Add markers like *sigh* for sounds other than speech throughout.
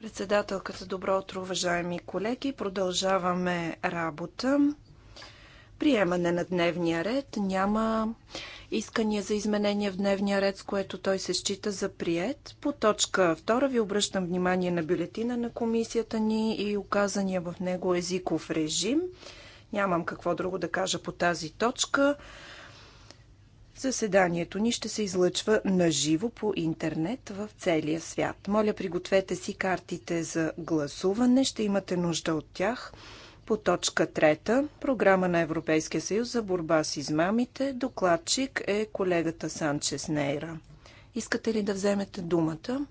Председателката, добро утро, уважаеми колеги. Продължаваме работа. Приемане на дневния ред. Няма искания за изменение в дневния ред, с което той се счита за прият. По точка 2 ви обръщам внимание на бюлетина на комисията ни и указания в него езиков режим. Нямам какво друго да кажа по тази точка. Заседанието ни ще се излъчва на живо по интернет в целия свят. Моля, пригответе си картите за гласуване. Ще имате нужда от тях. По точка трета, програма на Европейския съюз за борба с измамите, докладчик е колегата Санчес Нейра. Искате ли да вземете думата?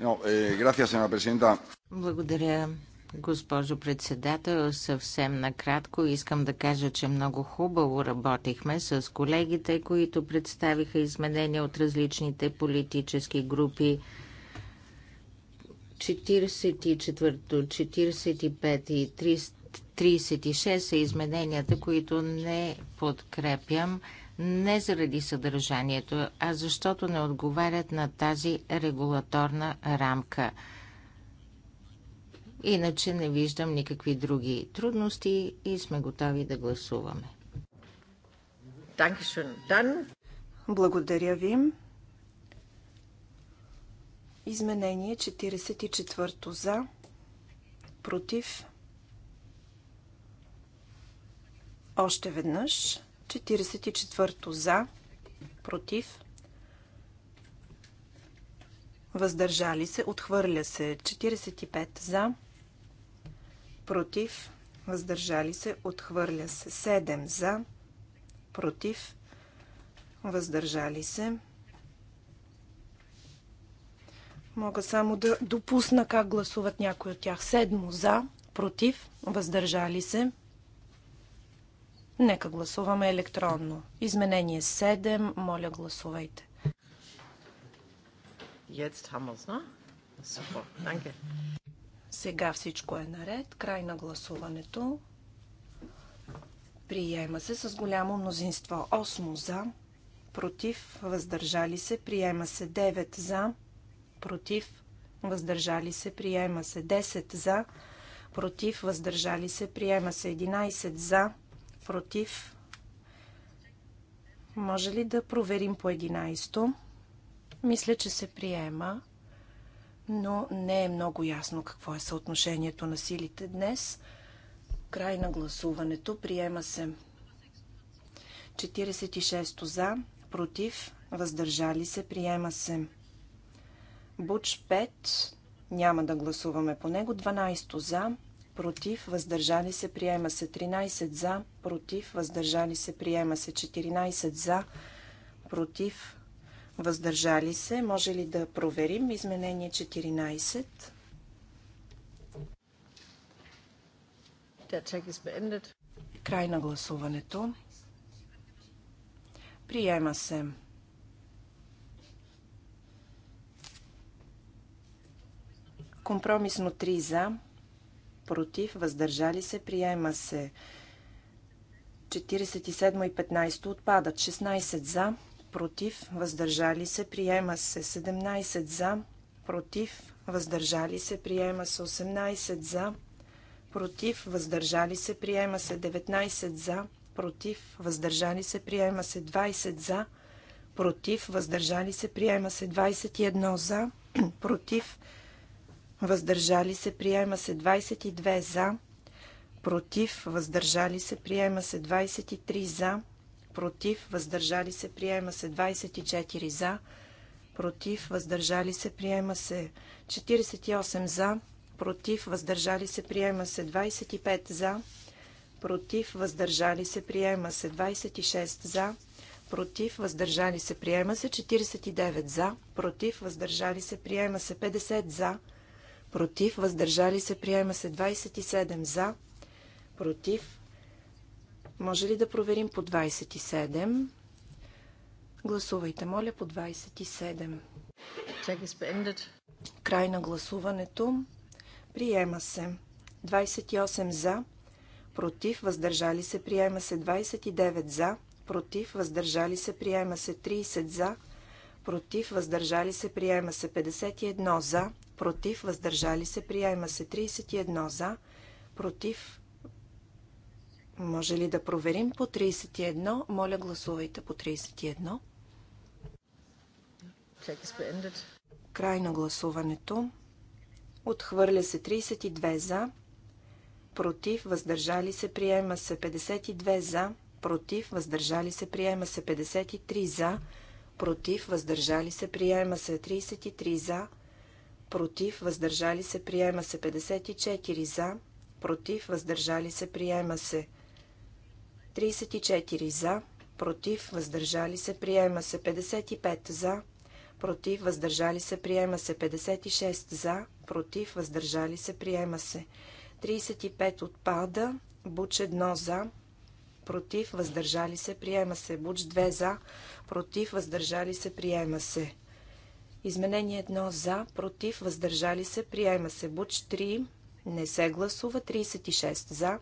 Eh, Благодаря, Госпожо председател, съвсем накратко искам да кажа, че много хубаво работихме с колегите, които представиха изменения от различните политически групи. 44, 45 и 36 са измененията, които не подкрепям не заради съдържанието, а защото не отговарят на тази регулаторна рамка – Иначе не виждам никакви други трудности и сме готови да гласуваме. Благодаря ви. Изменение 44 за, против, още веднъж 44 за, против, въздържали се, отхвърля се 45 за, против, въздържали се, отхвърля се. 7 за, против, въздържали се. Мога само да допусна как гласуват някои от тях. Седмо за, против, въздържали се. Нека гласуваме електронно. Изменение 7. Моля, гласувайте. Jetzt haben es, ne? Super, danke. Сега всичко е наред. Край на гласуването. Приема се с голямо мнозинство. 8 за, против, въздържали се. Приема се 9 за, против, въздържали се. Приема се 10 за, против, въздържали се. Приема се 11 за, против. Може ли да проверим по 11? Мисля, че се приема но не е много ясно какво е съотношението на силите днес. Край на гласуването. Приема се 46 за, против, въздържали се. Приема се Буч 5. Няма да гласуваме по него. 12 за, против, въздържали се, приема се 13 за, против, въздържали се, приема се 14 за, против, въздържали се. Може ли да проверим изменение 14? Край на гласуването. Приема се. Компромисно 3 за, против, въздържали се, приема се. 47 и 15 отпадат. 16 за, против, въздържали се, приема се 17 за, против, въздържали се, приема се 18 за, против, въздържали се, приема се 19 за, против, въздържали се, приема се 20 за, против, въздържали се, приема се 21 *clears throat* за, против, въздържали се, приема се 22 за, против, въздържали се, приема се 23 за, против, въздържали се, приема се 24 за, против, въздържали се, приема се 48 за, против, въздържали се, приема се 25 за, против, въздържали се, приема се 26 за, против, въздържали се, приема се 49 за, против, въздържали се, приема се 50 за, против, въздържали се, приема се 27 за, против, може ли да проверим по 27? Гласувайте, моля, по 27. Край на гласуването. Приема се. 28 за, против, въздържали се, приема се 29 за, против, въздържали се, приема се 30 за, против, въздържали се, приема се 51 за, против, въздържали се, приема се 31 за, против, може ли да проверим по 31? Моля, гласувайте по 31. Край на гласуването. Отхвърля се 32 за, против, въздържали се, приема се 52 за, против, въздържали се, приема се 53 за, против, въздържали се, приема се 33 за, против, въздържали се, приема се 54 за, против, въздържали се, приема се 34 за, против, въздържали се, приема се 55 за, против, въздържали се, приема се 56 за, против, въздържали се, приема се 35 отпада, буч 1 за, против, въздържали се, приема се буч 2 за, против, въздържали се, приема се Изменение 1 за, против, въздържали се, приема се. Буч 3 не се гласува, 36 за,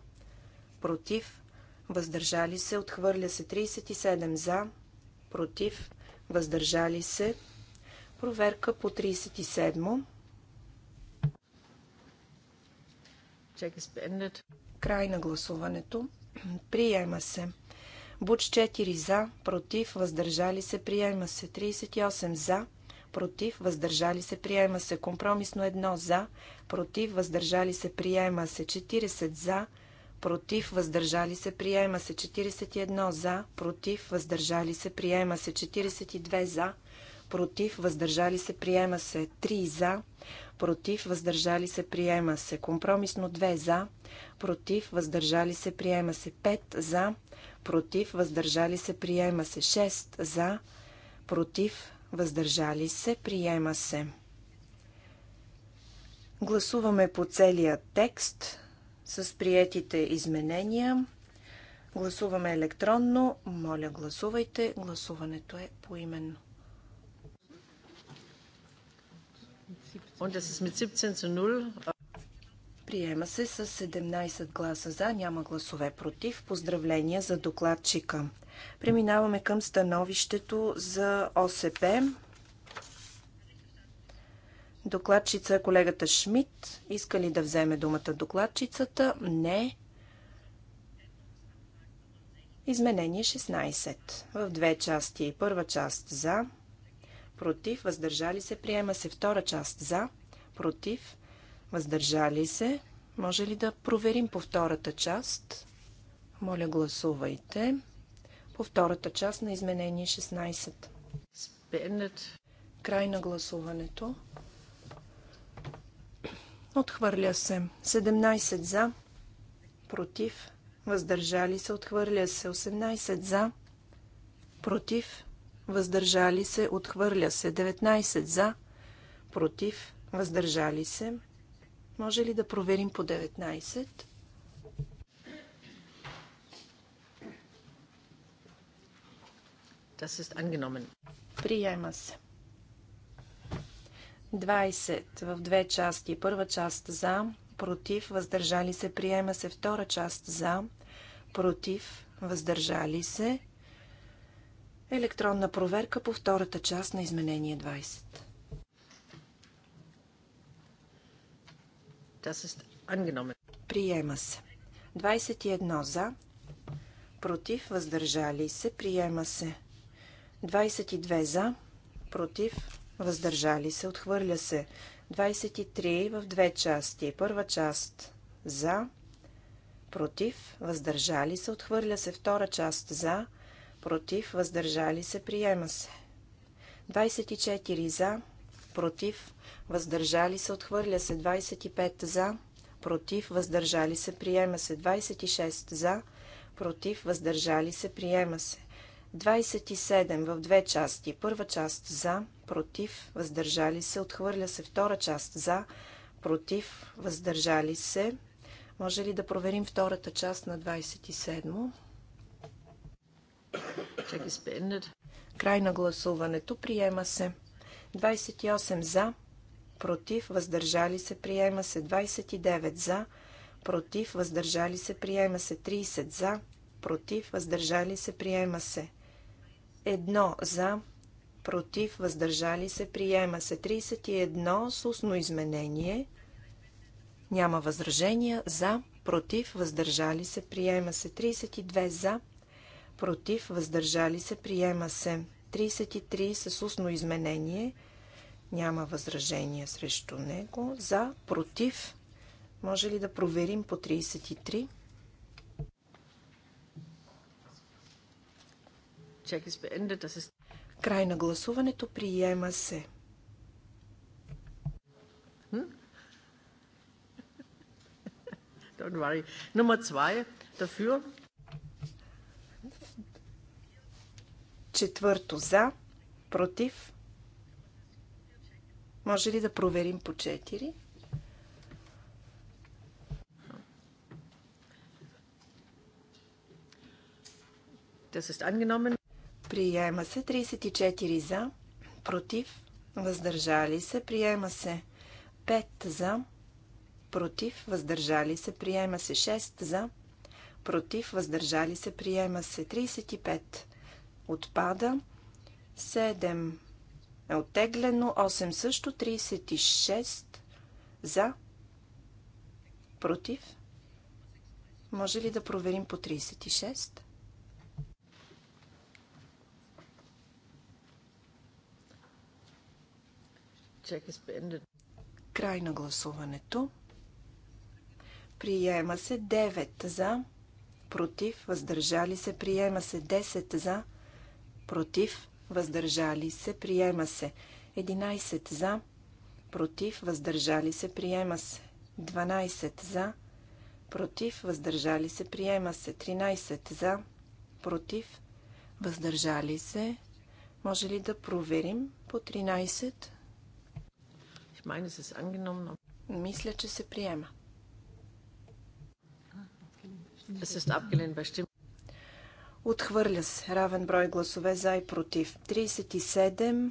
против, въздържали се, отхвърля се 37 за, против, въздържали се. Проверка по 37. Край на гласуването. Приема се. Буч 4 за, против, въздържали се, приема се. 38 за, против, въздържали се, приема се. Компромисно 1 за, против, въздържали се, приема се. 40 за, против, против, въздържали се, приема се 41 за, против, въздържали се, приема се 42 за, против, въздържали се, приема се 3 за, против, въздържали се, приема се компромисно 2 за, против, въздържали се, приема се 5 за, против, въздържали се, приема се 6 за, против, въздържали се, приема се. Гласуваме по целия текст с приетите изменения. Гласуваме електронно. Моля, гласувайте. Гласуването е поименно. Приема се с 17 гласа за, няма гласове против. Поздравления за докладчика. Преминаваме към становището за ОСП. Докладчица е колегата Шмидт. Иска ли да вземе думата докладчицата? Не. Изменение 16. В две части. Първа част за, против, въздържали се, приема се. Втора част за, против, въздържали се. Може ли да проверим по втората част? Моля, гласувайте. По втората част на изменение 16. Край на гласуването. Отхвърля се. 17 за. Против. Въздържали се. Отхвърля се. 18 за. Против. Въздържали се. Отхвърля се. 19 за. Против. Въздържали се. Може ли да проверим по 19? Das ist angenommen. Приема се. 20 в две части. Първа част за, против, въздържали се, приема се. Втора част за, против, въздържали се. Електронна проверка по втората част на изменение 20. Приема се. 21 за, против, въздържали се, приема се. 22 за, против, въздържали се, отхвърля се. 23 в две части. Първа част за, против, въздържали се, отхвърля се. Втора част за, против, въздържали се, приема се. 24 за, против, въздържали се, отхвърля се. 25 за, против, въздържали се, приема се. 26 за, против, въздържали се, приема се. 27 в две части. Първа част за, против, въздържали се, отхвърля се втора част за, против, въздържали се. Може ли да проверим втората част на 27? Край на гласуването. Приема се. 28 за, против, въздържали се, приема се. 29 за, против, въздържали се, приема се. 30 за, против, въздържали се, приема се. Едно за, против, въздържали се, приема се. 31 с устно изменение. Няма възражения. За, против, въздържали се, приема се. 32 за, против, въздържали се, приема се. 33 с устно изменение. Няма възражения срещу него. За, против. Може ли да проверим по 33? Край на гласуването приема се. Don't worry. Nummer 2 dafür. Четвърто за, против. Може ли да проверим по 4? Das ist angenommen. Приема се 34 за, против, въздържали се, приема се 5 за, против, въздържали се, приема се 6 за, против, въздържали се, приема се 35. Отпада 7 е оттеглено, 8 също, 36 за, против. Може ли да проверим по 36? Край на гласуването. Приема се 9 за, против, въздържали се. Приема се 10 за, против, въздържали се. Приема се 11 за, против, въздържали се. Приема се 12 за, против, въздържали се. Приема се 13 за, против, въздържали се. Може ли да проверим по 13? Мисля, че се приема. Отхвърля се. Равен брой гласове за и против. 37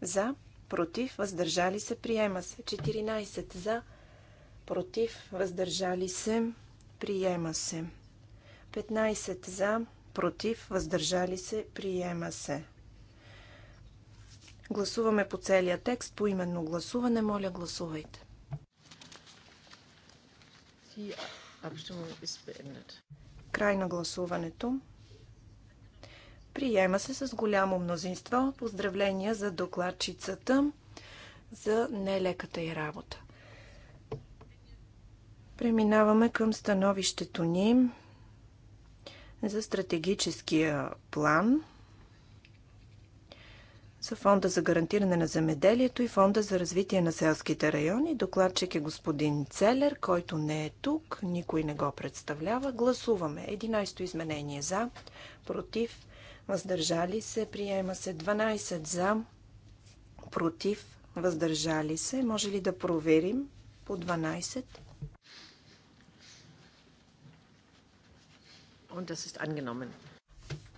за, против, въздържали се, приема се. 14 за, против, въздържали се, приема се. 15 за, против, въздържали се, приема се. Гласуваме по целия текст, по именно гласуване. Моля, гласувайте. Край на гласуването. Приема се с голямо мнозинство. Поздравления за докладчицата за нелеката и работа. Преминаваме към становището ни за стратегическия план – са Фонда за гарантиране на земеделието и Фонда за развитие на селските райони. Докладчик е господин Целер, който не е тук, никой не го представлява. Гласуваме. 11-то изменение за, против, въздържали се, приема се 12 за, против, въздържали се. Може ли да проверим по 12?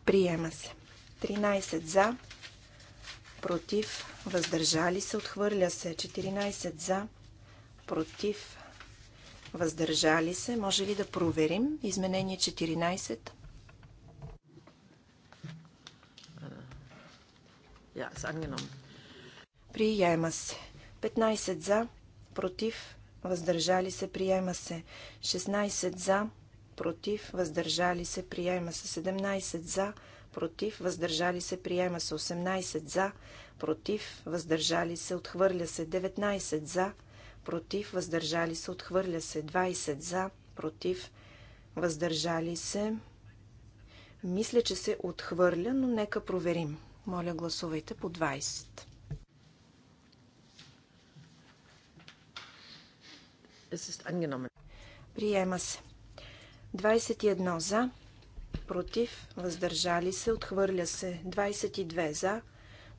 Приема се. 13 за, против, въздържали се, отхвърля се. 14 за, против, въздържали се. Може ли да проверим изменение 14? Е, приема се. 15 за, против, въздържали се, приема се. 16 за, против, въздържали се, приема се. 17 за, против, против, въздържали се, приема се 18 за, против, въздържали се, отхвърля се 19 за, против, въздържали се, отхвърля се 20 за, против, въздържали се. Мисля, че се отхвърля, но нека проверим. Моля, гласувайте по 20. Приема се. 21 за, против, въздържали се, отхвърля се 22 за,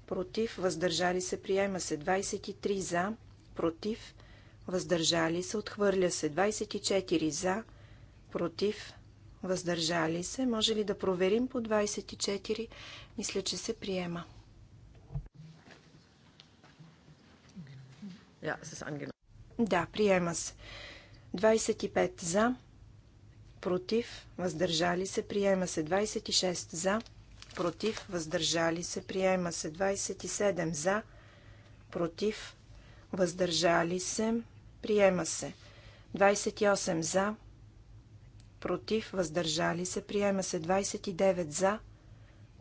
против, въздържали се, приема се 23 за, против, въздържали се, отхвърля се 24 за, против, въздържали се. Може ли да проверим по 24? Мисля, че се приема. Да, приема се. 25 за, против, въздържали се, приема се 26 за, против, въздържали се, приема се 27 за, против, въздържали се, приема се 28 за, против, въздържали се, приема се 29 за,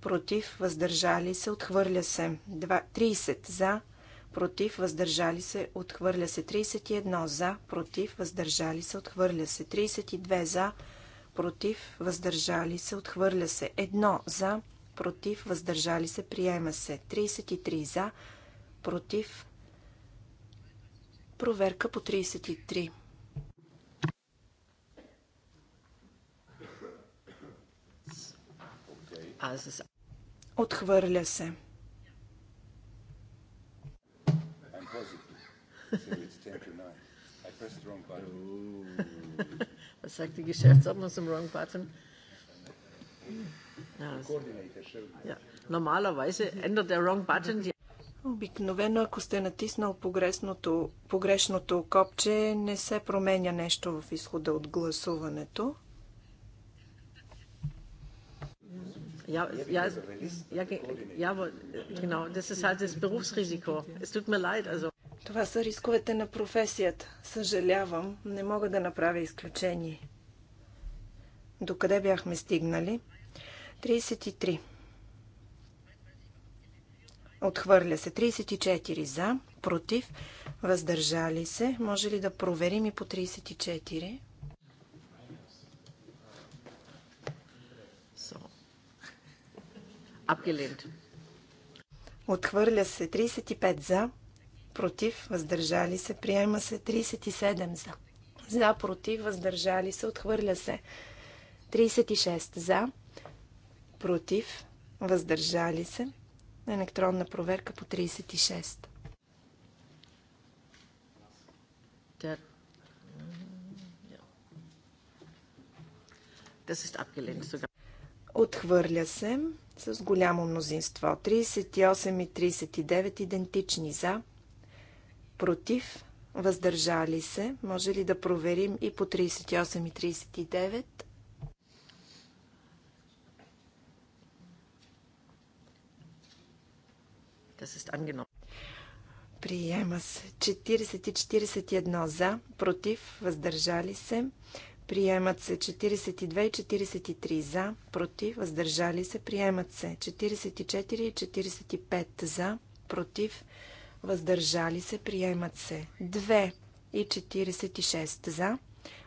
против, въздържали се, отхвърля се 30 за, против, въздържали се, отхвърля се 31 за, против, въздържали се, отхвърля се 32 за, против, въздържали се, отхвърля се 1 за, против, въздържали се, приема се 33 за, против. Проверка по 33. Отхвърля се. it's 10 to 9. I pressed the wrong button. Was sagt die Geschäftsordnung zum wrong button? Ja, normalerweise ändert der wrong button die Обикновено, ако сте натиснал погрешното, погрешното копче, не се променя нещо в изхода от гласуването. Ja, ja, ja, ja, genau, das ist halt das Berufsrisiko. Es tut mir leid. Also. Това са рисковете на професията. Съжалявам, не мога да направя изключение. Докъде бяхме стигнали? 33. Отхвърля се 34 за, против, въздържали се. Може ли да проверим и по 34? *laughs* Отхвърля се 35 за, против, въздържали се, приема се 37 за. За, против, въздържали се, отхвърля се. 36 за, против, въздържали се. Електронна проверка по 36. Е отхвърля се с голямо мнозинство. 38 и 39 идентични за против, въздържали се. Може ли да проверим и по 38 и 39? Приема се 40 и 41 за, против, въздържали се. Приемат се 42 и 43 за, против, въздържали се. Приемат се 44 и 45 за, против, въздържали се въздържали се, приемат се 2 и 46 за,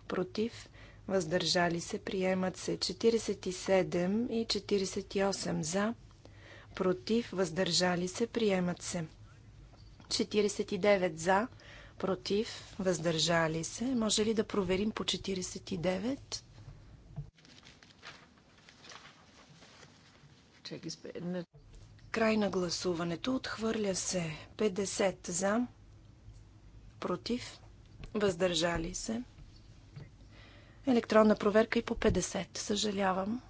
против, въздържали се, приемат се 47 и 48 за, против, въздържали се, приемат се 49 за, против, въздържали се. Може ли да проверим по 49? Край на гласуването. Отхвърля се 50 за, против, въздържали се. Електронна проверка и по 50. Съжалявам.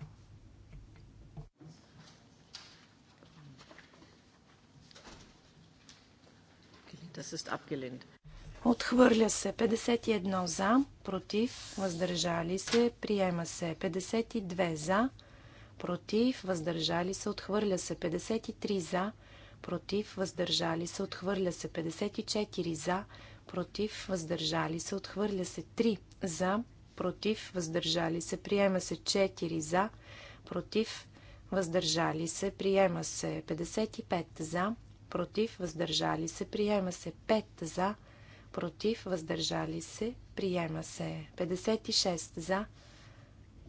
Отхвърля се 51 за, против, въздържали се, приема се 52 за, против, въздържали се, отхвърля се 53 за, против, въздържали се, отхвърля се 54 за, против, въздържали се, отхвърля се 3 за, против, въздържали се, приема се 4 за, против, въздържали се, приема се 55 за, против, въздържали се, приема се 5 за, против, въздържали се, приема се 56 за,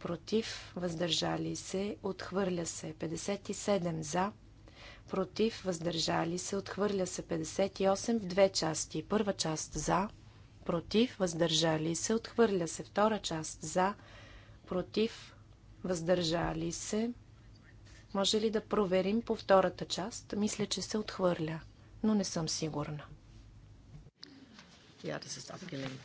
против, въздържали се, отхвърля се. 57 за, против, въздържали се, отхвърля се. 58 в две части. Първа част за, против, въздържали се, отхвърля се. Втора част за, против, въздържали се. Може ли да проверим по втората част? Мисля, че се отхвърля, но не съм сигурна. Ja, das ist abgelehnt.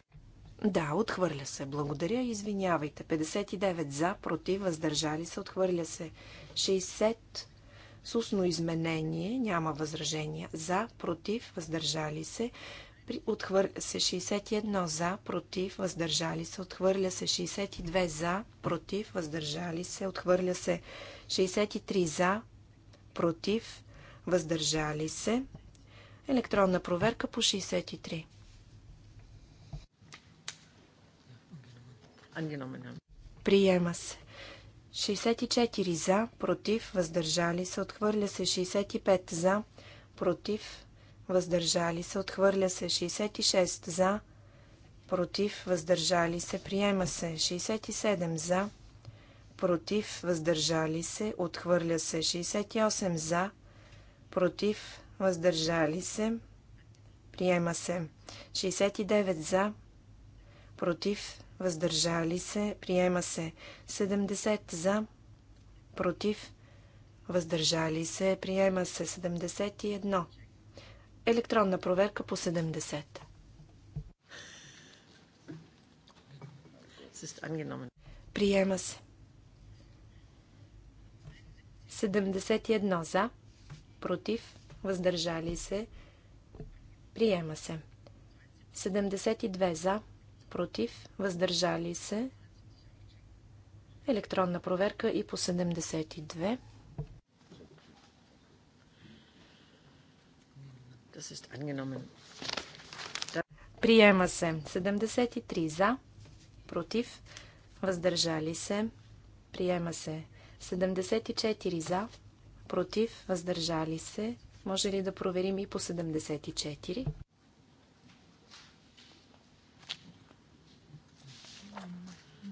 Да, отхвърля се. Благодаря. Извинявайте. 59 за, против, въздържали се. Отхвърля се. 60 с устно изменение. Няма възражения. За, против, въздържали се. Отхвърля се 61 за, против, въздържали се. Отхвърля се 62 за, против, въздържали се. Отхвърля се 63 за, против, въздържали се. Електронна проверка по 63. Приема се. 64 за, против, въздържали се, отхвърля се 65 за, против, въздържали се, отхвърля се 66 за, против, въздържали се, приема се 67 за, против, въздържали се, отхвърля се 68 за, против, въздържали се, приема се 69 за, против, въздържали се, приема се 70 за, против, въздържали се, приема се 71. Електронна проверка по 70. Приема се. 71 за, против, въздържали се, приема се. 72 за, против, въздържали се. Електронна проверка и по 72. Приема се 73 за, против, въздържали се. Приема се 74 за, против, въздържали се. Може ли да проверим и по 74?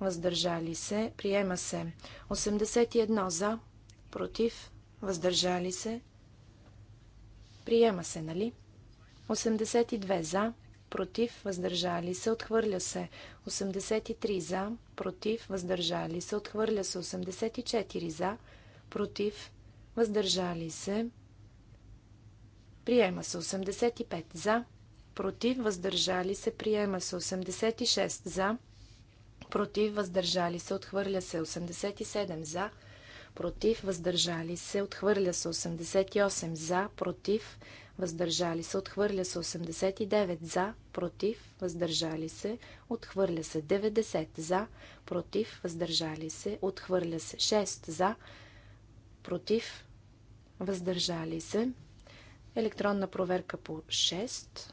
въздържали се, приема се. 81 за, против, въздържали се, приема се, нали? 82 за, против, въздържали се, отхвърля се. 83 за, против, въздържали се, отхвърля се. 84 за, против, въздържали се, приема се. 85 за, против, въздържали се, приема се. 86 за, против, въздържали се, отхвърля се 87 за, против, въздържали се, отхвърля се 88 за, против, въздържали се, отхвърля се 89 за, против, въздържали се, отхвърля се 90 за, против, въздържали се, отхвърля се 6 за, против, въздържали се. Електронна проверка по 6.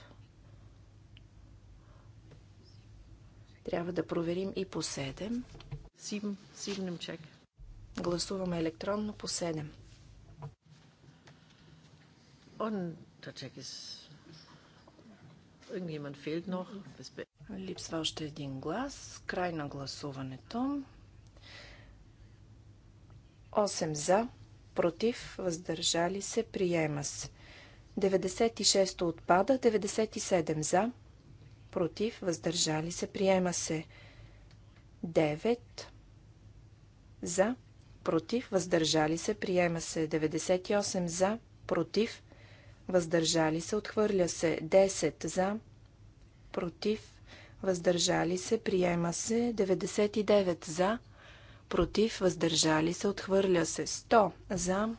Трябва да проверим и по 7. 7, 7 чек. Гласуваме електронно по 7. Und der Check ist. Irgendjemand fehlt noch. Липсва още един глас. Край на гласуването. 8 за, против, въздържали се, приема се. 96 отпада, 97 за, против, въздържали се, приема се. 9 за, против, въздържали се, приема се. 98 за, против, въздържали се, отхвърля се. 10 за, против, въздържали се, приема се. 99 за, против, въздържали се, отхвърля се. 100 за,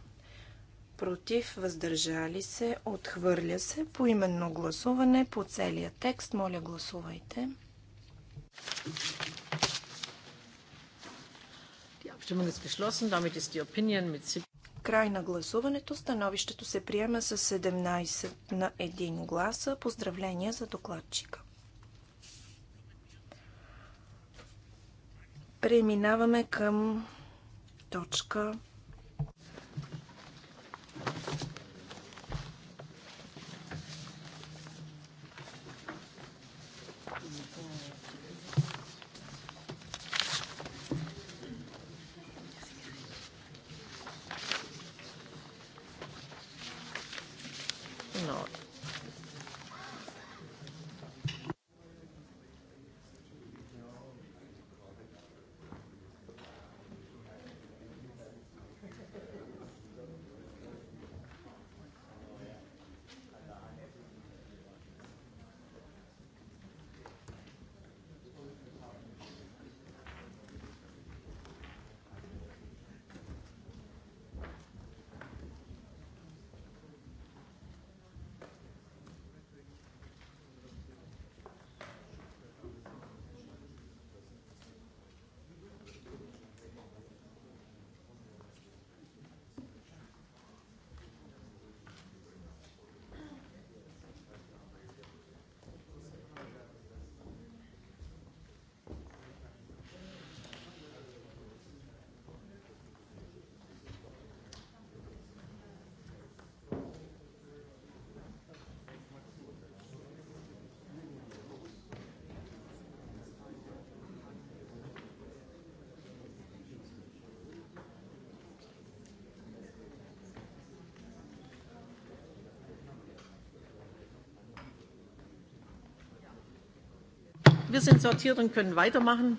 против, въздържали се, отхвърля се. По именно гласуване по целия текст. Моля, гласувайте. Край на гласуването. Становището се приема с 17 на 1 гласа. Поздравления за докладчика. Преминаваме към точка können weitermachen.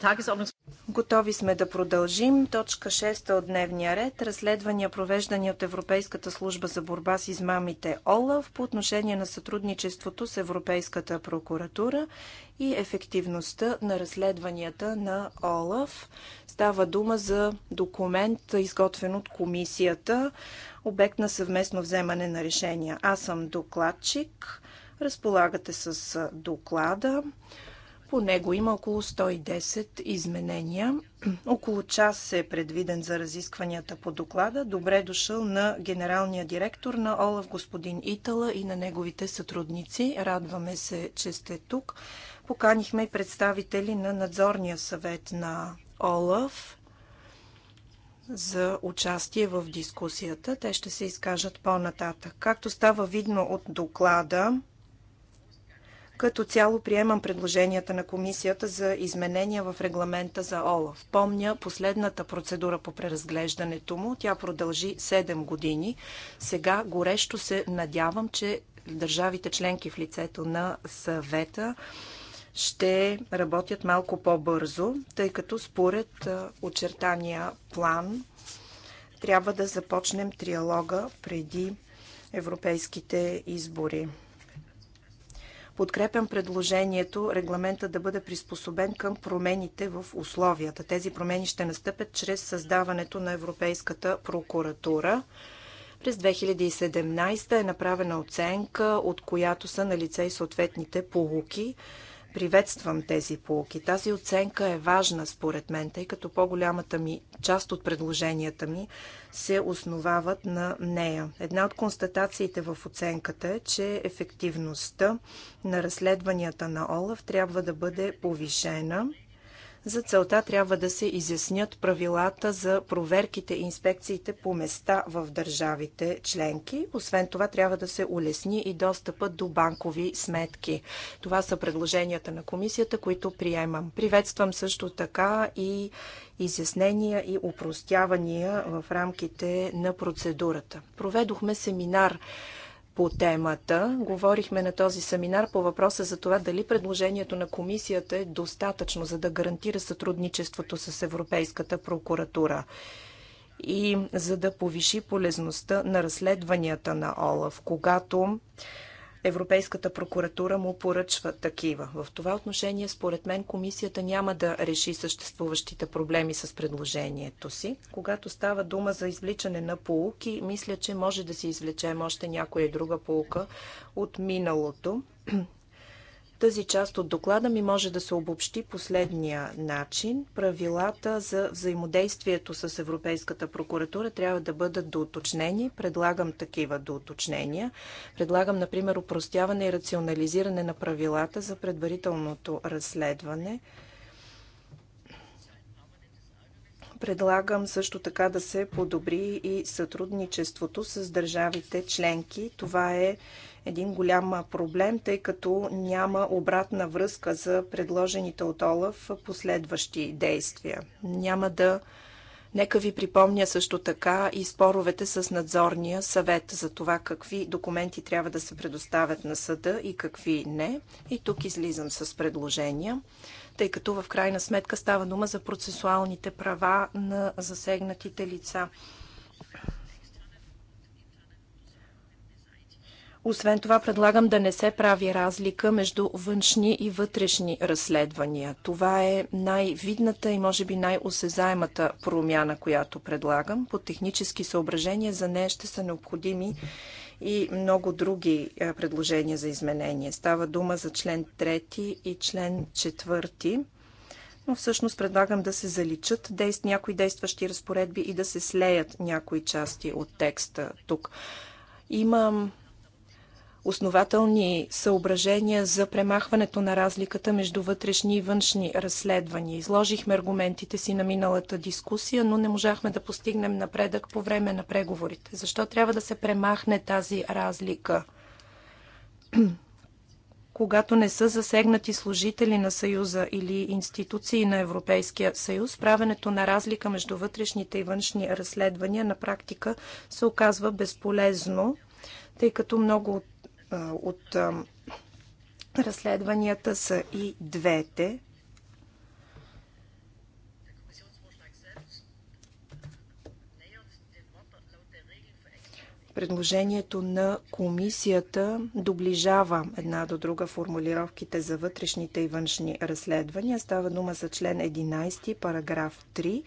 Tagesordnungs Готови сме да продължим. Точка 6 от дневния ред. Разследвания, провеждани от Европейската служба за борба с измамите ОЛАВ по отношение на сътрудничеството с Европейската прокуратура и ефективността на разследванията на ОЛАВ. Става дума за документ, изготвен от комисията, обект на съвместно вземане на решения. Аз съм докладчик. Разполагате с доклада. По него има около 110 изменения. *clears throat* Около час е предвиден за разискванията по доклада. Добре е дошъл на генералния директор на ОЛАВ господин Итала и на неговите сътрудници. Радваме се, че сте тук. Поканихме и представители на надзорния съвет на ОЛАВ за участие в дискусията. Те ще се изкажат по-нататък. Както става видно от доклада, като цяло приемам предложенията на комисията за изменения в регламента за ОЛАФ. Помня последната процедура по преразглеждането му. Тя продължи 7 години. Сега горещо се надявам, че държавите членки в лицето на съвета ще работят малко по-бързо, тъй като според очертания план трябва да започнем триалога преди европейските избори. Подкрепям предложението регламента да бъде приспособен към промените в условията. Тези промени ще настъпят чрез създаването на Европейската прокуратура. През 2017 е направена оценка, от която са на лице и съответните полуки. Приветствам тези полки. Тази оценка е важна според мен, тъй като по-голямата ми част от предложенията ми се основават на нея. Една от констатациите в оценката е, че ефективността на разследванията на ОЛАФ трябва да бъде повишена за целта трябва да се изяснят правилата за проверките и инспекциите по места в държавите членки. Освен това трябва да се улесни и достъпът до банкови сметки. Това са предложенията на комисията, които приемам. Приветствам също така и изяснения и упростявания в рамките на процедурата. Проведохме семинар по темата. Говорихме на този семинар по въпроса за това дали предложението на комисията е достатъчно, за да гарантира сътрудничеството с Европейската прокуратура и за да повиши полезността на разследванията на ОЛАФ, когато Европейската прокуратура му поръчва такива. В това отношение, според мен, комисията няма да реши съществуващите проблеми с предложението си. Когато става дума за извличане на полуки, мисля, че може да си извлечем още някоя друга полука от миналото. Тази част от доклада ми може да се обобщи последния начин. Правилата за взаимодействието с Европейската прокуратура трябва да бъдат доуточнени. Предлагам такива доуточнения. Предлагам, например, упростяване и рационализиране на правилата за предварителното разследване. Предлагам също така да се подобри и сътрудничеството с държавите членки. Това е един голям проблем, тъй като няма обратна връзка за предложените от Олаф последващи действия. Няма да Нека ви припомня също така и споровете с надзорния съвет за това какви документи трябва да се предоставят на съда и какви не. И тук излизам с предложения, тъй като в крайна сметка става дума за процесуалните права на засегнатите лица. Освен това, предлагам да не се прави разлика между външни и вътрешни разследвания. Това е най-видната и може би най-осезаемата промяна, която предлагам. По технически съображения за нея ще са необходими и много други е, предложения за изменение. Става дума за член 3 и член 4 но всъщност предлагам да се заличат действ, някои действащи разпоредби и да се слеят някои части от текста тук. Имам основателни съображения за премахването на разликата между вътрешни и външни разследвания. Изложихме аргументите си на миналата дискусия, но не можахме да постигнем напредък по време на преговорите. Защо трябва да се премахне тази разлика? *clears throat* когато не са засегнати служители на Съюза или институции на Европейския съюз, правенето на разлика между вътрешните и външни разследвания на практика се оказва безполезно, тъй като много от от разследванията са и двете. Предложението на комисията доближава една до друга формулировките за вътрешните и външни разследвания. Става дума за член 11, параграф 3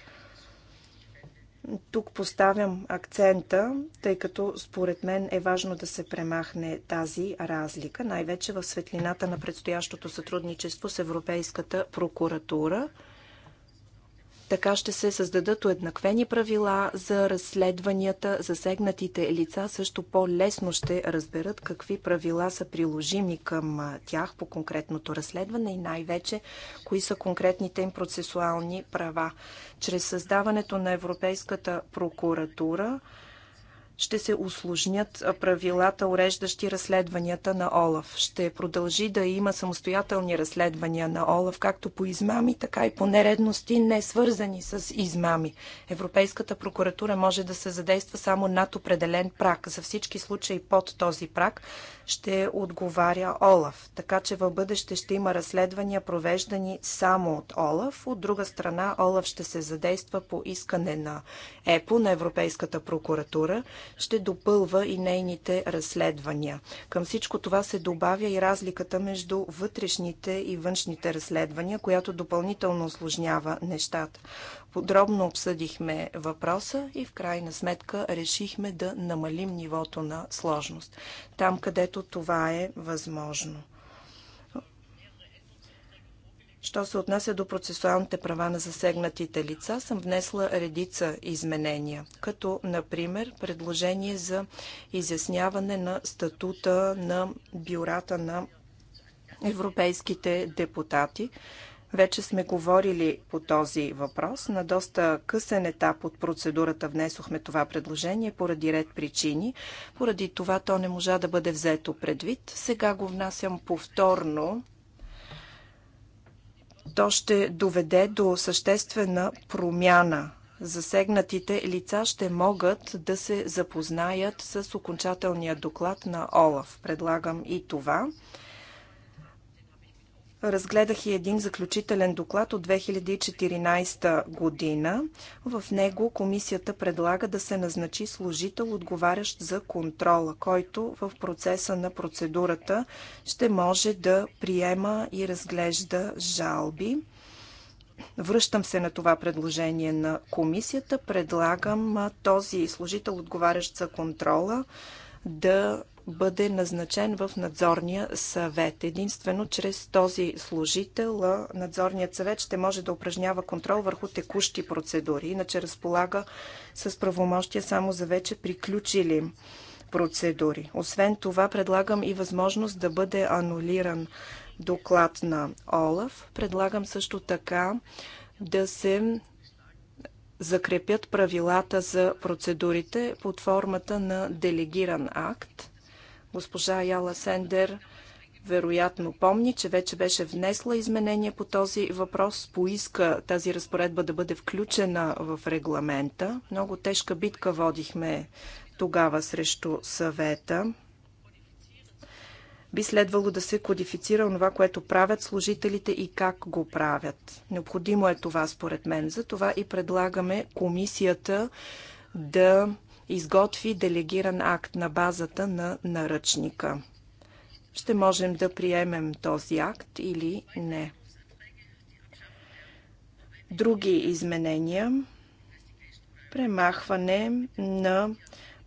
тук поставям акцента, тъй като според мен е важно да се премахне тази разлика, най-вече в светлината на предстоящото сътрудничество с Европейската прокуратура – така ще се създадат уеднаквени правила за разследванията. Засегнатите лица също по-лесно ще разберат какви правила са приложими към тях по конкретното разследване и най-вече кои са конкретните им процесуални права. Чрез създаването на Европейската прокуратура ще се усложнят правилата, уреждащи разследванията на ОЛАФ. Ще продължи да има самостоятелни разследвания на ОЛАФ, както по измами, така и по нередности, не свързани с измами. Европейската прокуратура може да се задейства само над определен прак. За всички случаи под този прак ще отговаря Олаф. Така че в бъдеще ще има разследвания провеждани само от Олаф. От друга страна, Олаф ще се задейства по искане на ЕПО, на Европейската прокуратура, ще допълва и нейните разследвания. Към всичко това се добавя и разликата между вътрешните и външните разследвания, която допълнително осложнява нещата. Подробно обсъдихме въпроса и в крайна сметка решихме да намалим нивото на сложност, там където това е възможно. Що се отнася до процесуалните права на засегнатите лица, съм внесла редица изменения, като, например, предложение за изясняване на статута на бюрата на европейските депутати, вече сме говорили по този въпрос. На доста късен етап от процедурата внесохме това предложение поради ред причини. Поради това то не можа да бъде взето предвид. Сега го внасям повторно. То ще доведе до съществена промяна засегнатите лица ще могат да се запознаят с окончателния доклад на ОЛАФ. Предлагам и това разгледах и един заключителен доклад от 2014 година. В него комисията предлага да се назначи служител, отговарящ за контрола, който в процеса на процедурата ще може да приема и разглежда жалби. Връщам се на това предложение на комисията. Предлагам този служител, отговарящ за контрола, да бъде назначен в надзорния съвет. Единствено чрез този служител надзорният съвет ще може да упражнява контрол върху текущи процедури, иначе разполага с правомощия само за вече приключили процедури. Освен това, предлагам и възможност да бъде анулиран доклад на ОЛАФ. Предлагам също така да се закрепят правилата за процедурите под формата на делегиран акт. Госпожа Яла Сендер вероятно помни, че вече беше внесла изменение по този въпрос, поиска тази разпоредба да бъде включена в регламента. Много тежка битка водихме тогава срещу съвета. Би следвало да се кодифицира това, което правят служителите и как го правят. Необходимо е това, според мен. Затова и предлагаме комисията да изготви делегиран акт на базата на наръчника. Ще можем да приемем този акт или не. Други изменения. Премахване на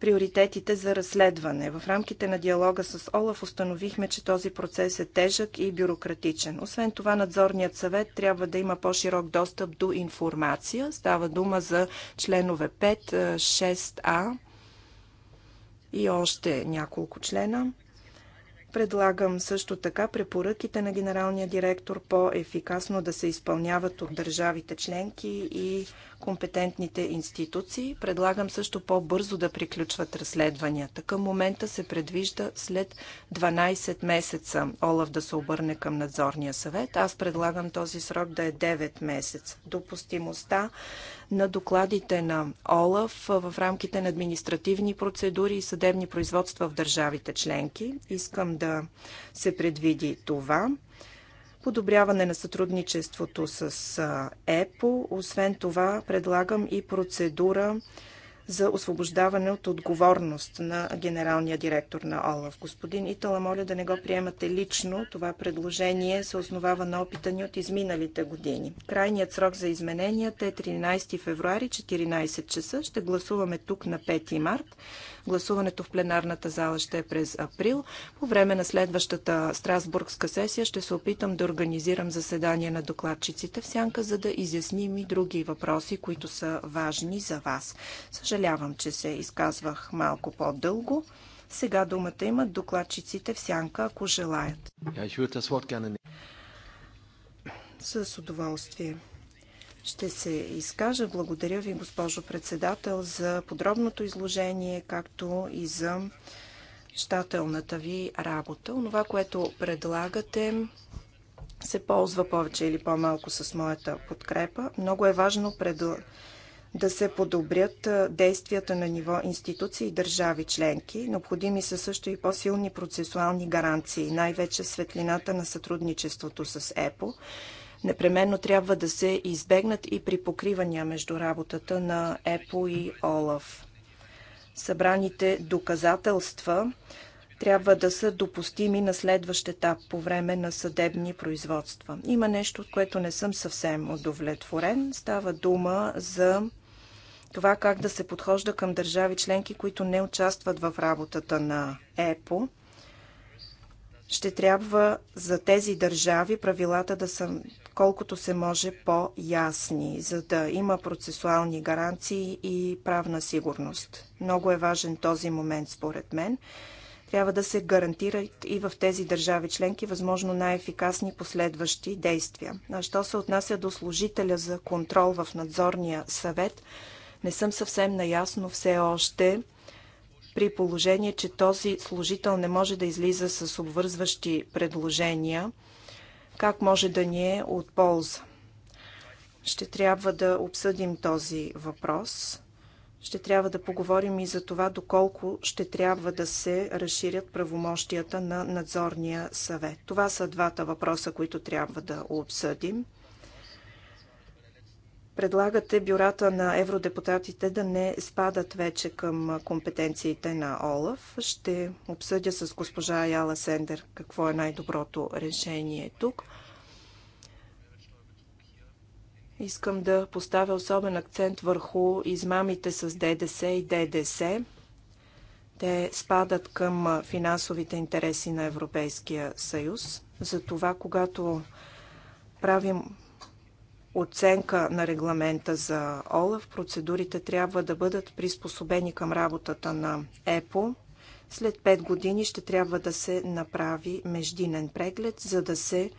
приоритетите за разследване. В рамките на диалога с Олаф установихме, че този процес е тежък и бюрократичен. Освен това, надзорният съвет трябва да има по-широк достъп до информация. Става дума за членове 5, 6а и още няколко члена. Предлагам също така препоръките на генералния директор по-ефикасно да се изпълняват от държавите членки и компетентните институции. Предлагам също по-бързо да приключват разследванията. Към момента се предвижда след 12 месеца Олаф да се обърне към надзорния съвет. Аз предлагам този срок да е 9 месеца. Допустимостта на докладите на ОЛАФ в рамките на административни процедури и съдебни производства в държавите членки. Искам да се предвиди това. Подобряване на сътрудничеството с ЕПО. Освен това, предлагам и процедура за освобождаване от отговорност на генералния директор на ОЛАФ. Господин Итала, моля да не го приемате лично. Това предложение се основава на опита ни от изминалите години. Крайният срок за измененията е 13 февруари, 14 часа. Ще гласуваме тук на 5 март. Гласуването в пленарната зала ще е през април. По време на следващата Страсбургска сесия ще се опитам да организирам заседание на докладчиците в сянка, за да изясним и други въпроси, които са важни за вас. Съжалявам, че се изказвах малко по-дълго. Сега думата имат докладчиците в сянка, ако желаят. С удоволствие. Ще се изкажа. Благодаря ви, госпожо председател, за подробното изложение, както и за щателната ви работа. Онова, което предлагате, се ползва повече или по-малко с моята подкрепа. Много е важно пред... да се подобрят действията на ниво институции и държави членки. Необходими са също и по-силни процесуални гаранции, най-вече светлината на сътрудничеството с ЕПО Непременно трябва да се избегнат и при покривания между работата на ЕПО и ОЛАФ. Събраните доказателства трябва да са допустими на следващ етап по време на съдебни производства. Има нещо, от което не съм съвсем удовлетворен. Става дума за това как да се подхожда към държави членки, които не участват в работата на ЕПО ще трябва за тези държави правилата да са колкото се може по-ясни, за да има процесуални гаранции и правна сигурност. Много е важен този момент, според мен. Трябва да се гарантират и в тези държави членки възможно най-ефикасни последващи действия. А що се отнася до служителя за контрол в надзорния съвет, не съм съвсем наясно все още при положение, че този служител не може да излиза с обвързващи предложения, как може да ни е от полза? Ще трябва да обсъдим този въпрос. Ще трябва да поговорим и за това доколко ще трябва да се разширят правомощията на надзорния съвет. Това са двата въпроса, които трябва да обсъдим. Предлагате бюрата на евродепутатите да не спадат вече към компетенциите на ОЛАФ. Ще обсъдя с госпожа Яла Сендер какво е най-доброто решение тук. Искам да поставя особен акцент върху измамите с ДДС и ДДС. Те спадат към финансовите интереси на Европейския съюз. Затова, когато правим оценка на регламента за ОЛАВ. Процедурите трябва да бъдат приспособени към работата на ЕПО. След 5 години ще трябва да се направи междинен преглед, за да се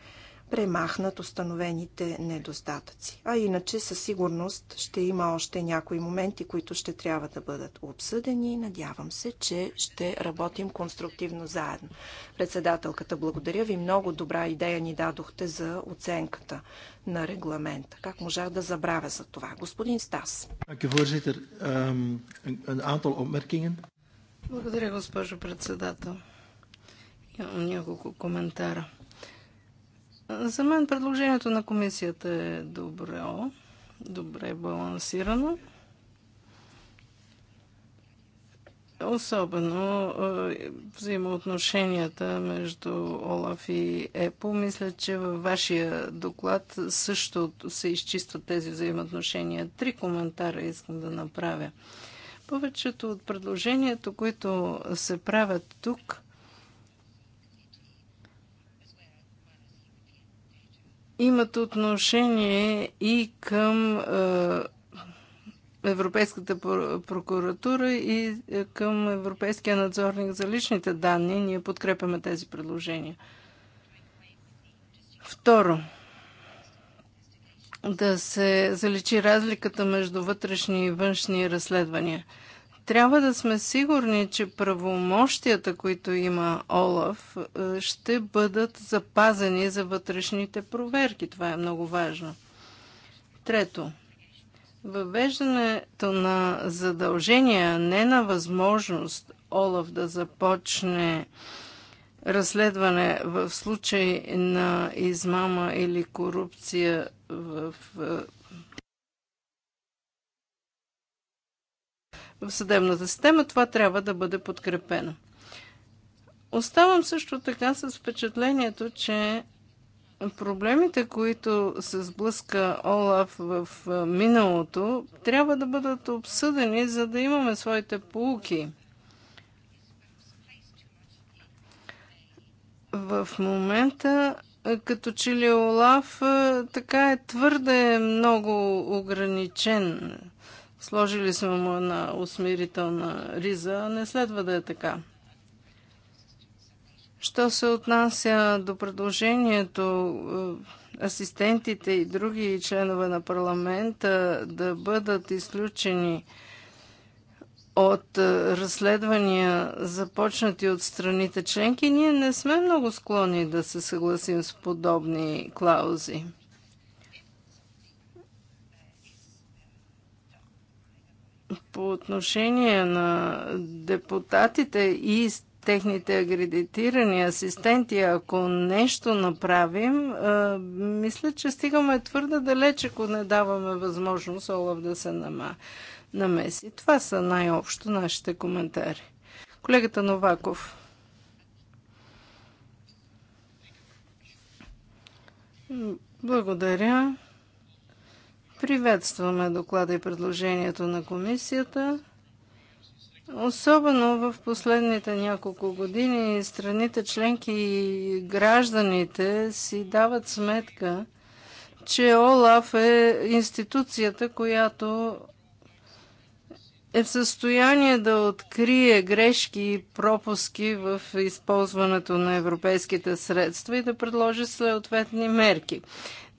премахнат установените недостатъци. А иначе със сигурност ще има още някои моменти, които ще трябва да бъдат обсъдени и надявам се, че ще работим конструктивно заедно. Председателката, благодаря ви. Много добра идея ни дадохте за оценката на регламента. Как можах да забравя за това? Господин Стас. Ehm, благодаря, госпожо председател. Имам няколко коментара. За мен предложението на комисията е добре, добре балансирано. Особено е, взаимоотношенията между Олаф и ЕПО. Мисля, че във вашия доклад също се изчистват тези взаимоотношения. Три коментара искам да направя. Повечето от предложението, които се правят тук, имат отношение и към е, Европейската прокуратура и е, към Европейския надзорник за личните данни. Ние подкрепяме тези предложения. Второ, да се заличи разликата между вътрешни и външни разследвания – трябва да сме сигурни, че правомощията, които има Олаф, е, ще бъдат запазени за вътрешните проверки. Това е много важно. Трето, въвеждането на задължения, не на възможност Олаф да започне разследване в случай на измама или корупция в е, в съдебната система, това трябва да бъде подкрепено. Оставам също така с впечатлението, че проблемите, които се сблъска Олаф в миналото, трябва да бъдат обсъдени, за да имаме своите полуки. В момента, като че ли Олаф така е твърде много ограничен Сложили сме му на усмирителна риза. Не следва да е така. Що се отнася до предложението е, асистентите и други членове на парламента да бъдат изключени от е, разследвания, започнати от страните членки, ние не сме много склонни да се съгласим с подобни клаузи. по отношение на депутатите и техните агредитирани асистенти, ако нещо направим, мисля, че стигаме твърде далеч, ако не даваме възможност Олаф да се нама, намеси. Това са най-общо нашите коментари. Колегата Новаков. Благодаря. Приветстваме доклада и предложението на комисията. Особено в последните няколко години страните членки и гражданите си дават сметка, че ОЛАФ е институцията, която е в състояние да открие грешки и пропуски в използването на европейските средства и да предложи съответни мерки.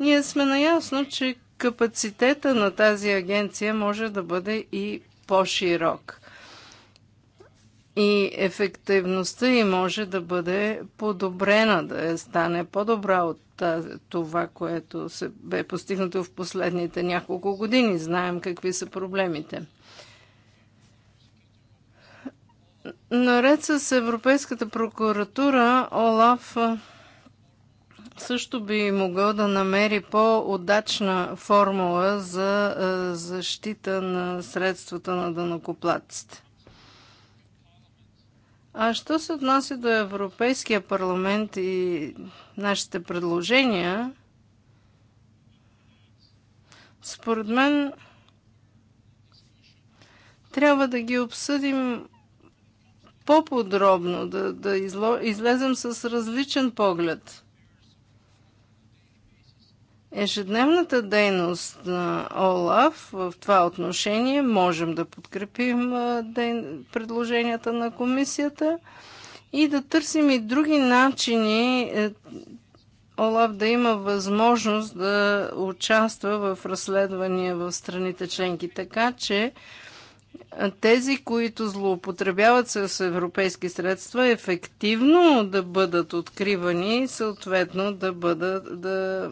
Ние сме наясно, че капацитета на тази агенция може да бъде и по-широк. И ефективността й може да бъде подобрена, да стане по-добра от това, което се бе постигнато в последните няколко години. Знаем какви са проблемите. Наред с Европейската прокуратура, ОЛАФ също би могъл да намери по-удачна формула за е, защита на средствата на дънокоплаците. А що се отнася до Европейския парламент и нашите предложения, според мен трябва да ги обсъдим по-подробно, да, да излезем с различен поглед. Ежедневната дейност на ОЛАФ в това отношение можем да подкрепим предложенията на комисията и да търсим и други начини е, ОЛАФ да има възможност да участва в разследвания в страните членки, така че тези, които злоупотребяват с европейски средства, ефективно да бъдат откривани и съответно да бъдат, да,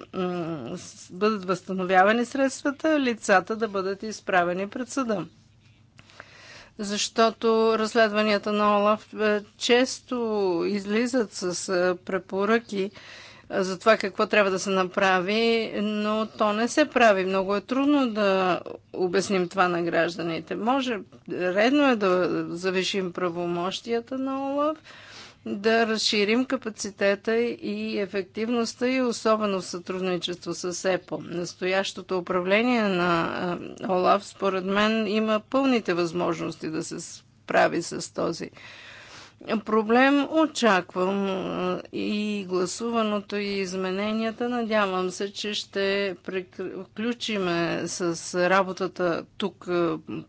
бъдат възстановявани средствата, лицата да бъдат изправени пред съда. Защото разследванията на Олаф е, често излизат с е, препоръки, за това какво трябва да се направи, но то не се прави. Много е трудно да обясним това на гражданите. Може, редно е да завишим правомощията на ОЛАВ, да разширим капацитета и ефективността и особено в сътрудничество с ЕПО. Настоящото управление на ОЛАВ, според мен, има пълните възможности да се справи с този проблем. Очаквам и гласуваното и измененията. Надявам се, че ще приключиме с работата тук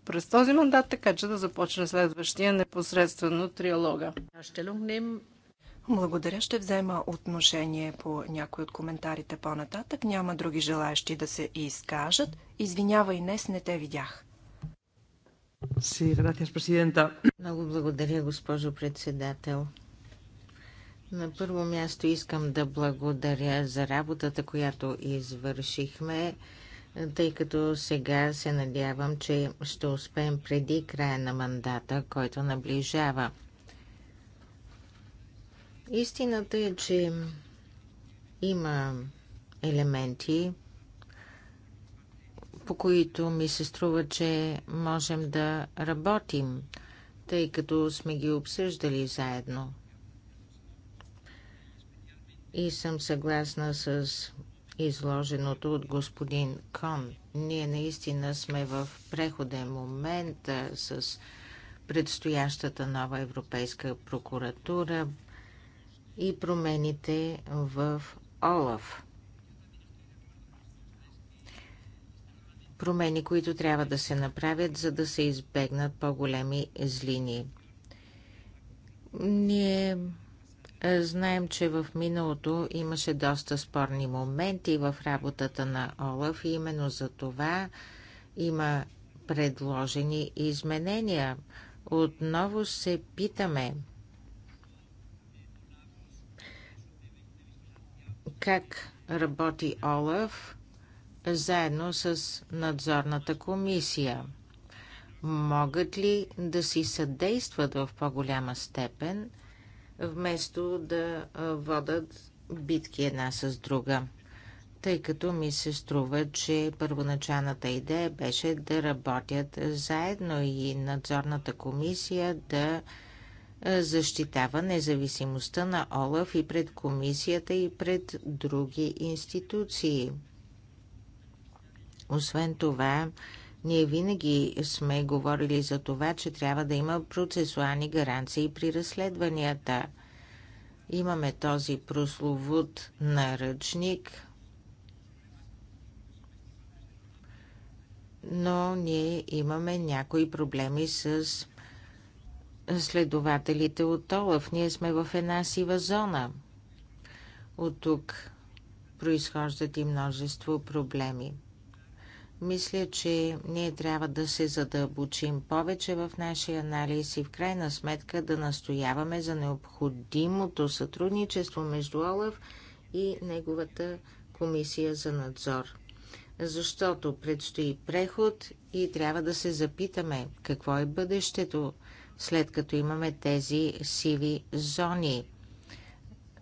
през този мандат, така че да започне следващия непосредствено триалога. Благодаря. Ще взема отношение по някои от коментарите по-нататък. Няма други желаящи да се изкажат. Извинявай, днес не те видях. Sí, gracias, Много благодаря, госпожо председател. На първо място искам да благодаря за работата, която извършихме, тъй като сега се надявам, че ще успеем преди края на мандата, който наближава. Истината е, че има елементи, по които ми се струва, че можем да работим, тъй като сме ги обсъждали заедно. И съм съгласна с изложеното от господин Кон. Ние наистина сме в преходен момент с предстоящата нова Европейска прокуратура и промените в ОЛАФ. промени, които трябва да се направят, за да се избегнат по-големи злини. Ние е, знаем, че в миналото имаше доста спорни моменти в работата на Олаф и именно за това има предложени изменения. Отново се питаме как работи Олаф заедно с надзорната комисия? Могат ли да си съдействат в по-голяма степен, вместо да водат битки една с друга? Тъй като ми се струва, че първоначалната идея беше да работят заедно и надзорната комисия да защитава независимостта на Олаф и пред комисията и пред други институции. Освен това, ние винаги сме говорили за това, че трябва да има процесуални гаранции при разследванията. Имаме този прословут наръчник, но ние имаме някои проблеми с следователите от Олаф. Ние сме в една сива зона. От тук произхождат и множество проблеми. Мисля, че ние трябва да се задълбочим повече в нашия анализ и в крайна сметка да настояваме за необходимото сътрудничество между Олаф и неговата комисия за надзор. Защото предстои преход и трябва да се запитаме какво е бъдещето, след като имаме тези сиви зони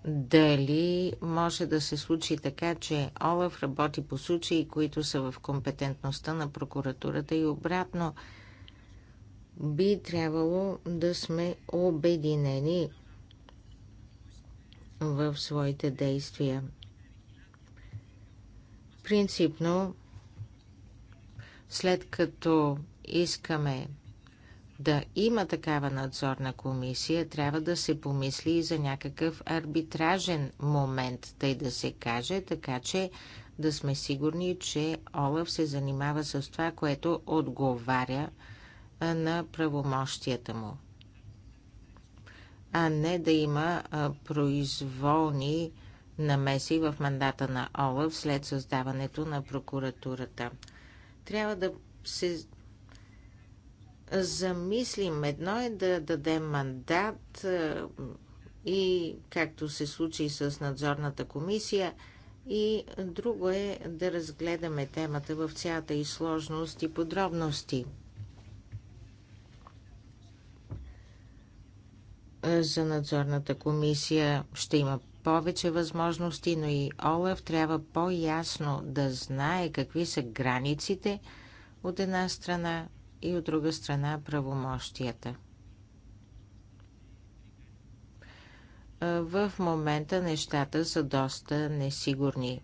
дали може да се случи така, че Олаф работи по случаи, които са в компетентността на прокуратурата и обратно. Би трябвало да сме обединени в своите действия. Принципно, след като искаме да има такава надзорна комисия, трябва да се помисли и за някакъв арбитражен момент, тъй да се каже, така че да сме сигурни, че Олаф се занимава с това, което отговаря на правомощията му, а не да има произволни намеси в мандата на Олаф след създаването на прокуратурата. Трябва да се замислим. Едно е да дадем мандат е, и, както се случи с надзорната комисия, и друго е да разгледаме темата в цялата и сложност и подробности. За надзорната комисия ще има повече възможности, но и Олаф трябва по-ясно да знае какви са границите от една страна и от друга страна правомощията. В момента нещата са доста несигурни.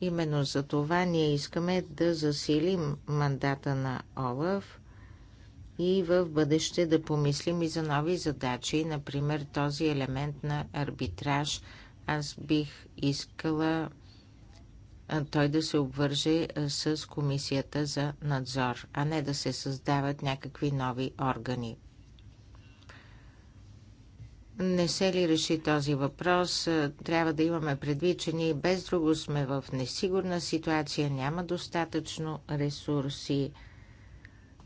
Именно за това ние искаме да засилим мандата на Олаф и в бъдеще да помислим и за нови задачи, например този елемент на арбитраж. Аз бих искала той да се обвърже с комисията за надзор, а не да се създават някакви нови органи. Не се ли реши този въпрос, трябва да имаме предвид, че ние без друго сме в несигурна ситуация, няма достатъчно ресурси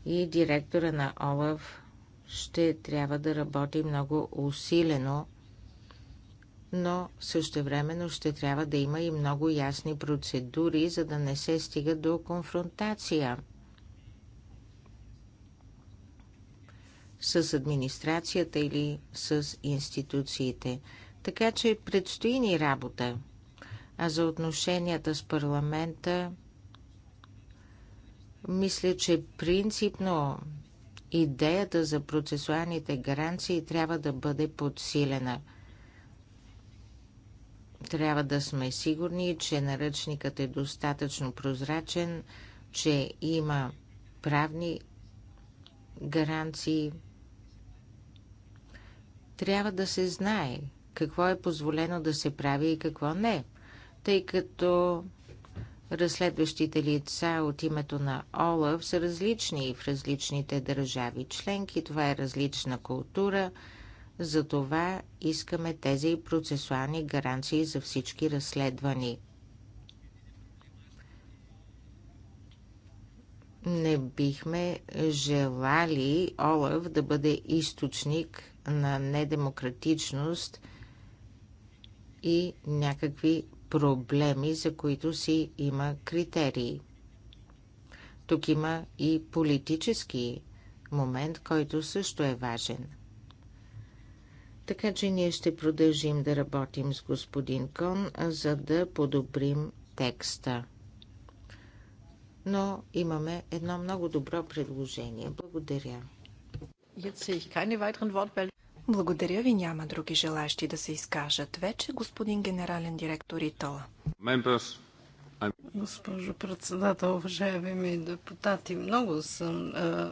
и директора на ОЛАВ ще трябва да работи много усилено но същевременно ще трябва да има и много ясни процедури, за да не се стига до конфронтация. с администрацията или с институциите. Така че предстои ни работа. А за отношенията с парламента, мисля, че принципно идеята за процесуалните гаранции трябва да бъде подсилена – трябва да сме сигурни, че наръчникът е достатъчно прозрачен, че има правни гаранции. Трябва да се знае какво е позволено да се прави и какво не, тъй като разследващите лица от името на ОЛАВ са различни в различните държави членки. Това е различна култура – затова искаме тези процесуални гаранции за всички разследвани. Не бихме желали Олаф да бъде източник на недемократичност и някакви проблеми, за които си има критерии. Тук има и политически момент, който също е важен. Така че ние ще продължим да работим с господин Кон, за да подобрим текста. Но имаме едно много добро предложение. Благодаря. Благодаря ви, няма други желащи да се изкажат вече, господин генерален директор Итола. Госпожо председател, уважаеми депутати, много съм е,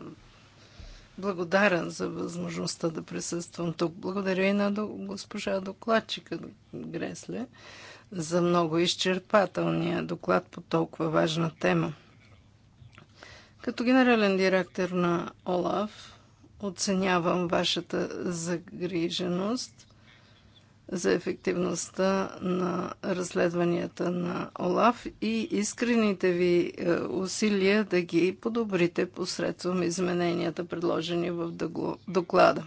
благодарен за възможността да присъствам тук. Благодаря и на госпожа докладчика Гресле за много изчерпателния доклад по толкова важна тема. Като генерален директор на ОЛАФ оценявам вашата загриженост за ефективността на разследванията на ОЛАФ и искрените ви е, усилия да ги подобрите посредством измененията, предложени в доклада.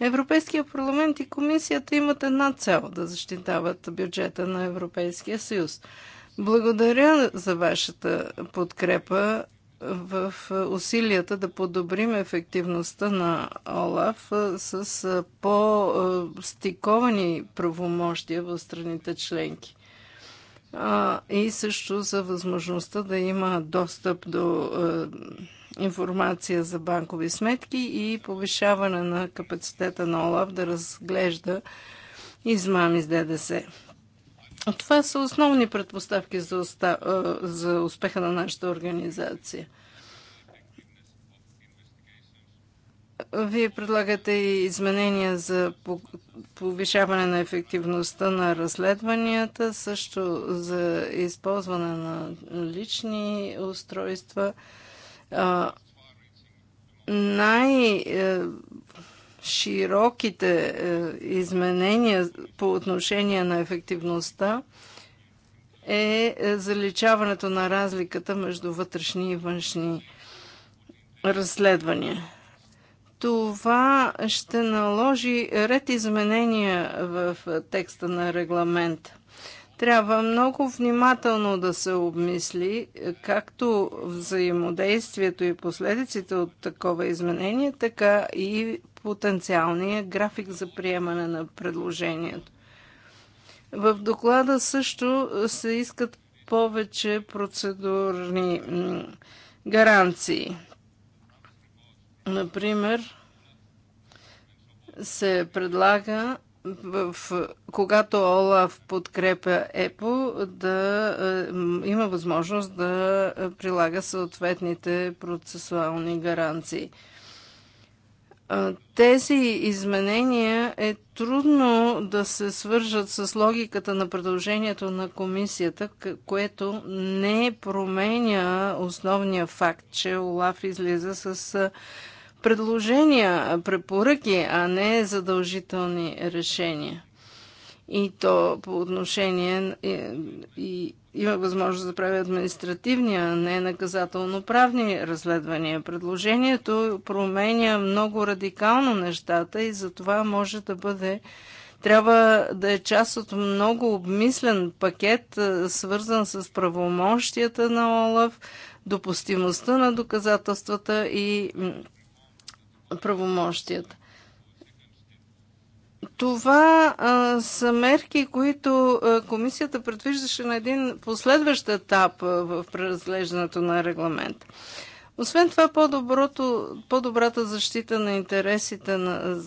Европейския парламент и комисията имат една цел да защитават бюджета на Европейския съюз. Благодаря за вашата подкрепа в е, усилията да подобрим ефективността на ОЛАФ е, с е, по-стиковани правомощия в страните членки. И също за възможността да има достъп до информация за банкови сметки и повишаване на капацитета на ОЛАФ да разглежда измами с ДДС. Това са основни предпоставки за, уста... за успеха на нашата организация. Вие предлагате и изменения за повишаване на ефективността на разследванията, също за използване на лични устройства. Най- е, широките е, изменения по отношение на ефективността е, е заличаването на разликата между вътрешни и външни разследвания. Това ще наложи ред изменения в е, текста на регламента трябва много внимателно да се обмисли както взаимодействието и последиците от такова изменение, така и потенциалния график за приемане на предложението. В доклада също се искат повече процедурни гаранции. Например, се предлага в, когато Олаф подкрепя ЕПО, да е, има възможност да прилага съответните процесуални гаранции. Тези изменения е трудно да се свържат с логиката на предложението на комисията, което не променя основния факт, че Олаф излиза с предложения, препоръки, а не задължителни решения. И то по отношение е, и има възможност да прави административни, а не наказателно-правни разследвания. Предложението променя много радикално нещата и затова може да бъде трябва да е част от много обмислен пакет, свързан с правомощията на ОЛАВ, допустимостта на доказателствата и правомощията. Това а, са мерки, които а, комисията предвиждаше на един последващ етап а, в преразглеждането на регламента. Освен това, по-добрата по защита на интересите, на,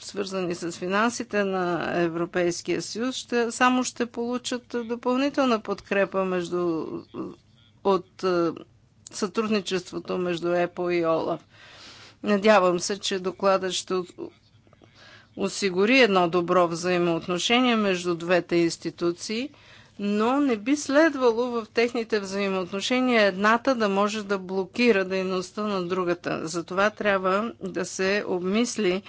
свързани с финансите на Европейския съюз, ще, само ще получат допълнителна подкрепа между, от сътрудничеството между ЕПО и ОЛАФ. Надявам се, че докладът ще осигури едно добро взаимоотношение между двете институции, но не би следвало в техните взаимоотношения едната да може да блокира дейността на другата. Затова трябва да се обмисли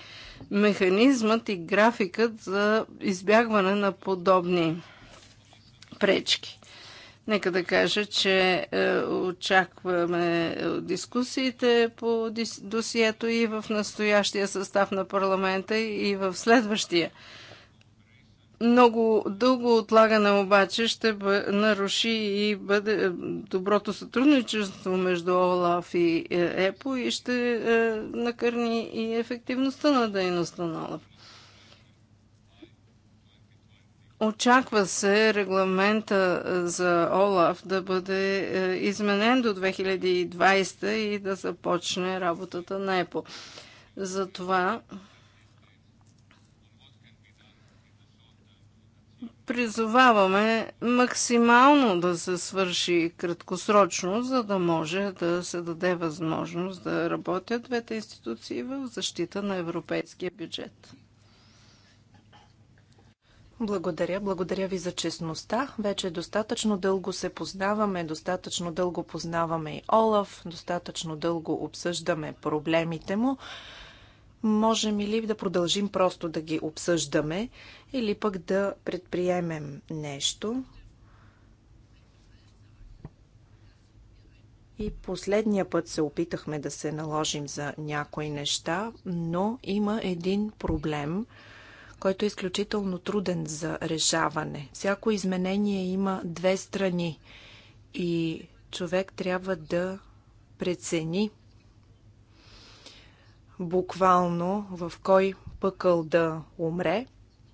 механизмът и графикът за избягване на подобни пречки. Нека да кажа, че е, очакваме е, дискусиите по досието и в настоящия състав на парламента и в следващия. Много дълго отлагане обаче ще наруши и бъде е, доброто сътрудничество между ОЛАФ и ЕПО и ще накърни и ефективността на дейността на ОЛАФ. Очаква се регламента е, за ОЛАФ да бъде е, изменен до 2020 и да започне работата на ЕПО. Затова призоваваме максимално да се свърши краткосрочно, за да може да се даде възможност да работят двете институции в защита на европейския бюджет. Благодаря, благодаря ви за честността. Вече достатъчно дълго се познаваме, достатъчно дълго познаваме и Олаф, достатъчно дълго обсъждаме проблемите му. Можем ли да продължим просто да ги обсъждаме, или пък да предприемем нещо. И последния път се опитахме да се наложим за някои неща, но има един проблем – който е изключително труден за решаване. Всяко изменение има две страни и човек трябва да прецени буквално в кой пъкъл да умре,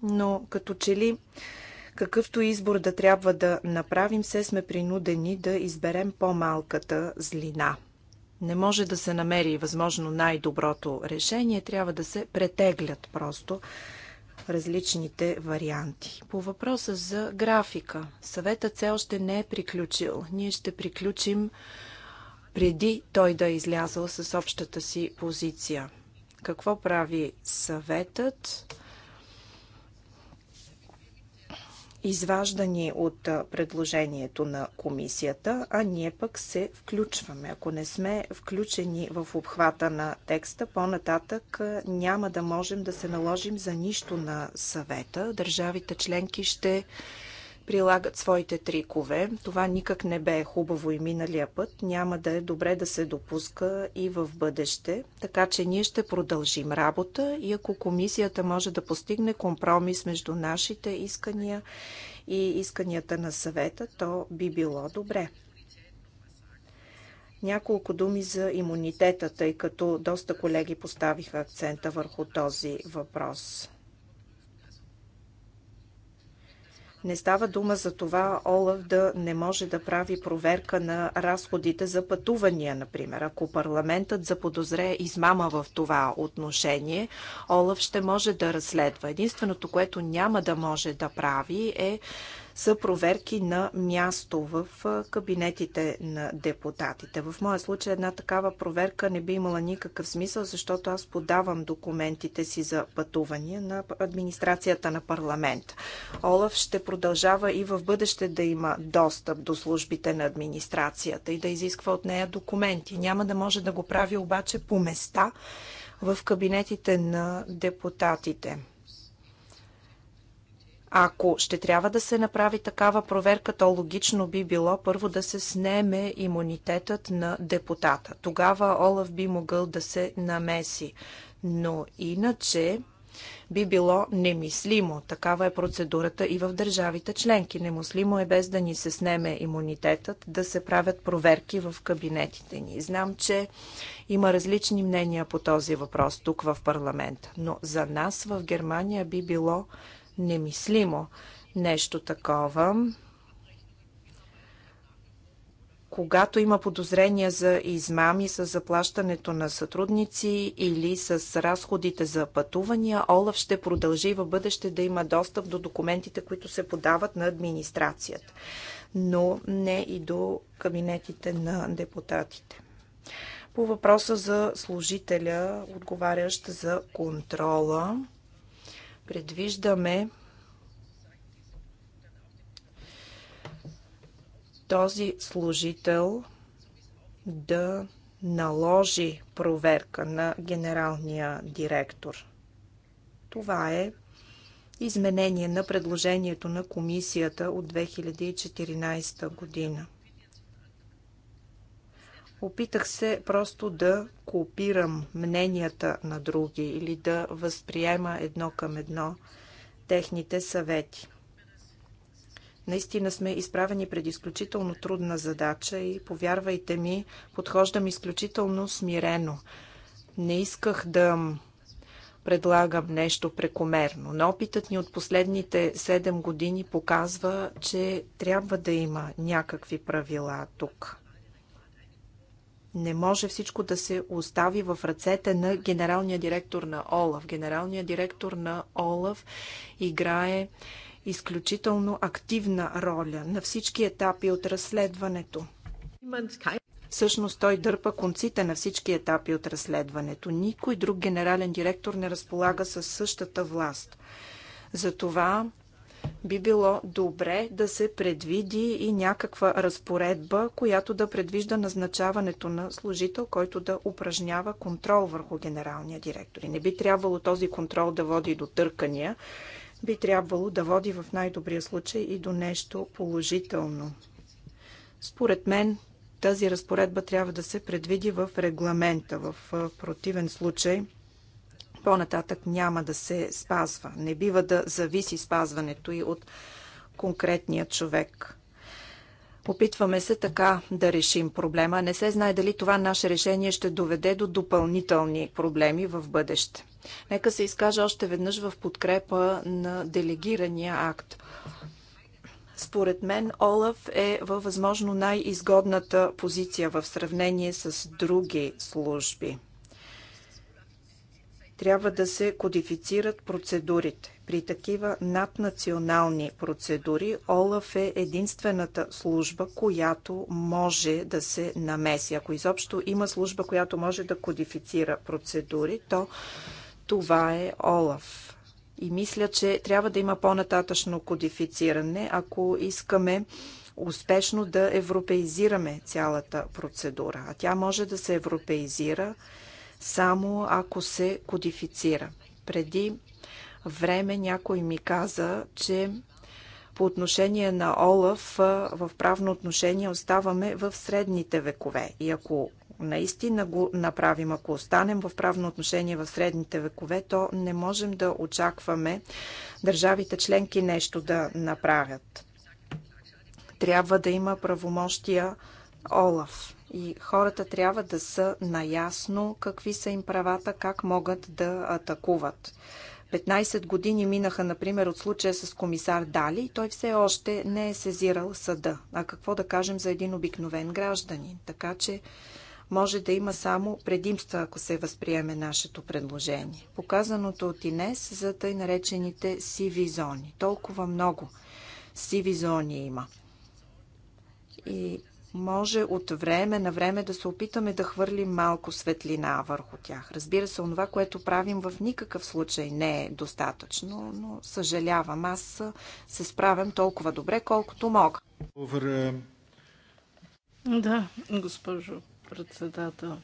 но като че ли какъвто избор да трябва да направим, се сме принудени да изберем по-малката злина. Не може да се намери възможно най-доброто решение, трябва да се претеглят просто различните варианти. По въпроса за графика. Съветът все още не е приключил. Ние ще приключим преди той да е излязъл с общата си позиция. Какво прави съветът? изваждани от предложението на комисията, а ние пък се включваме. Ако не сме включени в обхвата на текста, по-нататък няма да можем да се наложим за нищо на съвета. Държавите членки ще прилагат своите трикове. Това никак не бе хубаво и миналия път. Няма да е добре да се допуска и в бъдеще. Така че ние ще продължим работа и ако комисията може да постигне компромис между нашите искания и исканията на съвета, то би било добре. Няколко думи за имунитета, тъй като доста колеги поставиха акцента върху този въпрос. Не става дума за това Олаф да не може да прави проверка на разходите за пътувания, например. Ако парламентът заподозре измама в това отношение, Олаф ще може да разследва. Единственото, което няма да може да прави е са проверки на място в кабинетите на депутатите. В моя случай една такава проверка не би имала никакъв смисъл, защото аз подавам документите си за пътувания на администрацията на парламент. Олаф ще продължава и в бъдеще да има достъп до службите на администрацията и да изисква от нея документи. Няма да може да го прави обаче по места в кабинетите на депутатите. Ако ще трябва да се направи такава проверка, то логично би било първо да се снеме имунитетът на депутата. Тогава Олаф би могъл да се намеси. Но иначе би било немислимо. Такава е процедурата и в държавите членки. Немислимо е без да ни се снеме имунитетът, да се правят проверки в кабинетите ни. Знам, че има различни мнения по този въпрос тук в парламента, но за нас в Германия би било немислимо нещо такова. Когато има подозрения за измами с заплащането на сътрудници или с разходите за пътувания, Олаф ще продължи в бъдеще да има достъп до документите, които се подават на администрацията, но не и до кабинетите на депутатите по въпроса за служителя, отговарящ за контрола. Предвиждаме този служител да наложи проверка на генералния директор. Това е изменение на предложението на комисията от 2014 година. Опитах се просто да копирам мненията на други или да възприема едно към едно техните съвети. Наистина сме изправени пред изключително трудна задача и, повярвайте ми, подхождам изключително смирено. Не исках да предлагам нещо прекомерно, но опитът ни от последните 7 години показва, че трябва да има някакви правила тук. Не може всичко да се остави в ръцете на генералния директор на Олаф. Генералният директор на Олаф играе изключително активна роля на всички етапи от разследването. Всъщност той дърпа конците на всички етапи от разследването. Никой друг генерален директор не разполага със същата власт. Затова би било добре да се предвиди и някаква разпоредба, която да предвижда назначаването на служител, който да упражнява контрол върху генералния директор. И не би трябвало този контрол да води до търкания, би трябвало да води в най-добрия случай и до нещо положително. Според мен тази разпоредба трябва да се предвиди в регламента. В противен случай по-нататък няма да се спазва. Не бива да зависи спазването и от конкретния човек. Опитваме се така да решим проблема. Не се знае дали това наше решение ще доведе до допълнителни проблеми в бъдеще. Нека се изкажа още веднъж в подкрепа на делегирания акт. Според мен Олаф е във възможно най-изгодната позиция в сравнение с други служби трябва да се кодифицират процедурите. При такива наднационални процедури ОЛАФ е единствената служба, която може да се намеси. Ако изобщо има служба, която може да кодифицира процедури, то това е ОЛАФ. И мисля, че трябва да има по-нататъчно кодифициране, ако искаме успешно да европеизираме цялата процедура. А тя може да се европеизира само ако се кодифицира. Преди време някой ми каза, че по отношение на Олаф в правно отношение оставаме в средните векове. И ако наистина го направим, ако останем в правно отношение в средните векове, то не можем да очакваме държавите членки нещо да направят. Трябва да има правомощия Олаф и хората трябва да са наясно какви са им правата, как могат да атакуват. 15 години минаха, например, от случая с комисар Дали и той все още не е сезирал съда. А какво да кажем за един обикновен гражданин? Така че може да има само предимства, ако се възприеме нашето предложение. Показаното от Инес за тъй наречените сиви зони. Толкова много сиви зони има. И може от време на време да се опитаме да хвърлим малко светлина върху тях. Разбира се, онова, което правим в никакъв случай не е достатъчно, но съжалявам, аз се справям толкова добре, колкото мога. Е, да, госпожо председател.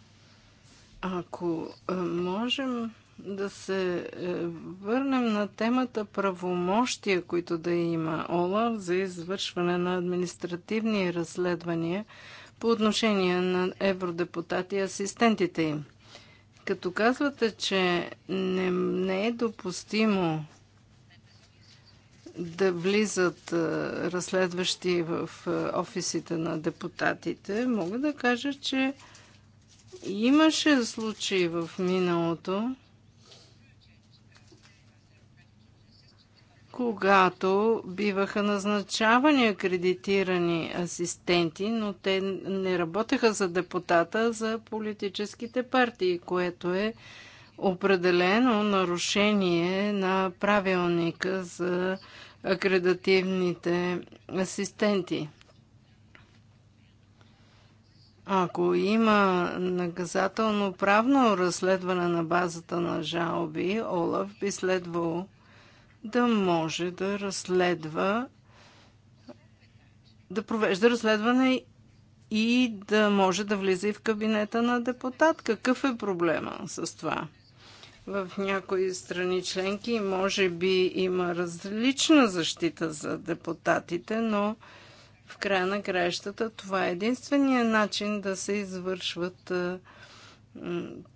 Ако е, можем да се е, върнем на темата правомощия, които да има ОЛАВ за извършване на административни разследвания по отношение на евродепутати и асистентите им. Като казвате, че не, не е допустимо да влизат е, разследващи в е, офисите на депутатите, мога да кажа, че имаше случаи в миналото, когато биваха назначавани акредитирани асистенти, но те не работеха за депутата, за политическите партии, което е определено нарушение на правилника за акредитивните асистенти. Ако има наказателно правно разследване на базата на жалби, Олаф би следвал да може да разследва, да провежда разследване и да може да влиза и в кабинета на депутат. Какъв е проблема с това? В някои страни членки може би има различна защита за депутатите, но в края на краищата това е единствения начин да се извършват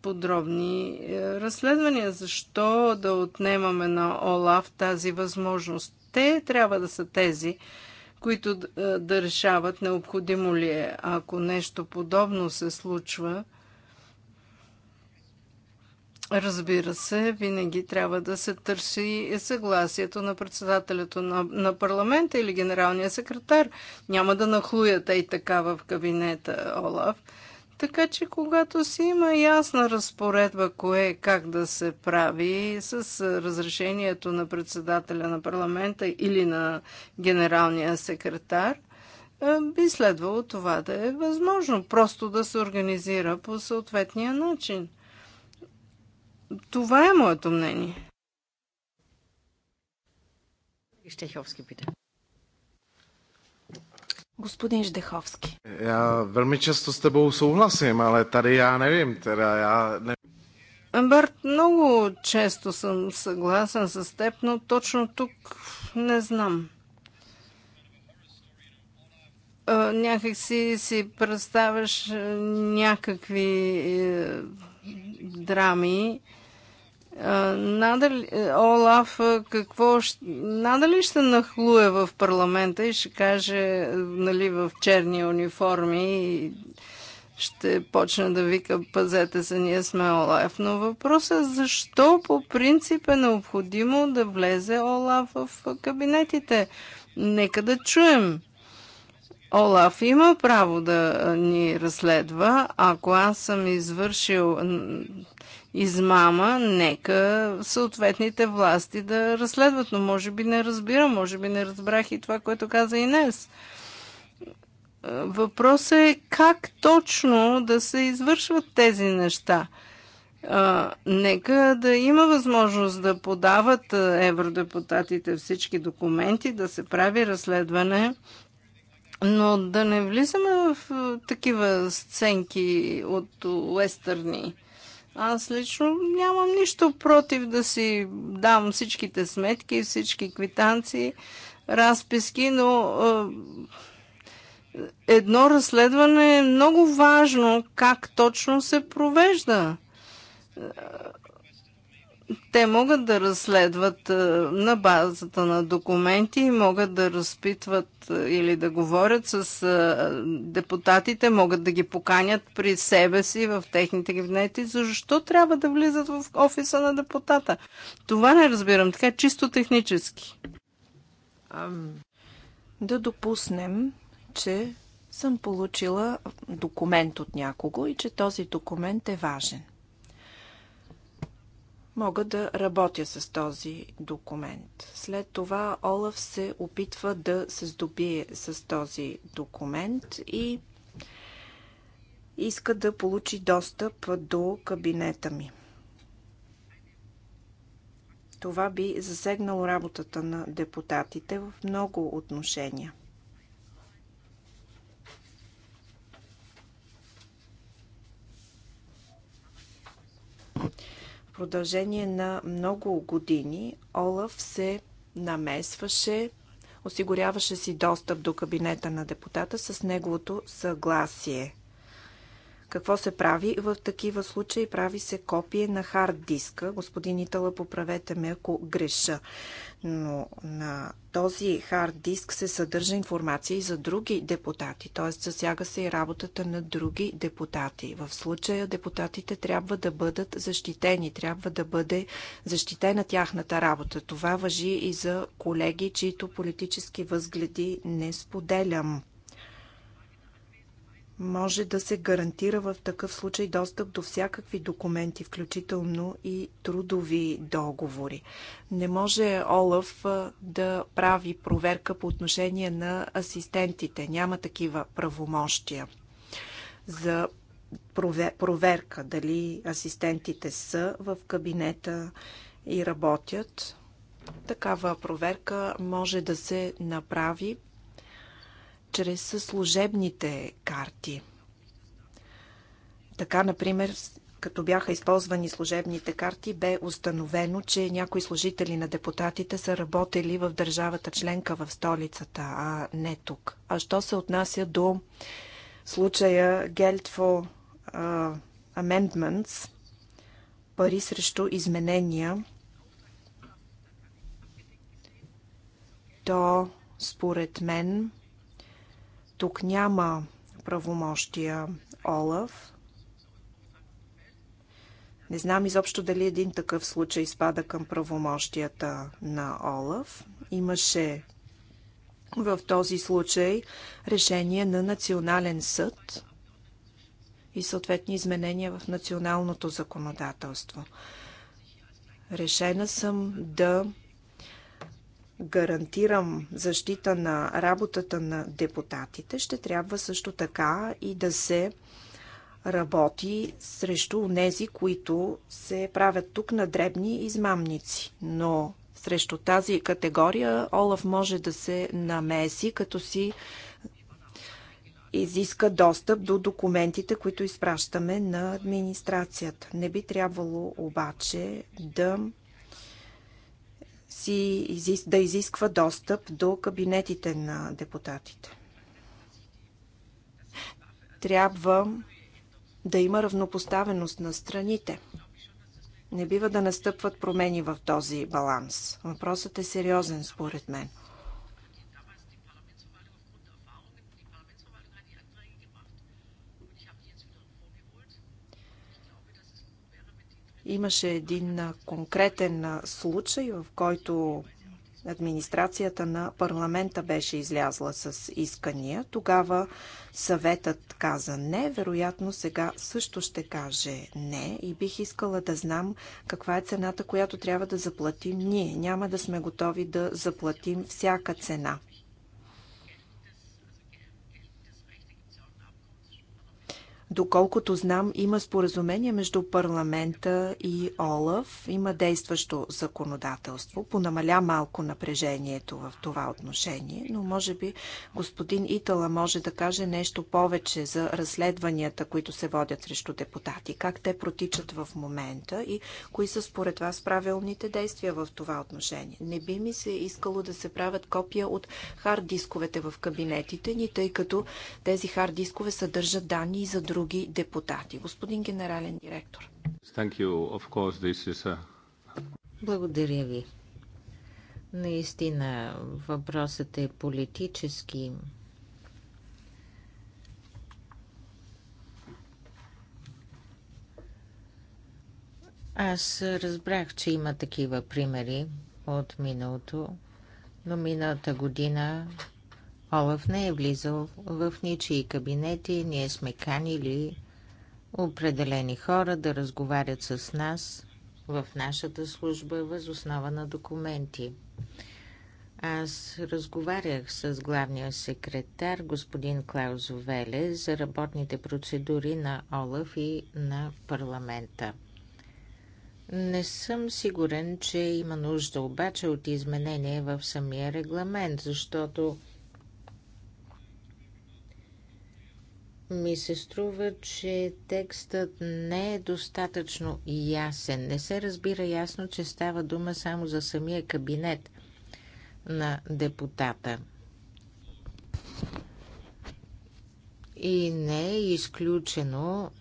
подробни е, разследвания. Защо да отнемаме на Олаф тази възможност? Те трябва да са тези, които е, да решават необходимо ли е. Ако нещо подобно се случва, разбира се, винаги трябва да се търси съгласието на председателято на, на парламента или генералния секретар. Няма да нахлуят и така в кабинета Олаф. Така че когато си има ясна разпоредба кое как да се прави с разрешението на председателя на парламента или на генералния секретар, би следвало това да е възможно. Просто да се организира по съответния начин. Това е моето мнение. Стеховски пита. Господин Ждеховски. Я velmi често с тебou souhlasím, ale tady já nevím, teda já не... много често съм съгласен с теб, но точно тук не знам. Е, някак си си представяш някакви е, драми, надали, е, Олаф, какво, надали ще нахлуе в парламента и ще каже, е, нали, в черни униформи и ще почне да вика, пазете се, ние сме Олаф. Но въпросът е защо по принцип е необходимо да влезе Олаф в кабинетите. Нека да чуем. Олаф има право да ни разследва. Ако аз съм извършил измама, нека съответните власти да разследват, но може би не разбирам, може би не разбрах и това, което каза Инес. Въпросът е как точно да се извършват тези неща. А, нека да има възможност да подават евродепутатите всички документи, да се прави разследване, но да не влизаме в такива сценки от уестърни. Аз лично нямам нищо против да си дам всичките сметки, всички квитанции, разписки, но е, едно разследване е много важно как точно се провежда те могат да разследват е, на базата на документи, могат да разпитват е, или да говорят с е, депутатите, могат да ги поканят при себе си в техните кабинети. Защо трябва да влизат в офиса на депутата? Това не разбирам, така чисто технически. Да допуснем, че съм получила документ от някого и че този документ е важен мога да работя с този документ. След това Олаф се опитва да се здобие с този документ и иска да получи достъп до кабинета ми. Това би засегнало работата на депутатите в много отношения – продължение на много години Олаф се намесваше, осигуряваше си достъп до кабинета на депутата с неговото съгласие. Какво се прави в такива случаи? Прави се копие на хард диска. Господин Итала, поправете ме, ако греша. Но на този хард диск се съдържа информация и за други депутати, т.е. засяга се и работата на други депутати. В случая депутатите трябва да бъдат защитени, трябва да бъде защитена тяхната работа. Това въжи и за колеги, чието политически възгледи не споделям може да се гарантира в такъв случай достъп до всякакви документи, включително и трудови договори. Не може Олаф да прави проверка по отношение на асистентите. Няма такива правомощия за проверка дали асистентите са в кабинета и работят. Такава проверка може да се направи чрез служебните карти. Така, например, като бяха използвани служебните карти, бе установено, че някои служители на депутатите са работели в държавата членка в столицата, а не тук. А що се отнася до случая Geld for uh, Amendments, пари срещу изменения, то според мен тук няма правомощия Олаф. Не знам изобщо дали един такъв случай спада към правомощията на Олаф. Имаше в този случай решение на Национален съд и съответни изменения в националното законодателство. Решена съм да гарантирам защита на работата на депутатите, ще трябва също така и да се работи срещу нези, които се правят тук на дребни измамници. Но срещу тази категория Олаф може да се намеси, като си изиска достъп до документите, които изпращаме на администрацията. Не би трябвало обаче да си, да изисква достъп до кабинетите на депутатите. Трябва да има равнопоставеност на страните. Не бива да настъпват промени в този баланс. Въпросът е сериозен, според мен – Имаше един конкретен случай, в който администрацията на парламента беше излязла с искания. Тогава съветът каза не, вероятно сега също ще каже не и бих искала да знам каква е цената, която трябва да заплатим ние. Няма да сме готови да заплатим всяка цена. Доколкото знам, има споразумение между парламента и ОЛАФ. Има действащо законодателство. Понамаля малко напрежението в това отношение, но може би господин Итала може да каже нещо повече за разследванията, които се водят срещу депутати. Как те протичат в момента и кои са според вас правилните действия в това отношение. Не би ми се искало да се правят копия от хард дисковете в кабинетите ни, тъй като тези хард дискове съдържат данни и за други други депутати. Господин генерален директор. A... Благодаря ви. Наистина въпросът е политически. Аз разбрах, че има такива примери от миналото, но миналата година Олаф не е влизал в ничии кабинети, ние сме канили определени хора да разговарят с нас в нашата служба въз основа на документи. Аз разговарях с главния секретар господин Клаус Веле за работните процедури на ОЛАФ и на парламента. Не съм сигурен, че има нужда обаче от изменение в самия регламент, защото ми се струва, че текстът не е достатъчно ясен. Не се разбира ясно, че става дума само за самия кабинет на депутата. И не е изключено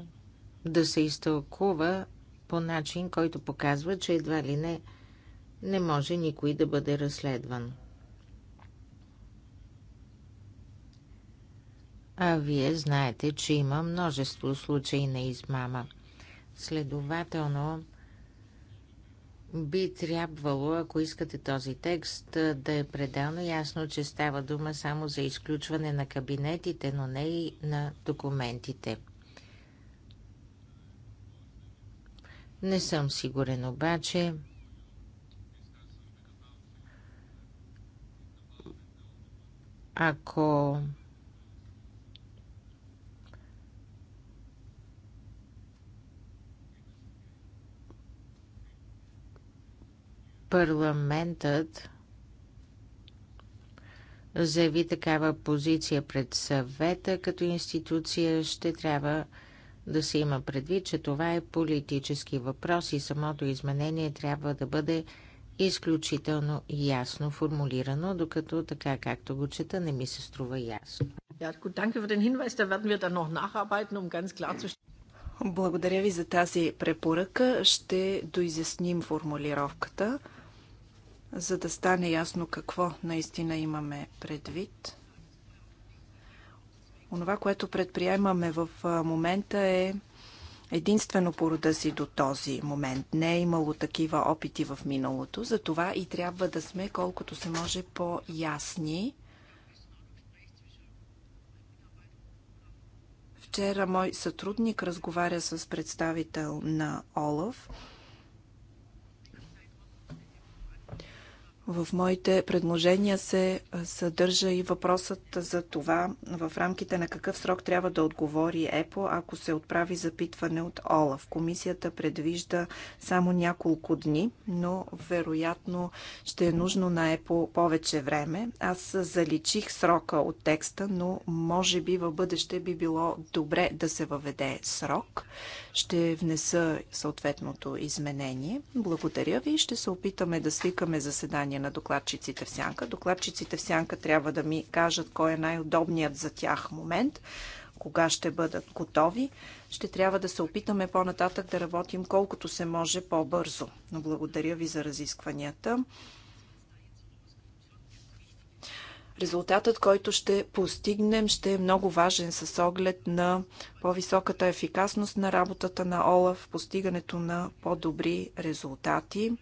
да се изтълкува по начин, който показва, че едва ли не не може никой да бъде разследван. А вие знаете, че има множество случаи на измама. Следователно, би трябвало, ако искате този текст, да е пределно ясно, че става дума само за изключване на кабинетите, но не и на документите. Не съм сигурен обаче. Ако Парламентът заяви такава позиция пред съвета като институция, ще трябва да се има предвид, че това е политически въпрос и самото изменение трябва да бъде изключително ясно формулирано, докато така както го чета не ми се струва ясно. Um Благодаря ви за тази препоръка. Ще доизясним формулировката за да стане ясно какво наистина имаме предвид. Онова, което предприемаме в момента е единствено по рода си до този момент. Не е имало такива опити в миналото, затова и трябва да сме колкото се може по-ясни. Вчера мой сътрудник разговаря с представител на Олаф В моите предложения се съдържа и въпросът за това в рамките на какъв срок трябва да отговори ЕПО, ако се отправи запитване от ОЛАФ. Комисията предвижда само няколко дни, но вероятно ще е нужно на ЕПО повече време. Аз заличих срока от текста, но може би в бъдеще би било добре да се въведе срок. Ще внеса съответното изменение. Благодаря ви и ще се опитаме да свикаме заседание заседание на докладчиците в сянка. Докладчиците в сянка трябва да ми кажат кой е най-удобният за тях момент, кога ще бъдат готови. Ще трябва да се опитаме по-нататък да работим колкото се може по-бързо. Но благодаря ви за разискванията. Резултатът, който ще постигнем, ще е много важен с оглед на по-високата ефикасност на работата на ОЛАФ, постигането на по-добри резултати.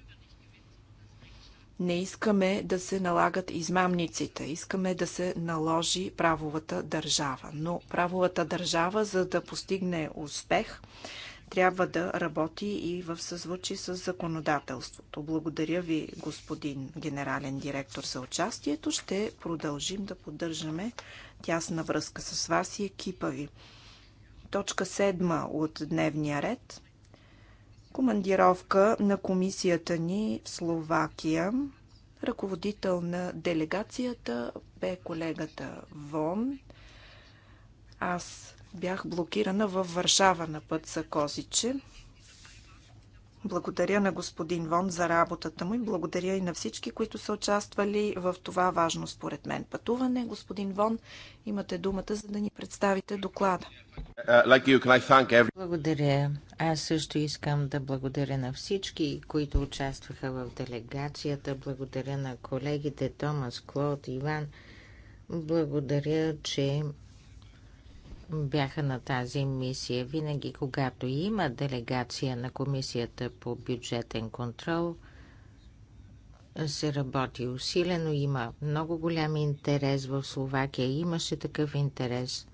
Не искаме да се налагат измамниците, искаме да се наложи правовата държава. Но правовата държава, за да постигне успех, трябва да работи и в съзвучи с законодателството. Благодаря ви, господин генерален директор, за участието. Ще продължим да поддържаме тясна връзка с вас и екипа ви. Точка 7 от дневния ред командировка на комисията ни в Словакия. Ръководител на делегацията бе колегата Вон. Аз бях блокирана във Варшава на път Сакозиче. Благодаря на господин Вон за работата му и благодаря и на всички, които са участвали в това важно според мен пътуване. Господин Вон, имате думата, за да ни представите доклада. Uh, благодаря. Аз също искам да благодаря на всички, които участваха в делегацията. Благодаря на колегите Томас, Клод, Иван. Благодаря, че бяха на тази мисия. Винаги, когато има делегация на Комисията по бюджетен контрол, се работи усилено. Има много голям интерес в Словакия. Имаше такъв интерес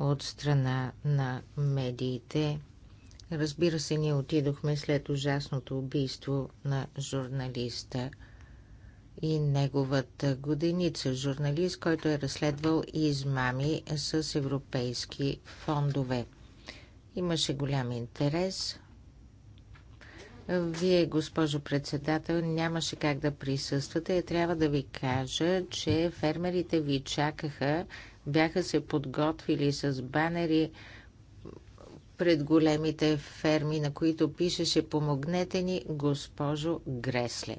от страна на медиите. Разбира се, ние отидохме след ужасното убийство на журналиста – и неговата годеница, журналист, който е разследвал и измами с европейски фондове. Имаше голям интерес. Вие, госпожо председател, нямаше как да присъствате. Трябва да ви кажа, че фермерите ви чакаха, бяха се подготвили с банери пред големите ферми, на които пишеше «Помогнете ни, госпожо Гресле».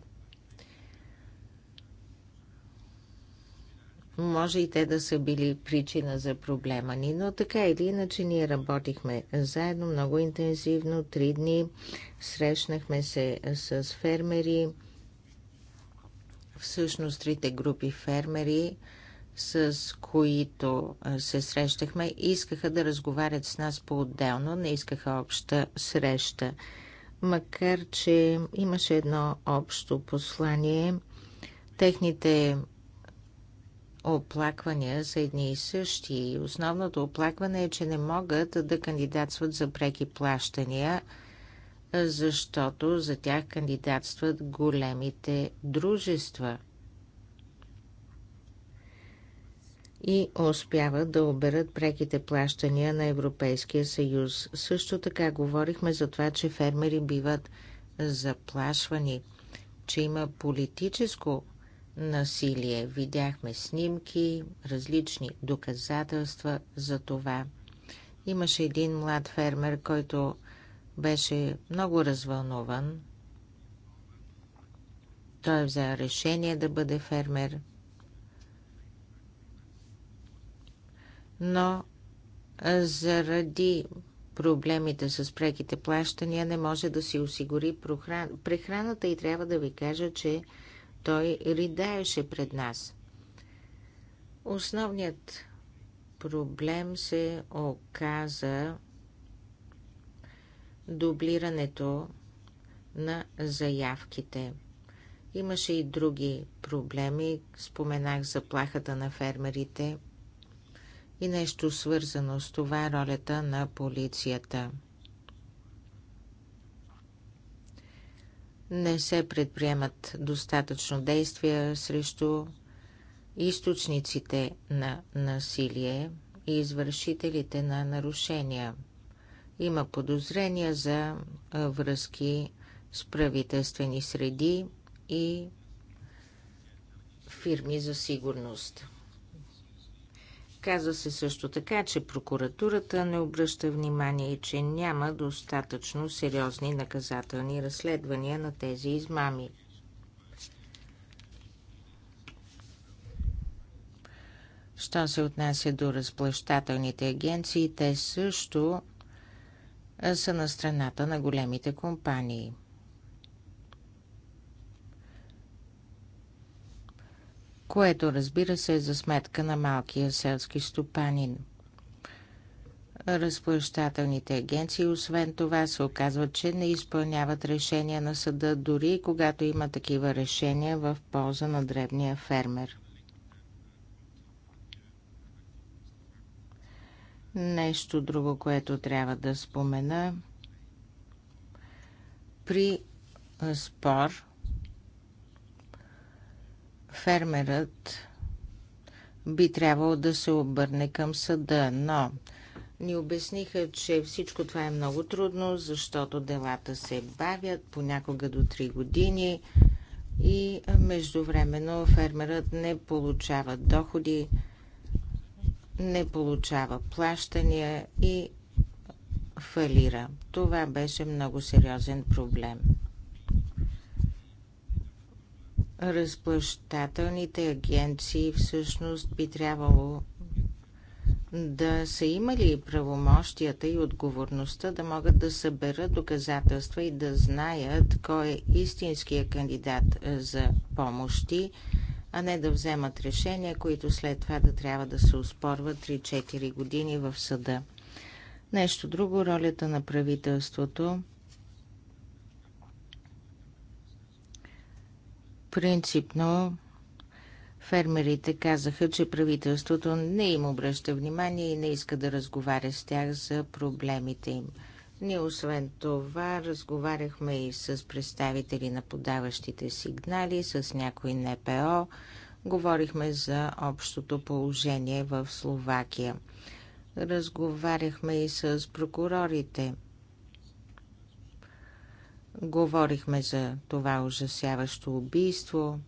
Може и те да са били причина за проблема ни, но така или иначе ние работихме заедно много интензивно, три дни. Срещнахме се с фермери, всъщност трите групи фермери, с които се срещахме, искаха да разговарят с нас по-отделно, не искаха обща среща. Макар, че имаше едно общо послание, техните оплаквания са едни и същи. Основното оплакване е, че не могат да кандидатстват за преки плащания, защото за тях кандидатстват големите дружества и успяват да оберат преките плащания на Европейския съюз. Също така говорихме за това, че фермери биват заплашвани, че има политическо насилие. Видяхме снимки, различни доказателства за това. Имаше един млад фермер, който беше много развълнуван. Той взе решение да бъде фермер. Но заради проблемите с преките плащания не може да си осигури прехраната и трябва да ви кажа, че той ридаеше пред нас. Основният проблем се оказа дублирането на заявките. Имаше и други проблеми. Споменах заплахата на фермерите и нещо свързано с това ролята на полицията – не се предприемат достатъчно действия срещу източниците на насилие и извършителите на нарушения. Има подозрения за връзки с правителствени среди и фирми за сигурност. Казва се също така, че прокуратурата не обръща внимание и че няма достатъчно сериозни наказателни разследвания на тези измами. Що се отнася до разплащателните агенции, те също са на страната на големите компании – което разбира се е за сметка на малкия селски стопанин. Разплащателните агенции, освен това, се оказват, че не изпълняват решения на съда, дори когато има такива решения в полза на дребния фермер. Нещо друго, което трябва да спомена. При спор фермерът би трябвало да се обърне към съда, но ни обясниха, че всичко това е много трудно, защото делата се бавят понякога до 3 години и междувременно фермерът не получава доходи, не получава плащания и фалира. Това беше много сериозен проблем разплащателните агенции всъщност би трябвало да са имали правомощията и отговорността да могат да съберат доказателства и да знаят кой е истинския кандидат за помощи, а не да вземат решения, които след това да трябва да се успорват 3-4 години в съда. Нещо друго, ролята на правителството – Принципно фермерите казаха, че правителството не им обръща внимание и не иска да разговаря с тях за проблемите им. Ние освен това разговаряхме и с представители на подаващите сигнали, с някои НПО. Говорихме за общото положение в Словакия. Разговаряхме и с прокурорите – Говорихме за това ужасяващо убийство,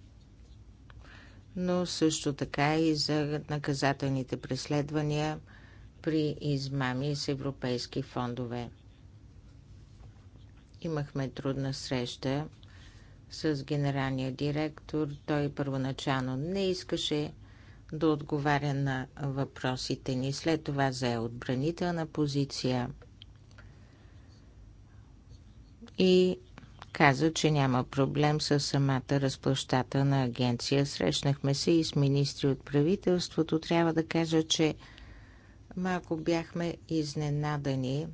но също така и за наказателните преследвания при измами с европейски фондове. Имахме трудна среща с генералния директор. Той първоначално не искаше да отговаря на въпросите ни. След това зае отбранителна позиция – и каза, че няма проблем с самата разплащателна агенция. Срещнахме се и с министри от правителството. Трябва да кажа, че малко бяхме изненадани,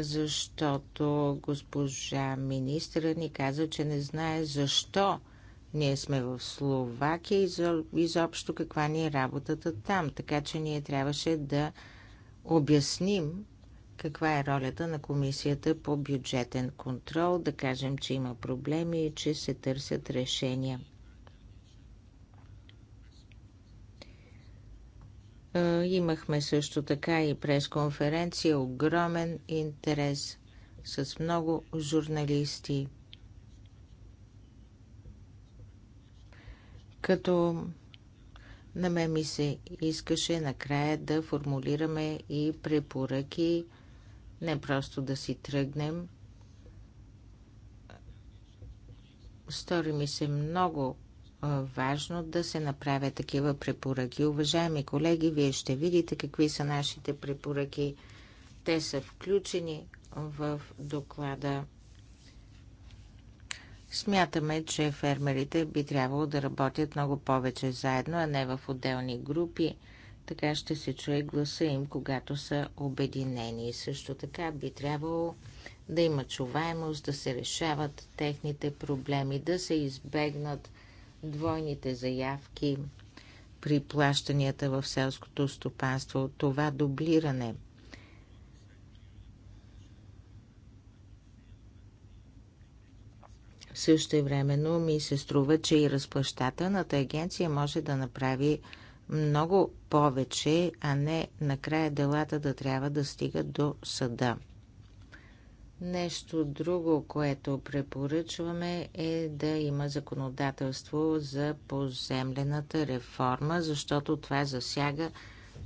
защото госпожа министра ни каза, че не знае защо ние сме в Словакия и изобщо каква ни е работата там. Така че ние трябваше да обясним каква е ролята на Комисията по бюджетен контрол, да кажем, че има проблеми и че се търсят решения. Имахме също така и пресконференция, огромен интерес с много журналисти. Като на мен ми се искаше накрая да формулираме и препоръки не просто да си тръгнем. Стори ми се много важно да се направят такива препоръки. Уважаеми колеги, вие ще видите какви са нашите препоръки. Те са включени в доклада. Смятаме, че фермерите би трябвало да работят много повече заедно, а не в отделни групи. Така ще се чуе гласа им, когато са обединени. Също така би трябвало да има чуваемост, да се решават техните проблеми, да се избегнат двойните заявки при плащанията в селското стопанство, това дублиране. Също времено ми се струва, че и разплащателната агенция може да направи много повече, а не накрая делата да трябва да стигат до съда. Нещо друго, което препоръчваме е да има законодателство за поземлената реформа, защото това засяга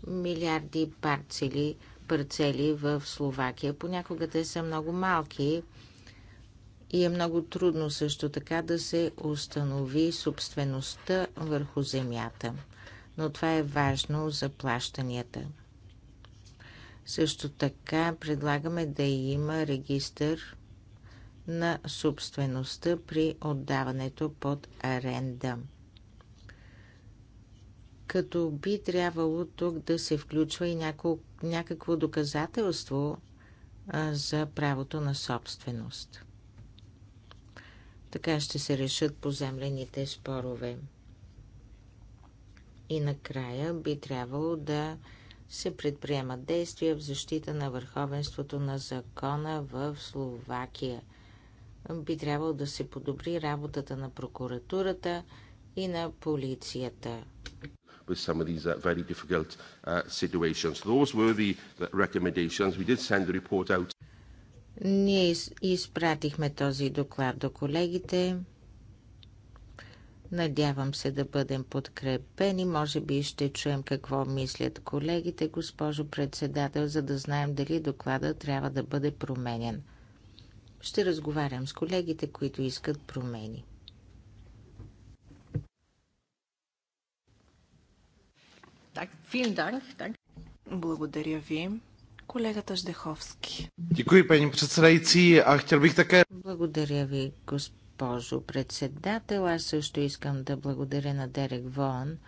милиарди парцели, парцели в Словакия. Понякога те са много малки и е много трудно също така да се установи собствеността върху земята но това е важно за плащанията. Също така предлагаме да има регистър на собствеността при отдаването под аренда. Като би трябвало тук да се включва и някакво доказателство а, за правото на собственост. Така ще се решат поземлените спорове. И накрая би трябвало да се предприемат действия в защита на върховенството на закона в Словакия. Би трябвало да се подобри работата на прокуратурата и на полицията. With some of these uh, very difficult uh, situations. Those were the recommendations. We did send the report out. Ние изпратихме този доклад до колегите. Надявам се да бъдем подкрепени. Може би ще чуем какво мислят колегите, госпожо председател, за да знаем дали доклада трябва да бъде променен. Ще разговарям с колегите, които искат промени. Благодаря ви. Колегата Ждеховски. Благодаря ви, госпожо госпожо председател. Аз също искам да благодаря на Дерек Вон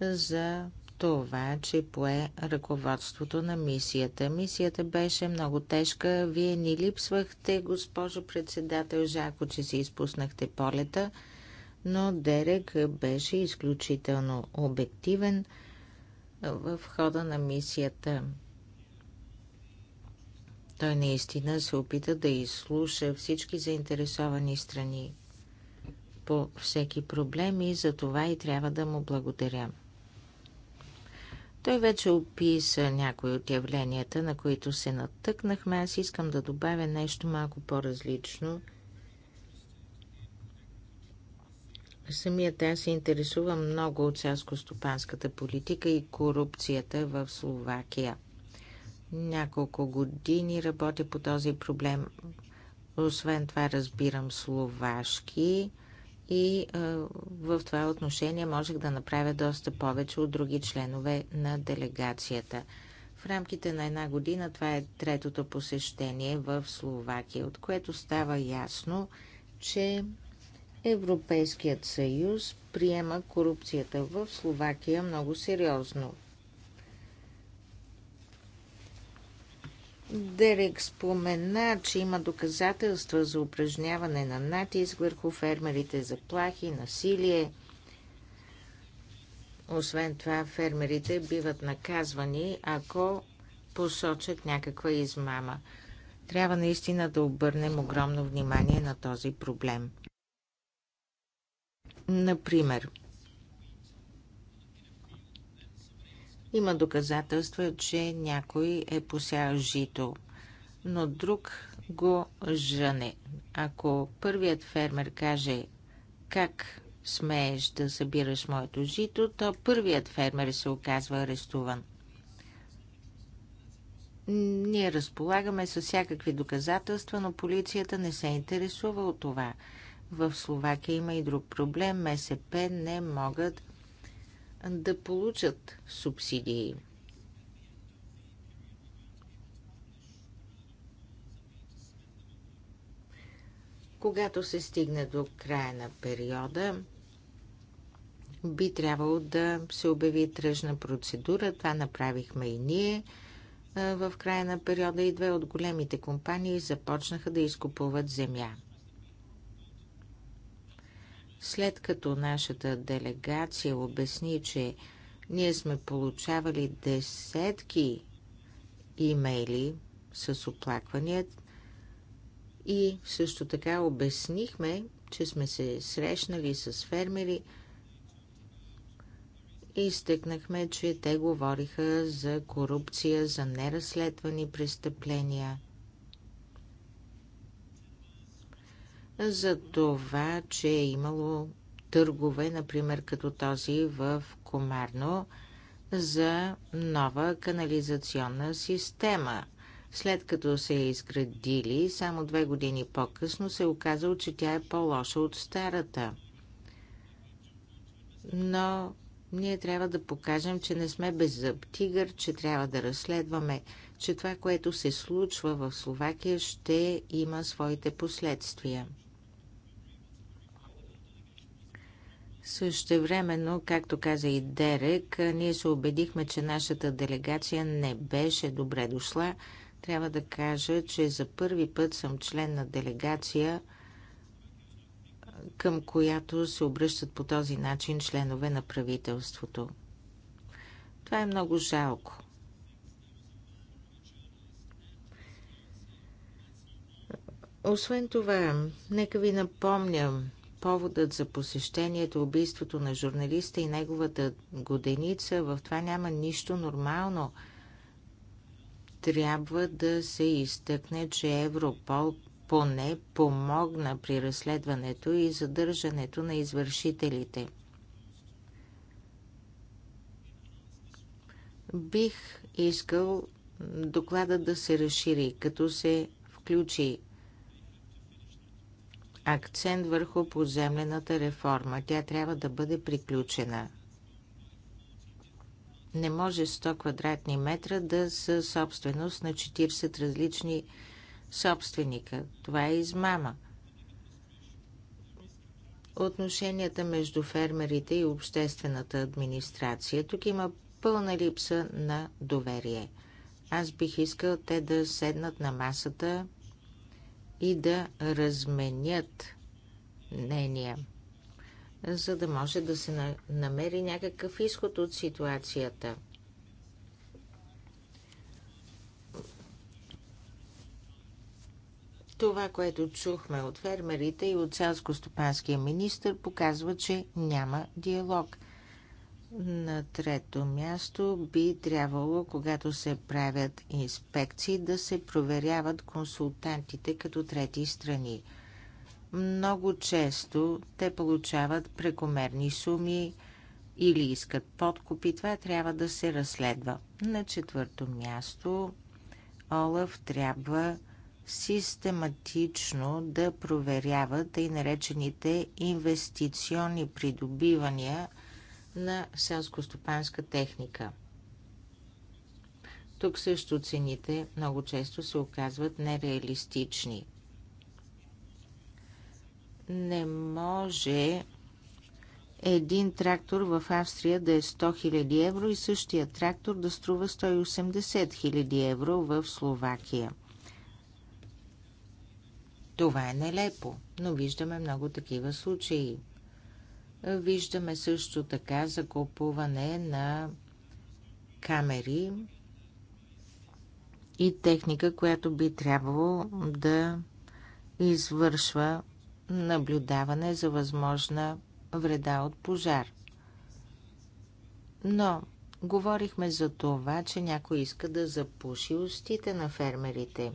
за това, че пое ръководството на мисията. Мисията беше много тежка. Вие ни липсвахте, госпожо председател. Жако, че си изпуснахте полета, но Дерек беше изключително обективен в хода на мисията. Той наистина се опита да изслуша всички заинтересовани страни по всеки проблем и за това и трябва да му благодаря. Той вече описа някои от явленията, на които се натъкнахме. Аз искам да добавя нещо малко по-различно. Самият аз се интересувам много от селско-стопанската политика и корупцията в Словакия – няколко години работя по този проблем. Освен това разбирам словашки и е, в това отношение можех да направя доста повече от други членове на делегацията. В рамките на една година това е третото посещение в Словакия, от което става ясно, че Европейският съюз приема корупцията в Словакия много сериозно. Дерек спомена, че има доказателства за упражняване на натиск върху фермерите, заплахи, насилие. Освен това, фермерите биват наказвани, ако посочат някаква измама. Трябва наистина да обърнем огромно внимание на този проблем. Например, Има доказателства, че някой е посял жито, но друг го жъне. Ако първият фермер каже как смееш да събираш моето жито, то първият фермер се оказва арестуван. Ние разполагаме с всякакви доказателства, но полицията не се интересува от това. В Словакия има и друг проблем. МСП не могат да получат субсидии. Когато се стигне до края на периода, би трябвало да се обяви тръжна процедура. Това направихме и ние в края на периода и две от големите компании започнаха да изкупуват земя. След като нашата делегация обясни, че ние сме получавали десетки имейли с оплаквания и също така обяснихме, че сме се срещнали с фермери и стъкнахме, че те говориха за корупция, за неразследвани престъпления – за това, че е имало търгове, например като този в Комарно, за нова канализационна система. След като се е изградили, само две години по-късно се е оказало, че тя е по-лоша от старата. Но ние трябва да покажем, че не сме зъб тигър, че трябва да разследваме, че това, което се случва в Словакия, ще има своите последствия. Също времено, както каза и Дерек, ние се убедихме, че нашата делегация не беше добре дошла. Трябва да кажа, че за първи път съм член на делегация, към която се обръщат по този начин членове на правителството. Това е много жалко. Освен това, нека ви напомням, поводът за посещението, убийството на журналиста и неговата годеница, в това няма нищо нормално. Трябва да се изтъкне, че Европол поне помогна при разследването и задържането на извършителите. Бих искал докладът да се разшири, като се включи акцент върху поземлената реформа. Тя трябва да бъде приключена. Не може 100 квадратни метра да са собственост на 40 различни собственика. Това е измама. Отношенията между фермерите и обществената администрация. Тук има пълна липса на доверие. Аз бих искал те да седнат на масата и да разменят мнения, за да може да се намери някакъв изход от ситуацията. Това, което чухме от фермерите и от селско-стопанския министр, показва, че няма диалог. На трето място би трябвало, когато се правят инспекции, да се проверяват консултантите като трети страни. Много често те получават прекомерни суми или искат подкупи. Това трябва да се разследва. На четвърто място Олаф трябва систематично да проверява тъй наречените инвестиционни придобивания – на селскостопанска техника. Тук също цените много често се оказват нереалистични. Не може един трактор в Австрия да е 100 000 евро и същия трактор да струва 180 000 евро в Словакия. Това е нелепо, но виждаме много такива случаи. Виждаме също така закупуване на камери и техника, която би трябвало да извършва наблюдаване за възможна вреда от пожар. Но говорихме за това, че някой иска да запуши устите на фермерите.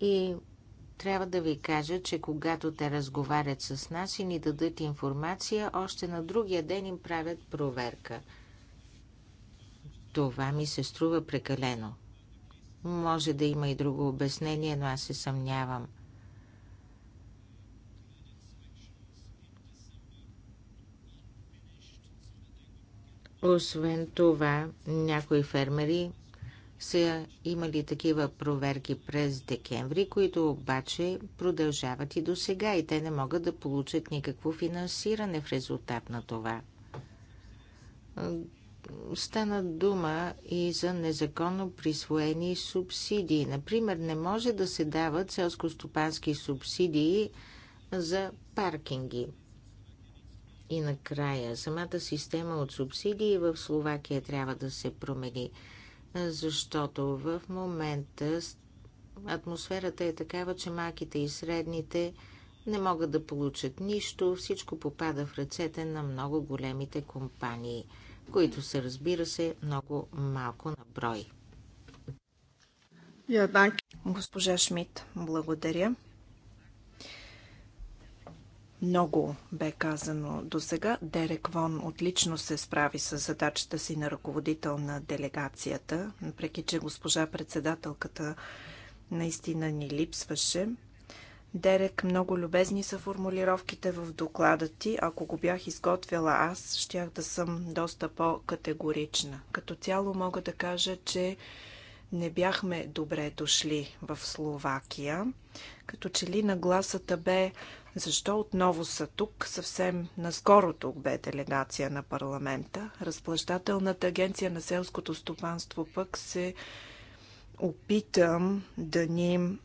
И трябва да ви кажа, че когато те разговарят с нас и ни дадат информация, още на другия ден им правят проверка. Това ми се струва прекалено. Може да има и друго обяснение, но аз се съмнявам. Освен това, някои фермери са имали такива проверки през декември, които обаче продължават и до сега и те не могат да получат никакво финансиране в резултат на това. Стана дума и за незаконно присвоени субсидии. Например, не може да се дават селско-стопански субсидии за паркинги. И накрая, самата система от субсидии в Словакия трябва да се промени – защото в момента атмосферата е такава, че малките и средните не могат да получат нищо. Всичко попада в ръцете на много големите компании, които са, разбира се, много малко на брой. Госпожа Шмидт, благодаря. Много бе казано до сега. Дерек Вон отлично се справи с задачата си на ръководител на делегацията, въпреки че госпожа председателката наистина ни липсваше. Дерек, много любезни са формулировките в доклада ти. Ако го бях изготвила аз, щях да съм доста по-категорична. Като цяло мога да кажа, че не бяхме добре дошли в Словакия. Като че ли нагласата бе защо отново са тук? Съвсем наскоро тук бе делегация на парламента. Разплащателната агенция на селското стопанство пък се опитам да ни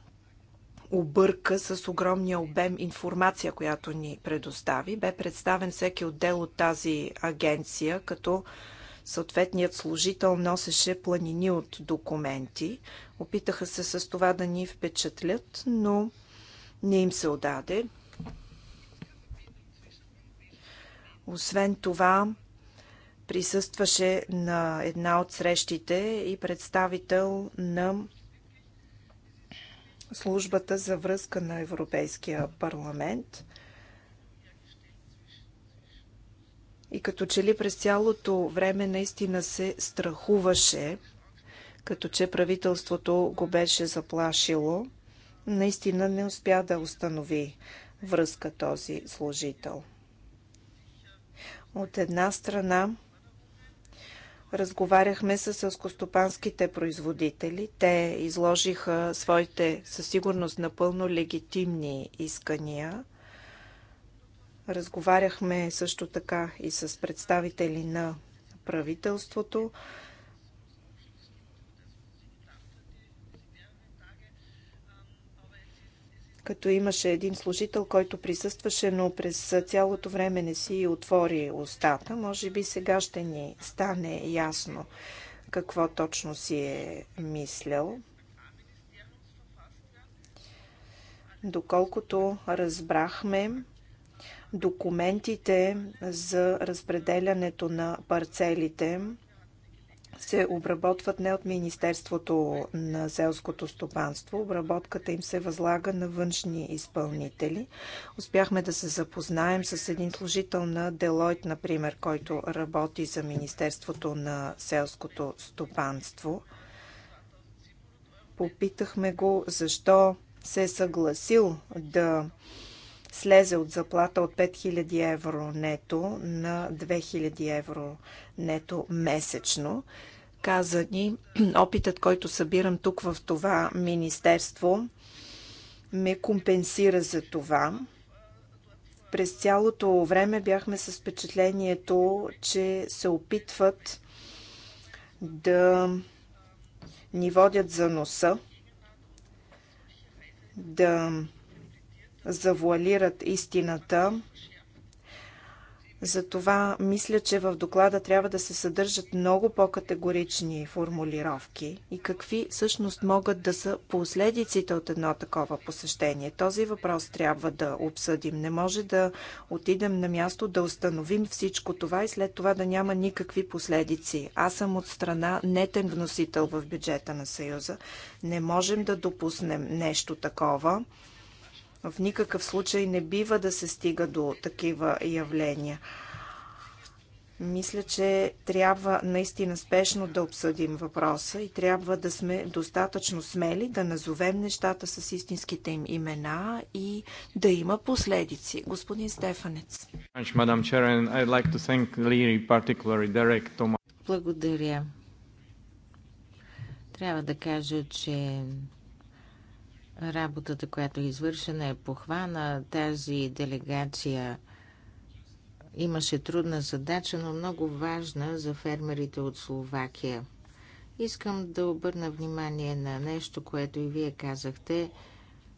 обърка с огромния обем информация, която ни предостави. Бе представен всеки отдел от тази агенция като Съответният служител носеше планини от документи. Опитаха се с това да ни впечатлят, но не им се отдаде. Освен това, присъстваше на една от срещите и представител на службата за връзка на Европейския парламент. и като че ли през цялото време наистина се страхуваше, като че правителството го беше заплашило, наистина не успя да установи връзка този служител. От една страна, разговаряхме с селскостопанските производители. Те изложиха своите със сигурност напълно легитимни искания – Разговаряхме също така и с представители на правителството. като имаше един служител, който присъстваше, но през цялото време не си отвори устата. Може би сега ще ни стане ясно какво точно си е мислял. Доколкото разбрахме, Документите за разпределянето на парцелите се обработват не от Министерството на селското стопанство. Обработката им се възлага на външни изпълнители. Успяхме да се запознаем с един служител на Делойт, например, който работи за Министерството на селското стопанство. Попитахме го защо се е съгласил да слезе от заплата от 5000 евро нето на 2000 евро нето месечно. Каза ни, *clears throat* опитът, който събирам тук в това министерство, ме компенсира за това. През цялото време бяхме с впечатлението, че се опитват да ни водят за носа, да завуалират истината. Затова мисля, че в доклада трябва да се съдържат много по-категорични формулировки. И какви всъщност могат да са последиците от едно такова посещение? Този въпрос трябва да обсъдим. Не може да отидем на място, да установим всичко това и след това да няма никакви последици. Аз съм от страна нетен вносител в бюджета на Съюза. Не можем да допуснем нещо такова в никакъв случай не бива да се стига до такива явления. Мисля, че трябва наистина спешно да обсъдим въпроса и трябва да сме достатъчно смели да назовем нещата с истинските им имена и да има последици. Господин Стефанец. Благодаря. Трябва да кажа, че Работата, която е извършена е похвана. Тази делегация имаше трудна задача, но много важна за фермерите от Словакия. Искам да обърна внимание на нещо, което и вие казахте,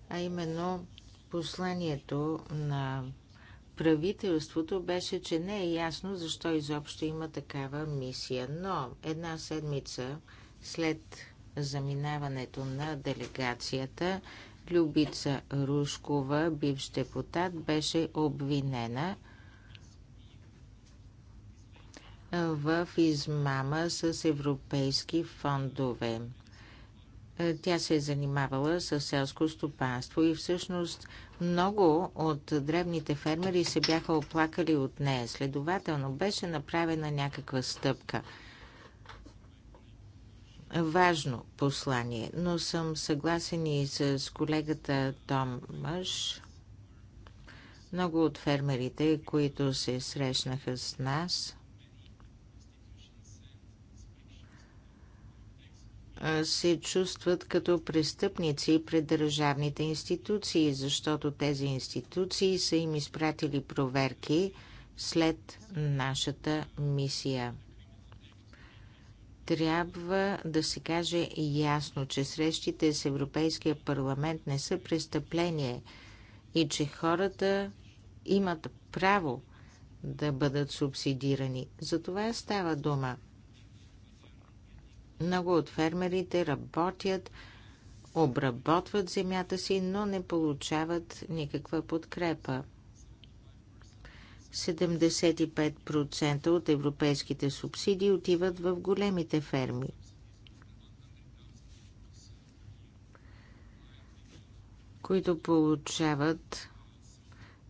а именно посланието на правителството беше, че не е ясно защо изобщо има такава мисия. Но една седмица след заминаването на делегацията, Любица Рушкова, бивш депутат, беше обвинена в измама с европейски фондове. Тя се е занимавала с селско стопанство и всъщност много от древните фермери се бяха оплакали от нея. Следователно беше направена някаква стъпка – важно послание, но съм съгласен и с колегата Том Мъж. Много от фермерите, които се срещнаха с нас, се чувстват като престъпници пред държавните институции, защото тези институции са им изпратили проверки след нашата мисия трябва да се каже ясно, че срещите с Европейския парламент не са престъпление и че хората имат право да бъдат субсидирани. За това става дума. Много от фермерите работят, обработват земята си, но не получават никаква подкрепа. 75% от европейските субсидии отиват в големите ферми. които получават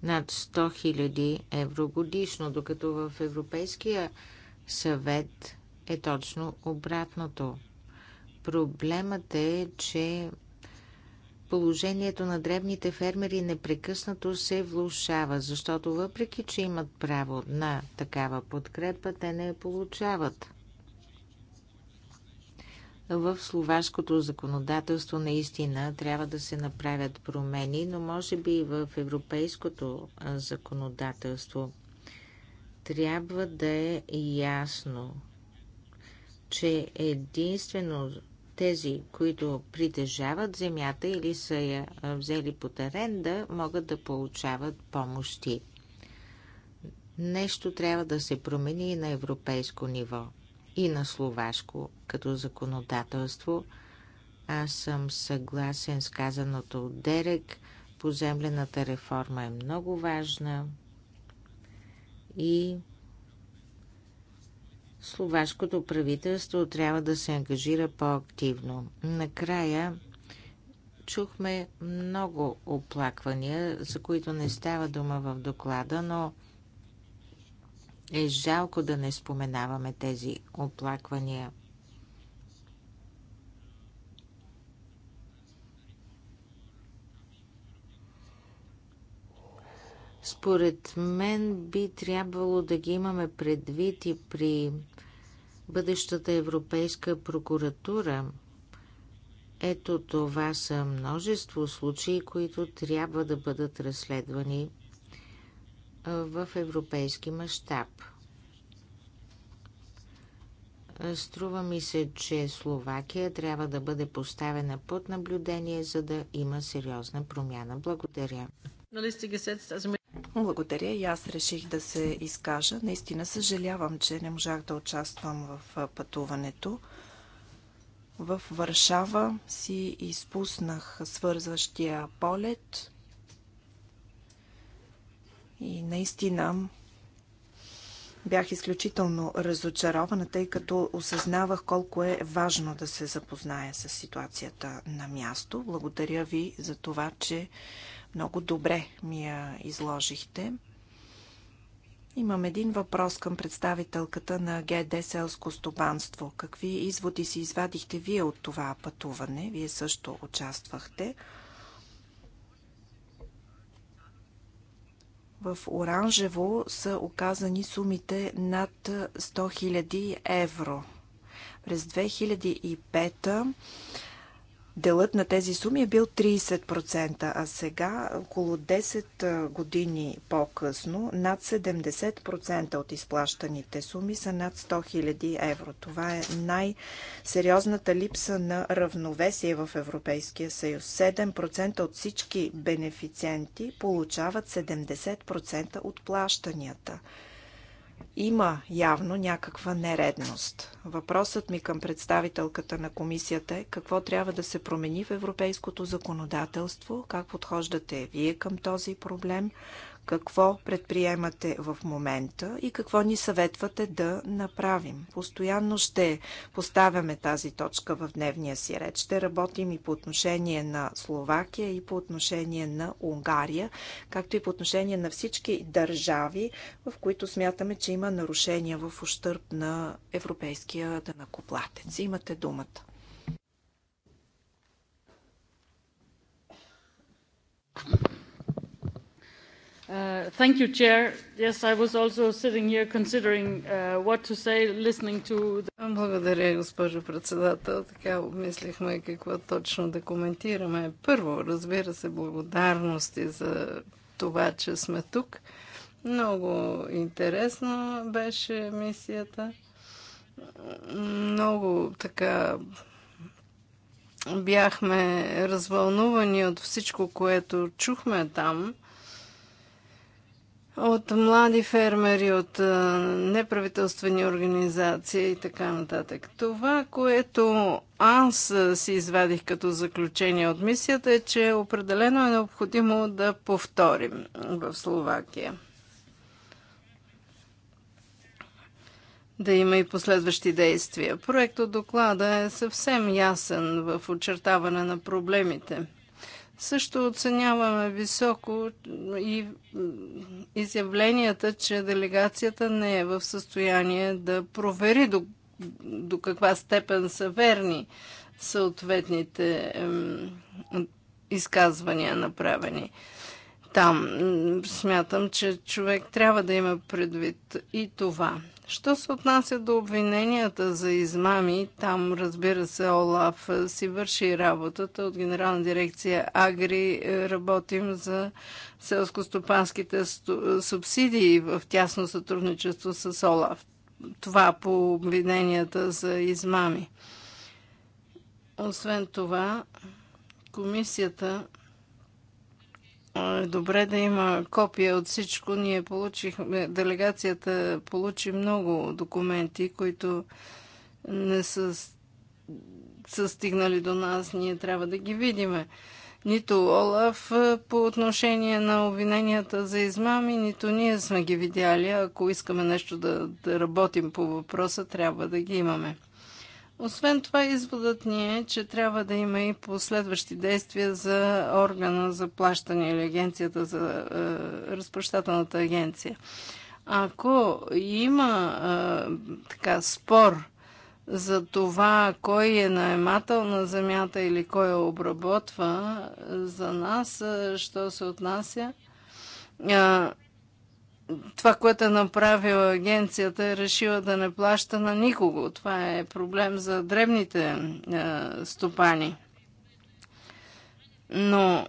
над 100 000 евро годишно, докато в Европейския съвет е точно обратното. Проблемът е, че Положението на древните фермери непрекъснато се влушава, защото въпреки, че имат право на такава подкрепа, те не я получават. В словашкото законодателство наистина трябва да се направят промени, но може би и в европейското законодателство трябва да е ясно, че единствено тези, които притежават земята или са я взели под аренда, могат да получават помощи. Нещо трябва да се промени и на европейско ниво, и на словашко, като законодателство. Аз съм съгласен с казаното от Дерек. Поземлената реформа е много важна и словашкото правителство трябва да се ангажира по-активно. Накрая чухме много оплаквания, за които не става дума в доклада, но е жалко да не споменаваме тези оплаквания – Според мен би трябвало да ги имаме предвид и при бъдещата Европейска прокуратура. Ето това са множество случаи, които трябва да бъдат разследвани в европейски мащаб. Струва ми се, че Словакия трябва да бъде поставена под наблюдение, за да има сериозна промяна. Благодаря. Нали Благодаря и аз реших да се изкажа. Наистина съжалявам, че не можах да участвам в пътуването. В Варшава си изпуснах свързващия полет и наистина бях изключително разочарована, тъй като осъзнавах колко е важно да се запозная с ситуацията на място. Благодаря ви за това, че много добре ми я изложихте. Имам един въпрос към представителката на ГД Селско стопанство. Какви изводи си извадихте вие от това пътуване? Вие също участвахте. В оранжево са оказани сумите над 100 000 евро. През 2005 делът на тези суми е бил 30%, а сега, около 10 години по-късно, над 70% от изплащаните суми са над 100 000 евро. Това е най-сериозната липса на равновесие в Европейския съюз. 7% от всички бенефициенти получават 70% от плащанията. Има явно някаква нередност. Въпросът ми към представителката на комисията е какво трябва да се промени в европейското законодателство, как подхождате вие към този проблем, какво предприемате в момента и какво ни съветвате да направим. Постоянно ще поставяме тази точка в дневния си ред. Ще работим и по отношение на Словакия, и по отношение на Унгария, както и по отношение на всички държави, в които смятаме, че има нарушения в ущърп на европейския данакоплатец. Имате думата. Thank you. Uh, thank you, Chair. Yes, I was also sitting here considering uh, what to say, listening to the... Благодаря, госпожо председател. Така обмислихме какво точно да коментираме. Първо, разбира се, благодарности за това, че сме тук. Много интересно беше мисията. Много така бяхме развълнувани от всичко, което чухме там – от млади фермери, от неправителствени организации и така нататък. Това, което аз си извадих като заключение от мисията е, че определено е необходимо да повторим в Словакия. да има и последващи действия. Проектът доклада е съвсем ясен в очертаване на проблемите – също оценяваме високо и изявленията, че делегацията не е в състояние да провери до, до каква степен са верни съответните изказвания направени там. Смятам, че човек трябва да има предвид и това. Що се отнася до обвиненията за измами, там разбира се Олаф е, си върши работата. От Генерална дирекция Агри е, работим за селско-стопанските е, субсидии в тясно сътрудничество с Олаф. Това по обвиненията за измами. Освен това, комисията Добре да има копия от всичко. Ние получихме, делегацията получи много документи, които не са, са стигнали до нас. Ние трябва да ги видиме. Нито Олаф по отношение на обвиненията за измами, нито ние сме ги видяли. Ако искаме нещо да, да работим по въпроса, трябва да ги имаме. Освен това, изводът ни е, че трябва да има и последващи действия за органа за плащане или агенцията за е, разпрощателната агенция. Ако има е, така спор за това кой е наемател на земята или кой я обработва, за нас, е, що се отнася, е, това, което е направила агенцията, е решила да не плаща на никого. Това е проблем за дребните е, стопани. Но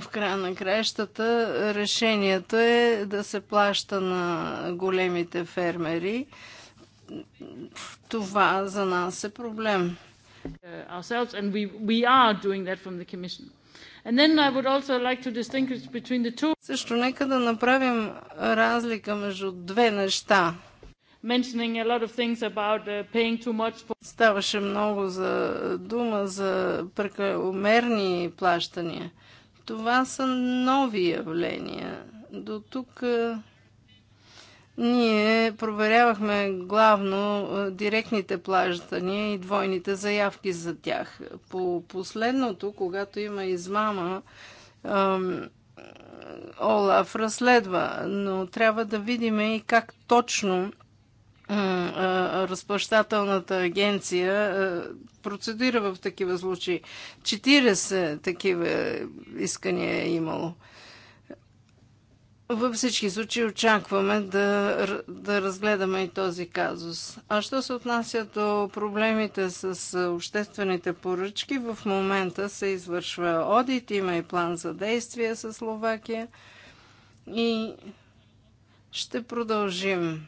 в края на краищата решението е да се плаща на големите фермери. Това за нас е проблем. Uh, Like two... Също нека да направим разлика между две неща. Uh, for... Ставаше много за дума за прекомерни плащания. Това са нови явления. До тук ние проверявахме главно директните плащания и двойните заявки за тях. По последното, когато има измама, Олаф разследва, но трябва да видим и как точно разплащателната агенция процедира в такива случаи. 40 такива искания е имало. Във всички случаи очакваме да, да разгледаме и този казус. А що се отнася до проблемите с обществените поръчки, в момента се извършва одит, има и план за действие с Словакия и ще продължим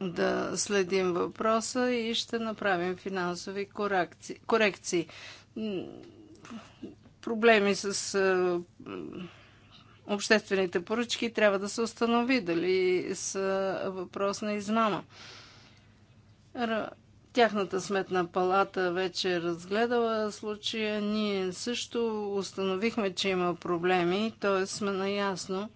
да следим въпроса и ще направим финансови корекции. корекции. Проблеми с обществените поръчки, трябва да се установи дали са въпрос на измама. Тяхната сметна палата вече е разгледала случая. Ние също установихме, че има проблеми, т.е. сме наясно,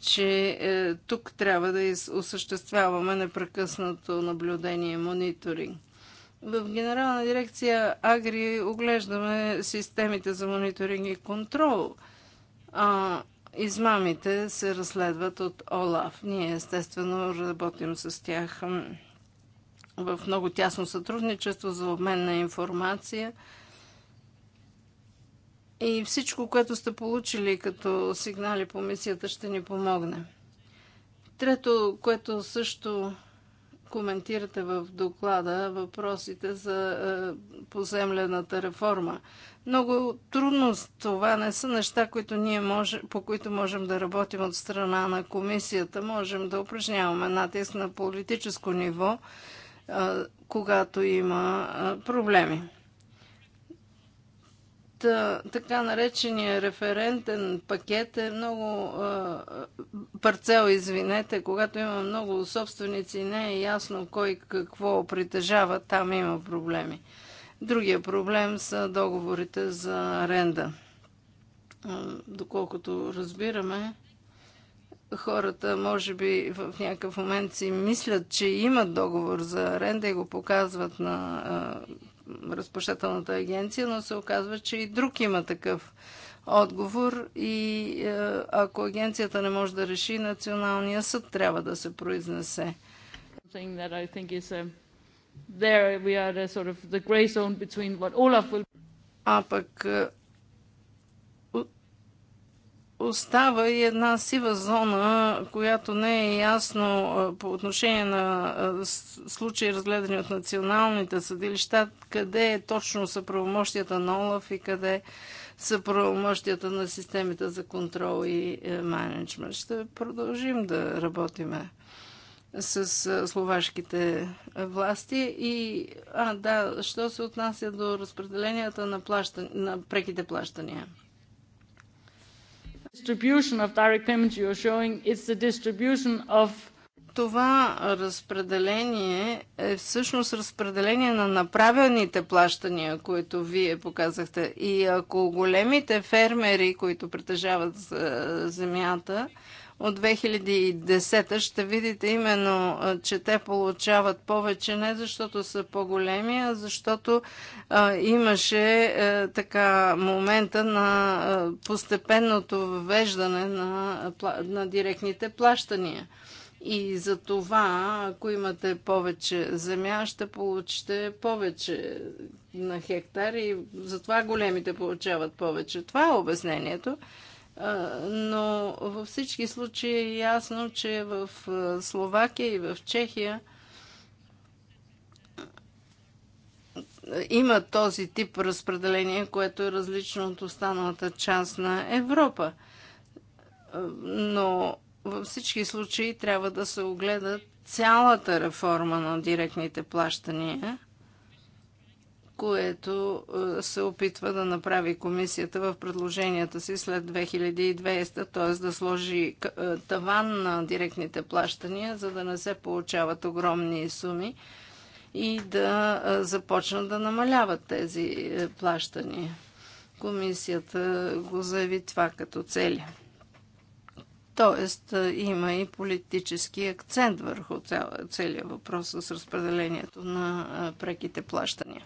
че е, тук трябва да из, осъществяваме непрекъснато наблюдение и мониторинг. В Генерална дирекция Агри оглеждаме системите за мониторинг и контрол. А, Измамите се разследват от ОЛАФ. Ние естествено работим с тях в много тясно сътрудничество за обмен на информация. И всичко, което сте получили като сигнали по мисията, ще ни помогне. Трето, което също коментирате в доклада въпросите за е, поземлената реформа. Много трудно това не са неща, които ние може, по които можем да работим от страна на комисията. Можем да упражняваме натиск на политическо ниво, е, когато има е, проблеми така наречения референтен пакет е много парцел, извинете, когато има много собственици и не е ясно кой какво притежава, там има проблеми. Другия проблем са договорите за аренда. Доколкото разбираме, хората може би в някакъв момент си мислят, че имат договор за аренда и го показват на разпощателната агенция, но се оказва, че и друг има такъв отговор и е, ако агенцията не може да реши, Националния съд трябва да се произнесе. Um, а пък е, остава и една сива зона, която не е ясно по отношение на случаи, разгледани от националните съдилища, къде е точно съправомощията на ОЛАФ и къде са правомощията на системите за контрол и е, менеджмент. Ще продължим да работиме с словашките власти. И, а, да, що се отнася до разпределенията на, плащан... на преките плащания? Distribution of direct payments you are showing, the distribution of това разпределение е всъщност разпределение на направените плащания, които вие показахте. И ако големите фермери, които притежават земята, от 2010 ще видите именно, че те получават повече не защото са по-големи, а защото а, имаше а, е, така момента на а, постепенното въвеждане на, на директните плащания. И за това, ако имате повече земя, ще получите повече на хектар и затова големите получават повече. Това е обяснението но във всички случаи е ясно, че в Словакия и в Чехия има този тип разпределение, което е различно от останалата част на Европа. Но във всички случаи трябва да се огледа цялата реформа на директните плащания – което е, се опитва да направи комисията в предложенията си след 2200, т.е. да сложи е, таван на директните плащания, за да не се получават огромни суми и да е, започнат да намаляват тези плащания. Комисията го заяви това като цели. Тоест има и политически акцент върху целият въпрос с разпределението на преките плащания.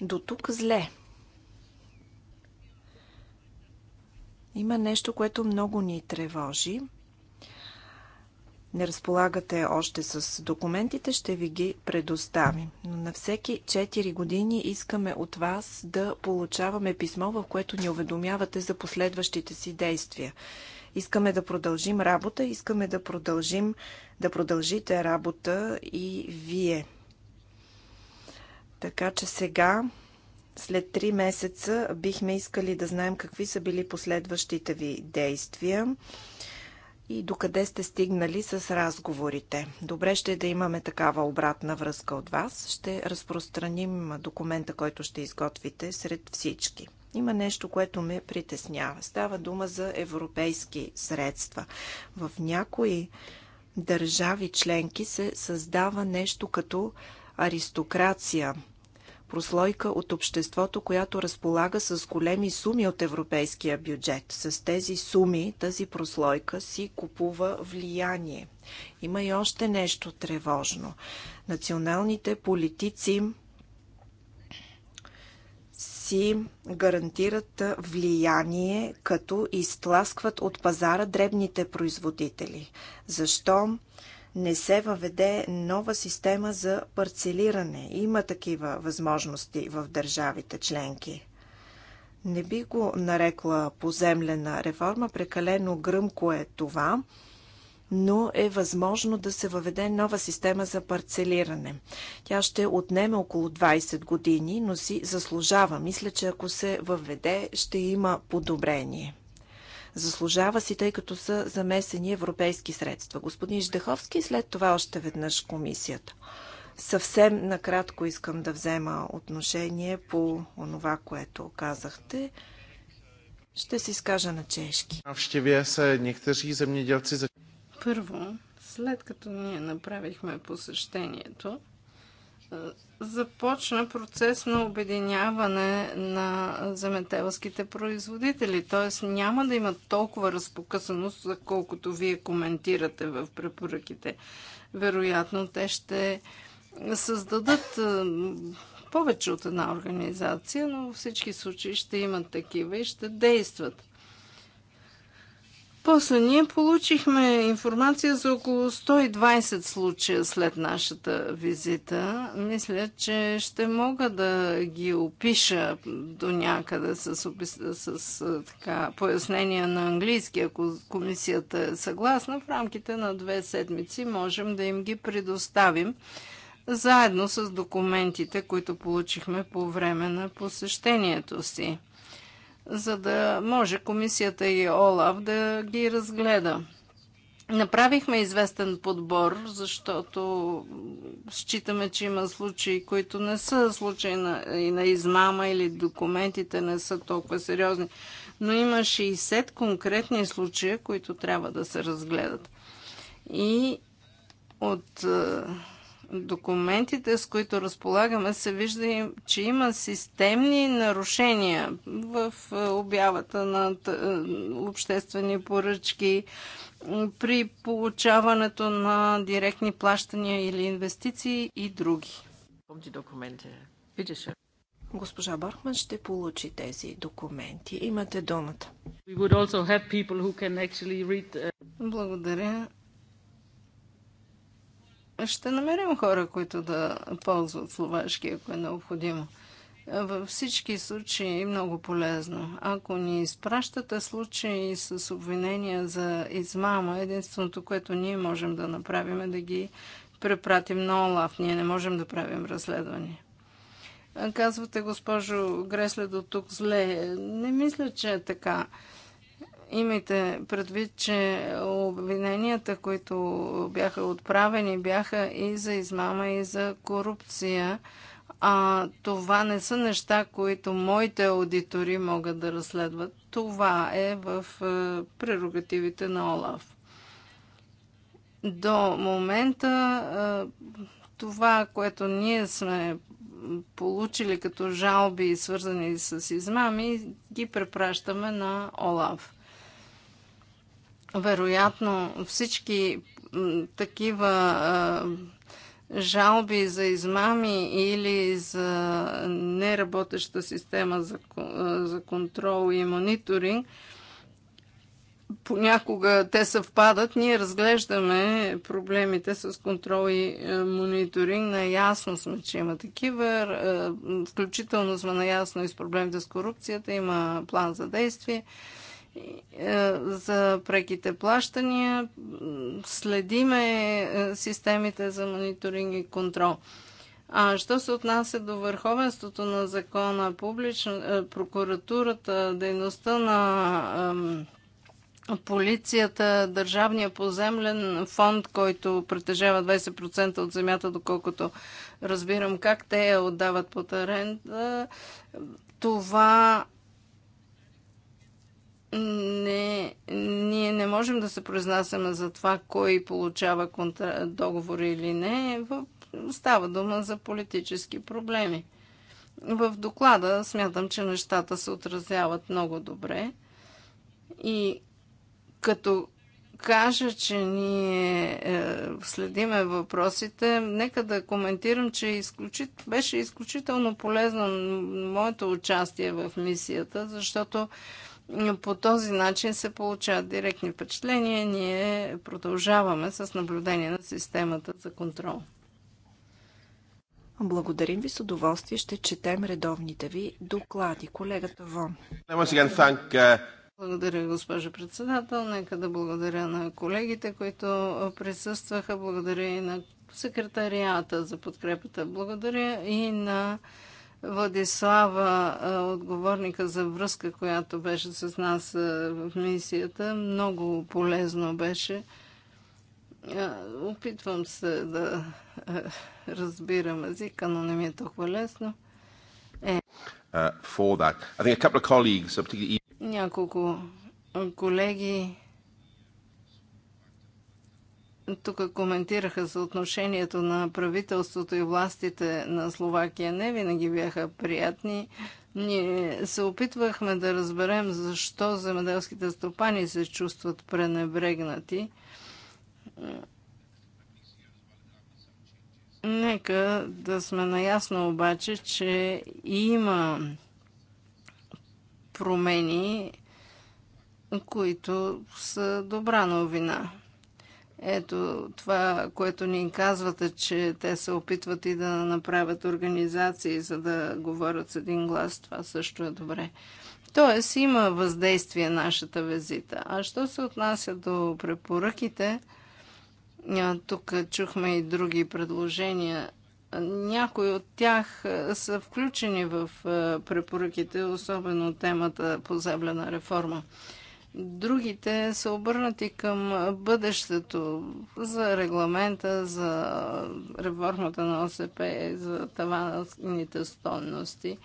До тук зле. Има нещо, което много ни тревожи. Не разполагате още с документите, ще ви ги предоставим. Но на всеки 4 години искаме от вас да получаваме писмо, в което ни уведомявате за последващите си действия. Искаме да продължим работа, искаме да продължим да продължите работа и вие. Така че сега, след три месеца, бихме искали да знаем какви са били последващите ви действия и докъде сте стигнали с разговорите. Добре ще е да имаме такава обратна връзка от вас. Ще разпространим документа, който ще изготвите сред всички. Има нещо, което ме притеснява. Става дума за европейски средства. В някои държави членки се създава нещо като аристокрация – прослойка от обществото, която разполага с големи суми от европейския бюджет. С тези суми тази прослойка си купува влияние. Има и още нещо тревожно. Националните политици си гарантират влияние, като изтласкват от пазара дребните производители. Защо не се въведе нова система за парцелиране. Има такива възможности в държавите членки. Не би го нарекла поземлена реформа, прекалено гръмко е това, но е възможно да се въведе нова система за парцелиране. Тя ще отнеме около 20 години, но си заслужава. Мисля, че ако се въведе, ще има подобрение. Заслужава си, тъй като са замесени европейски средства. Господин Ждеховски след това още веднъж комисията. Съвсем накратко искам да взема отношение по онова, което казахте. Ще се изкажа на чешки. Първо, след като ние направихме посещението, започна процес на обединяване на земетелските производители. Т.е. няма да има толкова разпокъсаност, за колкото вие коментирате в препоръките. Вероятно, те ще създадат повече от една организация, но във всички случаи ще имат такива и ще действат. После ние получихме информация за около 120 случая след нашата визита. Мисля, че ще мога да ги опиша до някъде с, с, с така, пояснение на английски, ако комисията е съгласна. В рамките на две седмици можем да им ги предоставим заедно с документите, които получихме по време на посещението си за да може комисията и ОЛАВ да ги разгледа. Направихме известен подбор, защото считаме, че има случаи, които не са случаи на, и на измама или документите не са толкова сериозни. Но има 60 конкретни случая, които трябва да се разгледат. И от е, документите, с които разполагаме, се вижда, че има системни нарушения в е, обявата на е, обществени поръчки, при получаването на директни плащания или инвестиции и други. Госпожа Бархман ще получи тези документи. Имате думата. Е, Благодаря ще намерим хора, които да ползват словашки, ако е необходимо. Във всички случаи е много полезно. Ако ни изпращате случаи с обвинения за измама, единственото, което ние можем да направим е да ги препратим на ОЛАФ. Ние не можем да правим разследвания. Казвате, госпожо Гресле, до тук зле. Не мисля, че е така. Имайте предвид, че обвиненията, които бяха отправени, бяха и за измама, и за корупция. А, това не са неща, които моите аудитори могат да разследват. Това е в е, прерогативите на ОЛАФ. До момента е, това, което ние сме получили като жалби, свързани с измами, ги препращаме на ОЛАФ. Вероятно всички такива жалби за измами или за неработеща система за, за контрол и мониторинг, понякога те съвпадат. Ние разглеждаме проблемите с контрол и мониторинг. Наясно сме, че има такива. Включително сме наясно и с проблемите с корупцията. Има план за действие. Е, за преките плащания, следиме е, системите за мониторинг и контрол. А що се отнася до върховенството на закона, публична, е, прокуратурата, дейността на полицията, Държавния поземлен фонд, който притежава 20% от земята, доколкото разбирам как те я отдават под аренда, това не, ние не можем да се произнасяме за това кой получава контра... договор или не. Става дума за политически проблеми. В доклада смятам, че нещата се отразяват много добре. И като кажа, че ние е, следиме въпросите, нека да коментирам, че изключит... беше изключително полезно моето участие в мисията, защото по този начин се получават директни впечатления. Ние продължаваме с наблюдение на системата за контрол. Благодарим ви с удоволствие. Ще четем редовните ви доклади. Колегата Вон. Благодаря, госпожо председател. Нека да благодаря на колегите, които присъстваха. Благодаря и на секретарията за подкрепата. Благодаря и на Владислава, отговорника за връзка, която беше с нас в мисията. Много полезно беше. Опитвам се да разбирам езика, но не ми е толкова лесно. Е. Няколко колеги тук коментираха за отношението на правителството и властите на Словакия. Не винаги бяха приятни. Ние се опитвахме да разберем защо земеделските стопани се чувстват пренебрегнати. Нека да сме наясно обаче, че има промени, които са добра новина. Ето това, което ни казвате, че те се опитват и да направят организации, за да говорят с един глас, това също е добре. Тоест има въздействие нашата визита. А що се отнася до препоръките, тук чухме и други предложения. Някои от тях са включени в препоръките, особено темата поземлена реформа. Другите са обърнати към бъдещето за регламента, за реформата на ОСП, за таваните стойности.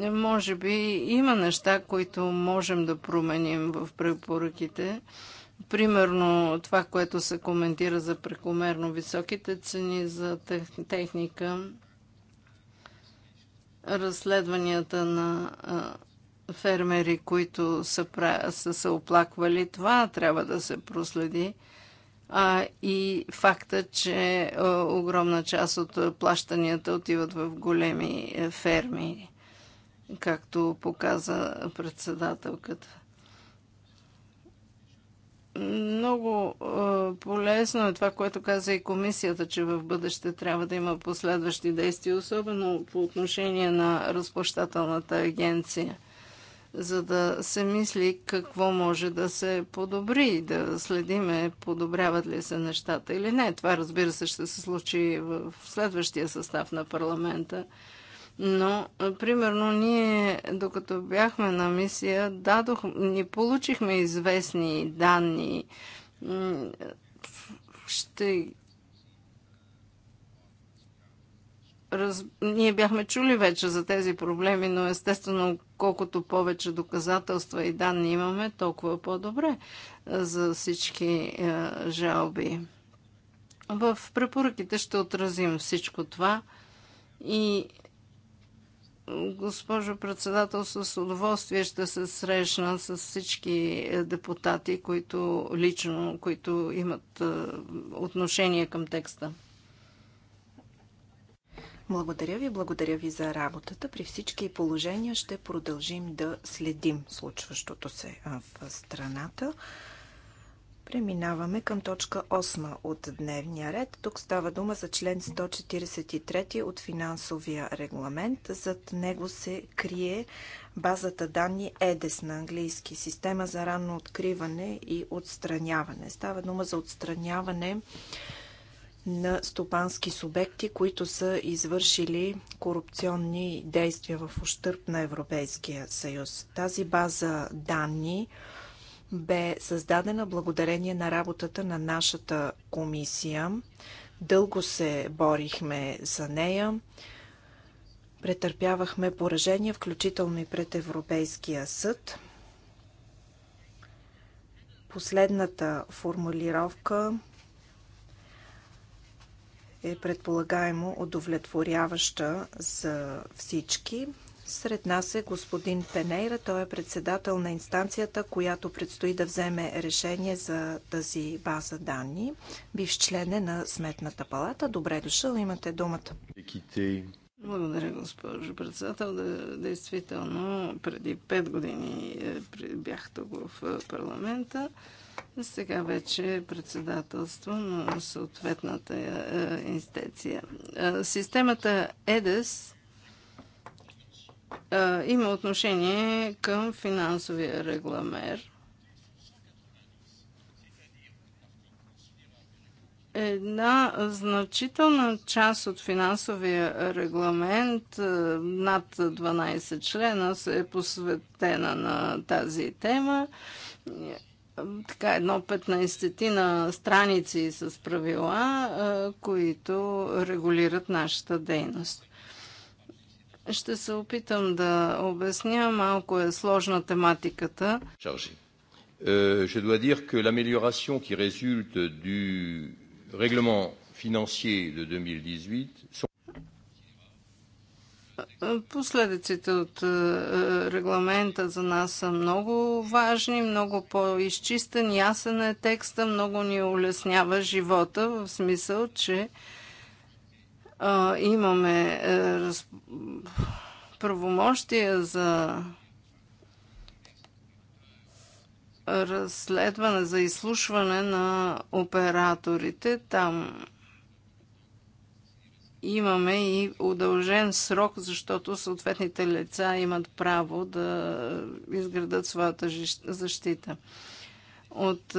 Може би има неща, които можем да променим в препоръките. Примерно това, което се коментира за прекомерно високите цени за техника, разследванията на фермери, които са, са се оплаквали, това трябва да се проследи. А, и факта, че а, огромна част от плащанията отиват в големи е, ферми, както показа председателката. Много а, полезно е това, което каза и комисията, че в бъдеще трябва да има последващи действия, особено по отношение на разплащателната агенция – за да се мисли какво може да се подобри, да следиме подобряват ли се нещата или не. Това разбира се ще се случи в следващия състав на парламента. Но, примерно, ние, докато бяхме на мисия, дадох, ни получихме известни данни. Ще Раз... Ние бяхме чули вече за тези проблеми, но естествено, колкото повече доказателства и данни имаме, толкова по-добре е, за всички е, жалби. В препоръките ще отразим всичко това и госпожо председател, с удоволствие ще се срещна с всички е, депутати, които лично, които имат е, отношение към текста. Благодаря ви, благодаря ви за работата. При всички положения ще продължим да следим случващото се в страната. Преминаваме към точка 8 от дневния ред. Тук става дума за член 143 от финансовия регламент. Зад него се крие базата данни ЕДЕС на английски система за ранно откриване и отстраняване. Става дума за отстраняване на стопански субекти, които са извършили корупционни действия в ущърп на Европейския съюз. Тази база данни бе създадена благодарение на работата на нашата комисия. Дълго се борихме за нея. Претърпявахме поражения, включително и пред Европейския съд. Последната формулировка е предполагаемо удовлетворяваща за всички. Сред нас е господин Пенейра. Той е председател на инстанцията, която предстои да вземе решение за тази база данни. Бивш член е на Сметната палата. Добре дошъл, имате думата. Благодаря, госпожо председател. Действително, преди 5 години е, бях тук в е, парламента. Сега вече е председателство на съответната е, институция. Е, системата ЕДЕС е, има отношение към финансовия регламер. Една значителна част от финансовия регламент над 12 члена се е посветена на тази тема така едно 15 на страници с правила, които регулират нашата дейност. Ще се опитам да обясня. Малко е сложна тематиката. Е, je dois dire que l'amélioration qui résulte du règlement financier de 2018 Последиците от е, регламента за нас са много важни, много по-изчистен, ясен е текста, много ни улеснява живота, в смисъл, че а, е, имаме а, е, раз... правомощия за разследване, за изслушване на операторите. Там имаме и удължен срок, защото съответните лица имат право да изградат своята защита. От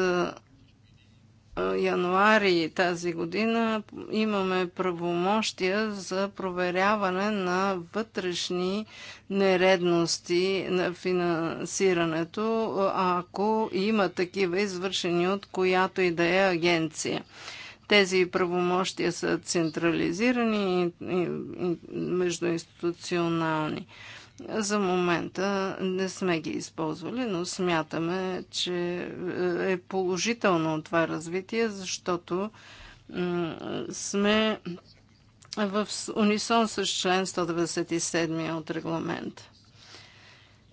януари тази година имаме правомощия за проверяване на вътрешни нередности на финансирането, ако има такива извършени от която и да е агенция. Тези правомощия са централизирани и междуинституционални. За момента не сме ги използвали, но смятаме, че е, е положително това развитие, защото сме в унисон с член 197 от регламента.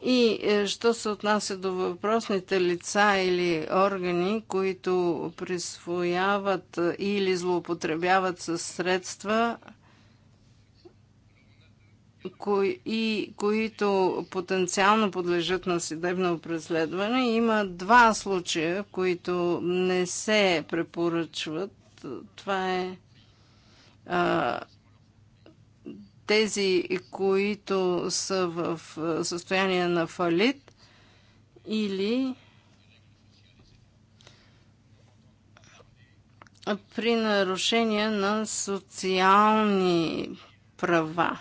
И е, що се отнася до въпросните лица или органи, които присвояват е, или злоупотребяват с средства, кои, и които потенциално подлежат на съдебно преследване, има два случая, които не се препоръчват. Е, това е тези, които са в състояние на фалит или при нарушение на социални права.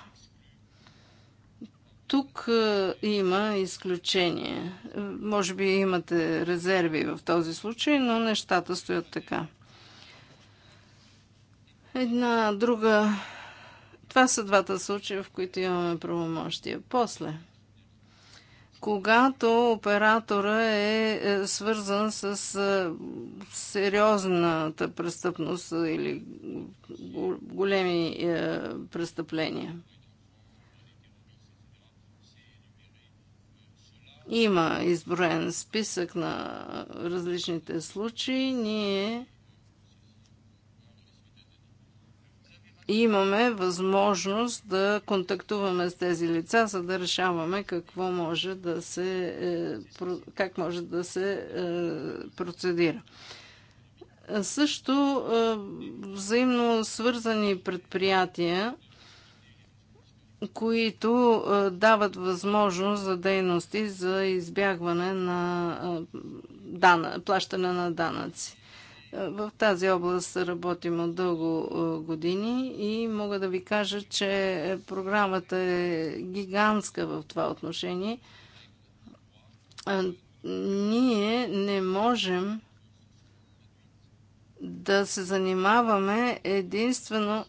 Тук е, има изключение. Може би имате резерви в този случай, но нещата стоят така. Една друга това са двата случая, в които имаме правомощия. После, когато оператора е, е свързан с е, сериозната престъпност или големи е, престъпления. Има изброен списък на различните случаи. Ние имаме възможност да контактуваме с тези лица, за да решаваме какво може да се, е, как може да се е, процедира. Също е, взаимно свързани предприятия, които дават възможност за дейности за избягване на дана, плащане на данъци. В тази област работим от дълго е, години и мога да ви кажа, че програмата е гигантска в това отношение. Ние не можем да се занимаваме единствено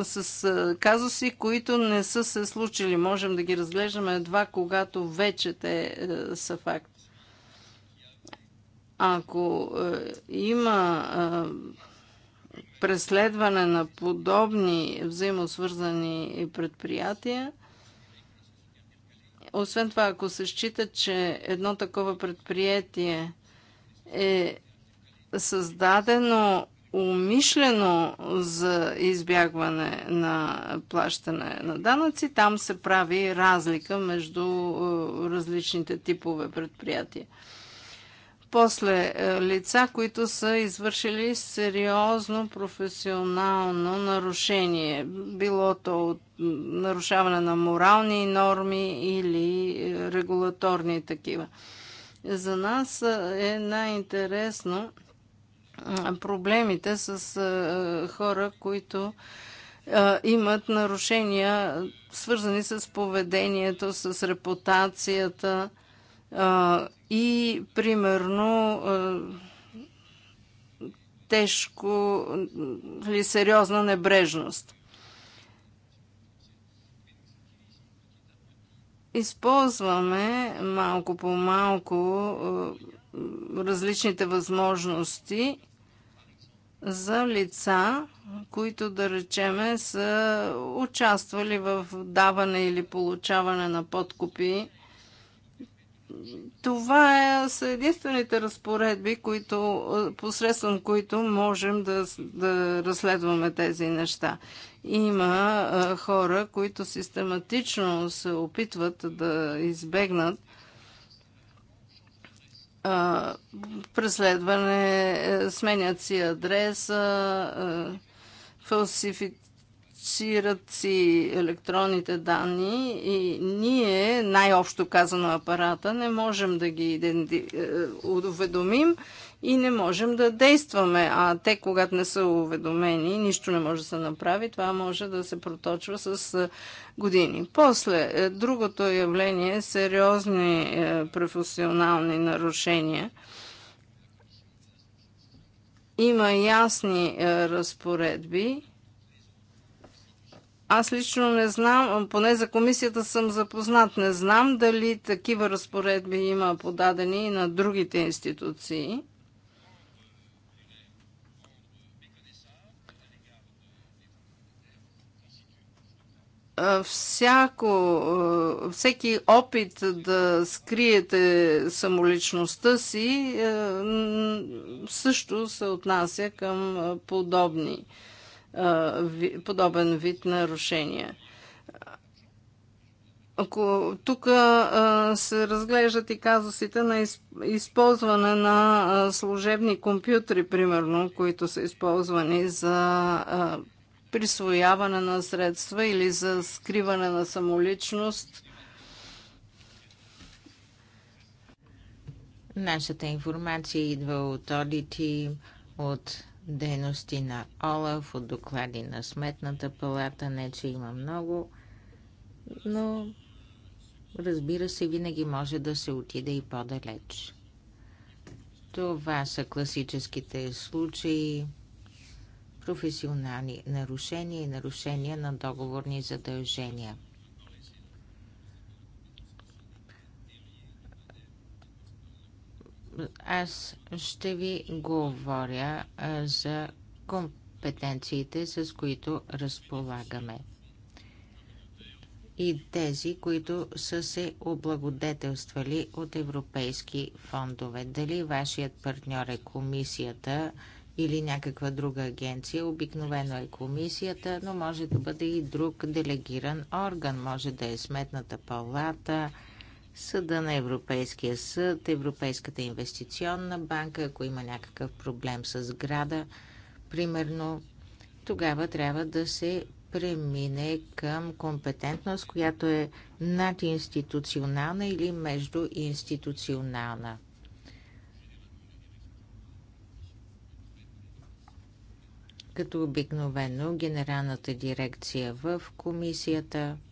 е, с е, казуси, които не са се случили. Можем да ги разглеждаме едва когато вече те са факт. Ако е, има е, преследване на подобни взаимосвързани предприятия, освен това, ако се счита, че едно такова предприятие е създадено умишлено за избягване на плащане на данъци, там се прави разлика между е, различните типове предприятия. После е, лица, които са извършили сериозно професионално нарушение, било то от нарушаване на морални норми или е, регулаторни такива. За нас е, е най-интересно проблемите с хора, които имат нарушения, свързани с поведението, с репутацията, и примерно тежко или сериозна небрежност. Използваме малко по малко различните възможности за лица, които да речеме са участвали в даване или получаване на подкупи това е, са единствените разпоредби, които, посредством които можем да, да разследваме тези неща. Има а, хора, които систематично се опитват да избегнат а, преследване, е, сменят си адреса, а, е, фалсифицират класифицират си електронните данни и ние, най-общо казано апарата, не можем да ги е, уведомим и не можем да действаме. А те, когато не са уведомени, нищо не може да се направи. Това може да се проточва с е, години. После, е, другото явление е сериозни професионални нарушения – има ясни разпоредби аз лично не знам, поне за комисията съм запознат, не знам дали такива разпоредби има подадени и на другите институции. всяко, всеки опит да скриете самоличността си също се отнася към подобни подобен вид нарушения. Ако тук се разглеждат и казусите на използване на служебни компютри, примерно, които са използвани за присвояване на средства или за скриване на самоличност. Нашата информация идва от одити, от дейности на ОЛАФ, от доклади на Сметната палата, не че има много, но разбира се, винаги може да се отиде и по-далеч. Това са класическите случаи, професионални нарушения и нарушения на договорни задължения – Аз ще ви говоря за компетенциите, с които разполагаме и тези, които са се облагодетелствали от европейски фондове. Дали вашият партньор е комисията или някаква друга агенция, обикновено е комисията, но може да бъде и друг делегиран орган. Може да е сметната палата, Съда на Европейския съд, Европейската инвестиционна банка, ако има някакъв проблем с сграда, примерно, тогава трябва да се премине към компетентност, която е надинституционална или междуинституционална. Като обикновено генералната дирекция в комисията –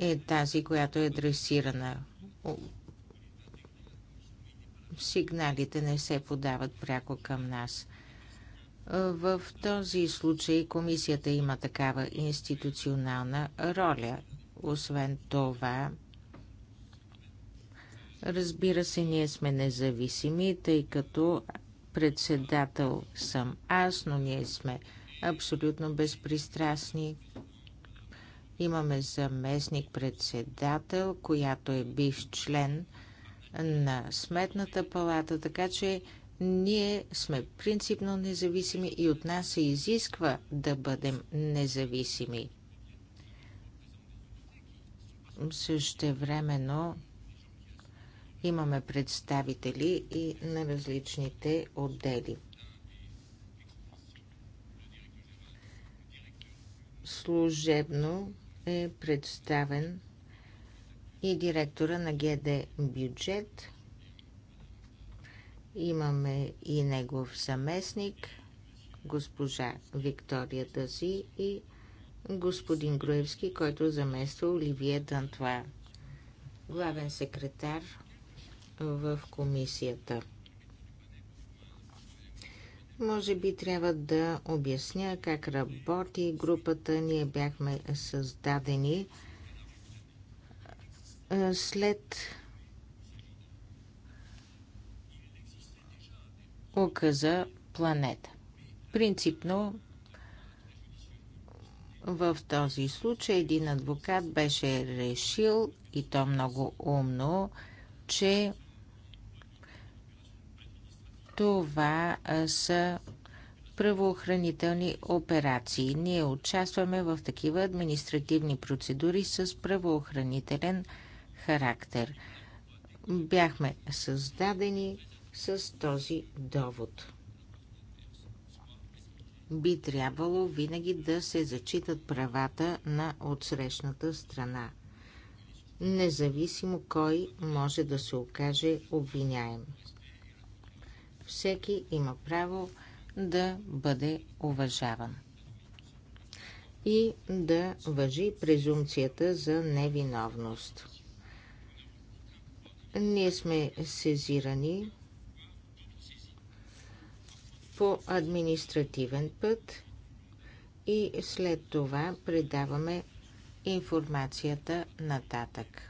е тази, която е адресирана. Сигналите не се подават пряко към нас. В този случай комисията има такава институционална роля. Освен това, разбира се, ние сме независими, тъй като председател съм аз, но ние сме абсолютно безпристрастни. Имаме заместник-председател, която е бивш член на Сметната палата, така че ние сме принципно независими и от нас се изисква да бъдем независими. времено имаме представители и на различните отдели. Служебно е представен и директора на ГД Бюджет. Имаме и негов съместник, госпожа Виктория Дази и господин Груевски, който замества Оливия Дантуа, главен секретар в комисията. Може би трябва да обясня как работи групата. Ние бяхме създадени след указа планета. Принципно в този случай един адвокат беше решил, и то много умно, че това са правоохранителни операции. Ние участваме в такива административни процедури с правоохранителен характер. Бяхме създадени с този довод. Би трябвало винаги да се зачитат правата на отсрещната страна, независимо кой може да се окаже обвиняем. Всеки има право да бъде уважаван и да въжи презумцията за невиновност. Ние сме сезирани по административен път и след това предаваме информацията нататък.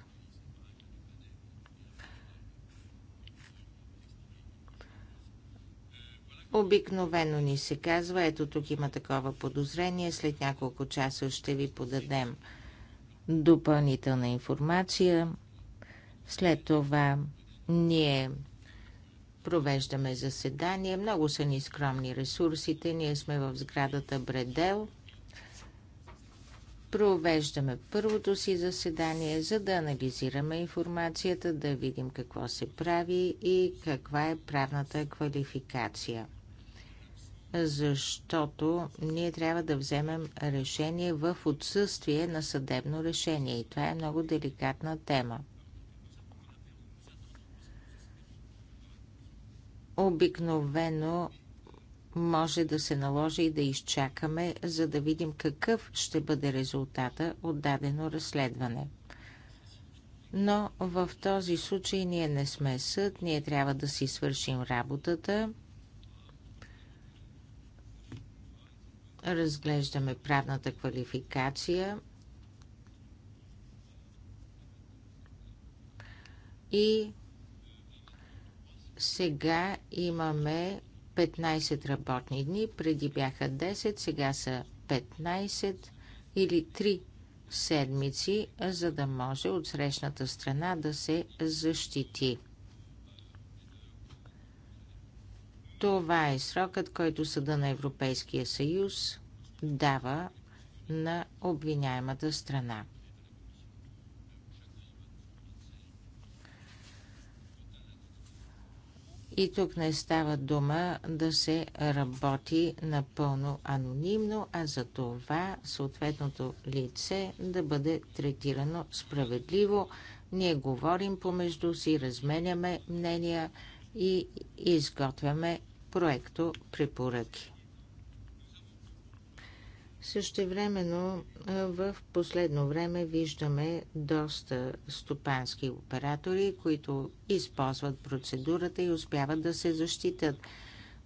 Обикновено ни се казва, ето тук има такова подозрение, след няколко часа ще ви подадем допълнителна информация. След това ние провеждаме заседание. Много са ни скромни ресурсите. Ние сме в сградата Бредел. Провеждаме първото си заседание, за да анализираме информацията, да видим какво се прави и каква е правната квалификация защото ние трябва да вземем решение в отсъствие на съдебно решение и това е много деликатна тема. Обикновено може да се наложи и да изчакаме, за да видим какъв ще бъде резултата от дадено разследване. Но в този случай ние не сме съд, ние трябва да си свършим работата – Разглеждаме правната квалификация и сега имаме 15 работни дни. Преди бяха 10, сега са 15 или 3 седмици, за да може от срещната страна да се защити. Това е срокът, който Съда на Европейския съюз дава на обвиняемата страна. И тук не става дума да се работи напълно анонимно, а за това съответното лице да бъде третирано справедливо. Ние говорим помежду си, разменяме мнения и изготвяме проекто препоръки. времено в последно време виждаме доста стопански оператори, които използват процедурата и успяват да се защитат.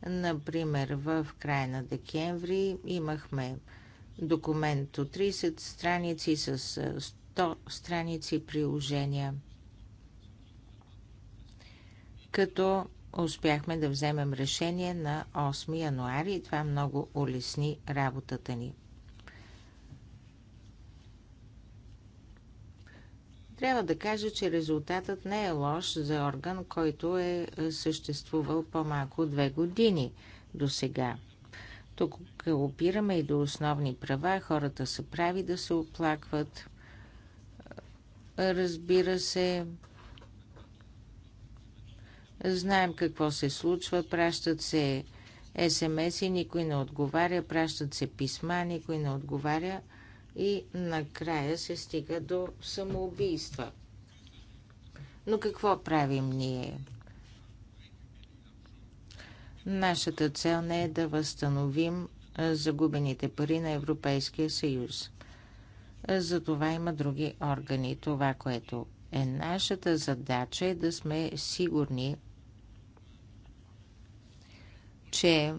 Например, в края на декември имахме документ от 30 страници с 100 страници приложения. Като успяхме да вземем решение на 8 януари и това много улесни работата ни. Трябва да кажа, че резултатът не е лош за орган, който е, е съществувал по-малко две години до сега. Тук опираме и до основни права. Хората са прави да се оплакват. Разбира се, Знаем какво се случва, пращат се СМС и никой не отговаря, пращат се писма, никой не отговаря и накрая се стига до самоубийства. Но какво правим ние? Нашата цел не е да възстановим загубените пари на Европейския съюз. За това има други органи. Това, което е нашата задача е да сме сигурни, че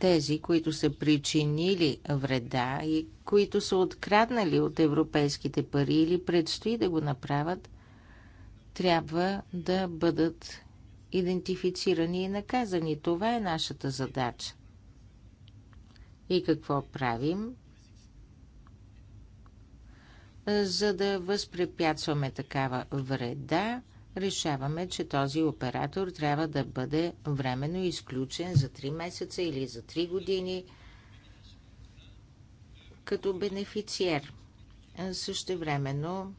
тези, които са причинили вреда и които са откраднали от европейските пари или предстои да го направят, трябва да бъдат идентифицирани и наказани. Това е нашата задача. И какво правим? За да възпрепятстваме такава вреда, решаваме, че този оператор трябва да бъде временно изключен за 3 месеца или за 3 години като бенефициер. Също времено,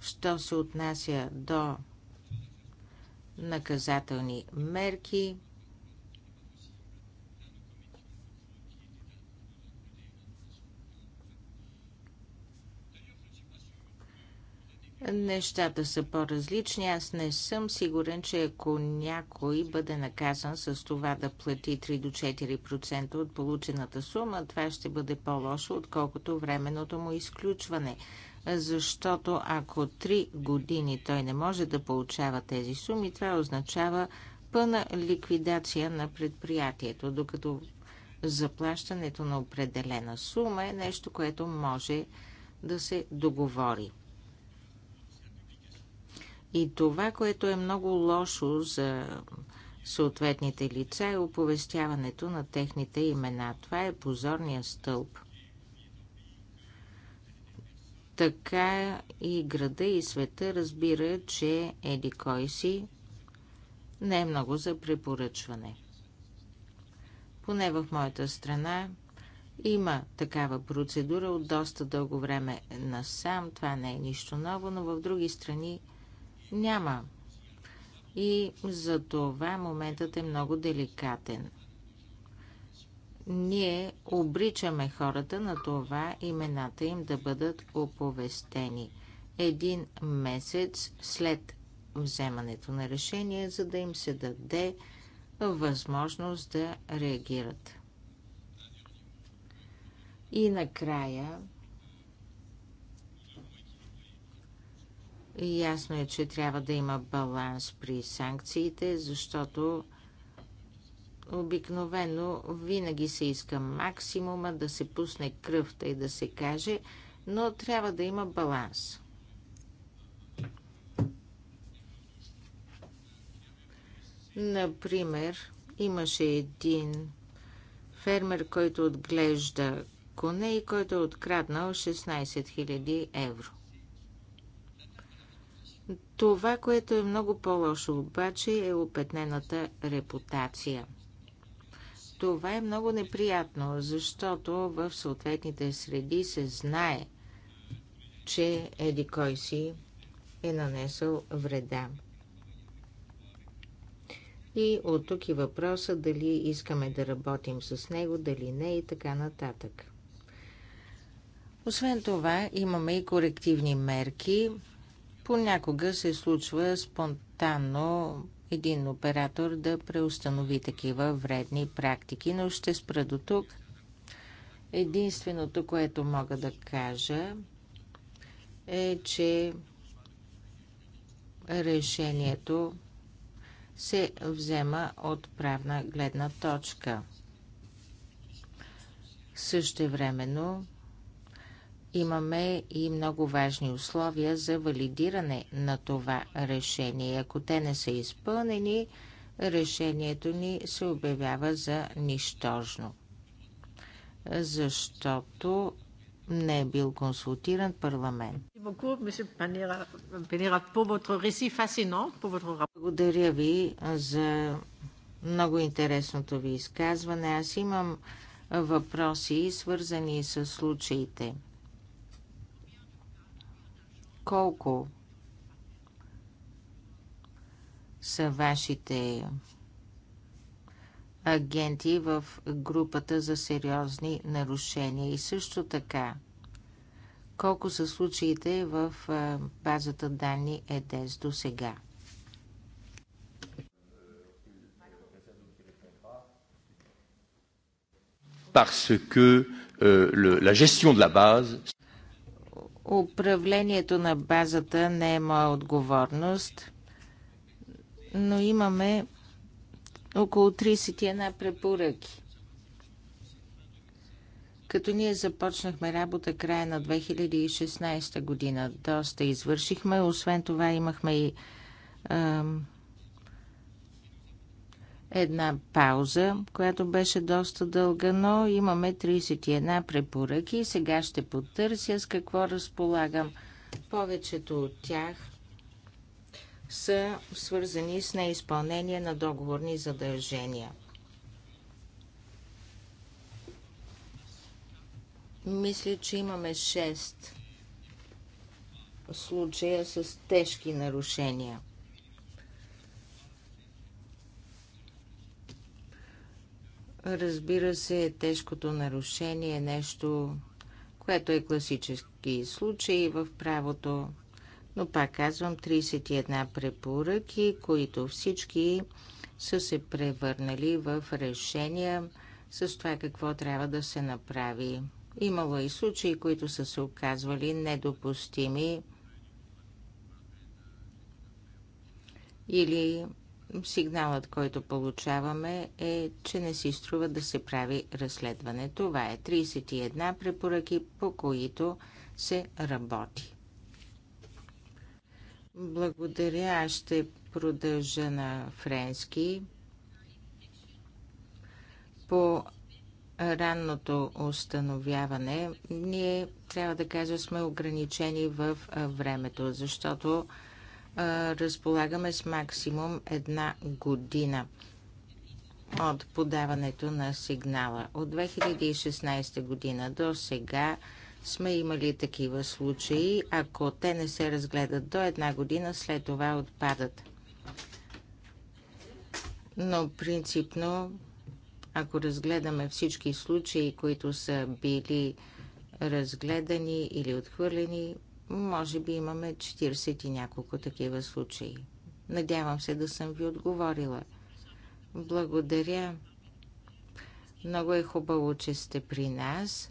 що се отнася до наказателни мерки, Нещата са по-различни. Аз не съм сигурен, че ако някой бъде наказан с това да плати 3 до 4% от получената сума, това ще бъде по-лошо, отколкото временното му изключване. Защото ако 3 години той не може да получава тези суми, това означава пълна ликвидация на предприятието, докато заплащането на определена сума е нещо, което може да се договори. И това, което е много лошо за съответните лица е оповестяването на техните имена. Това е позорния стълб. Така и града и света разбира, че еди кой си не е много за препоръчване. Поне в моята страна има такава процедура от доста дълго време насам. Това не е нищо ново, но в други страни няма. И за това моментът е много деликатен. Ние обричаме хората на това имената им да бъдат оповестени един месец след вземането на решение, за да им се даде възможност да реагират. И накрая Ясно е, че трябва да има баланс при санкциите, защото обикновено винаги се иска максимума да се пусне кръвта и да се каже, но трябва да има баланс. Например, имаше един фермер, който отглежда коне и който е откраднал 16 000 евро. Това, което е много по-лошо обаче е опетнената репутация. Това е много неприятно, защото в съответните среди се знае, че еди кой си е нанесъл вреда. И от тук и въпроса дали искаме да работим с него, дали не и така нататък. Освен това, имаме и корективни мерки, Понякога се случва спонтанно един оператор да преустанови такива вредни практики, но ще спра до тук. Единственото, което мога да кажа е, че решението се взема от правна гледна точка. времено, имаме и много важни условия за валидиране на това решение. Ако те не са изпълнени, решението ни се обявява за нищожно, защото не е бил консултиран парламент. Благодаря ви за много интересното ви изказване. Аз имам въпроси, свързани с случаите – колко са вашите агенти в групата за сериозни нарушения и също така колко са случаите в базата данни ЕДЕС до сега. Parce que euh, le, la gestion de la base Управлението на базата не е моя отговорност, но имаме около 31 препоръки. Като ние започнахме работа края на 2016 година, доста извършихме. Освен това имахме и една пауза, която беше доста дълга, но имаме 31 препоръки сега ще потърся с какво разполагам. Повечето от тях са свързани с неизпълнение на договорни задължения. Мисля, че имаме 6 случая с тежки нарушения – Разбира се, тежкото нарушение е нещо, което е класически случай в правото, но пак казвам 31 препоръки, които всички са се превърнали в решения с това какво трябва да се направи. Имало и случаи, които са се оказвали недопустими или Сигналът, който получаваме е, че не си струва да се прави разследване. Това е 31 препоръки, по които се работи. Благодаря, аз ще продължа на френски. По ранното установяване, ние трябва да кажа сме ограничени в времето, защото разполагаме с максимум една година от подаването на сигнала. От 2016 година до сега сме имали такива случаи. Ако те не се разгледат до една година, след това отпадат. Но принципно, ако разгледаме всички случаи, които са били разгледани или отхвърлени, може би имаме 40 и няколко такива случаи. Надявам се да съм ви отговорила. Благодаря. Много е хубаво, че сте при нас.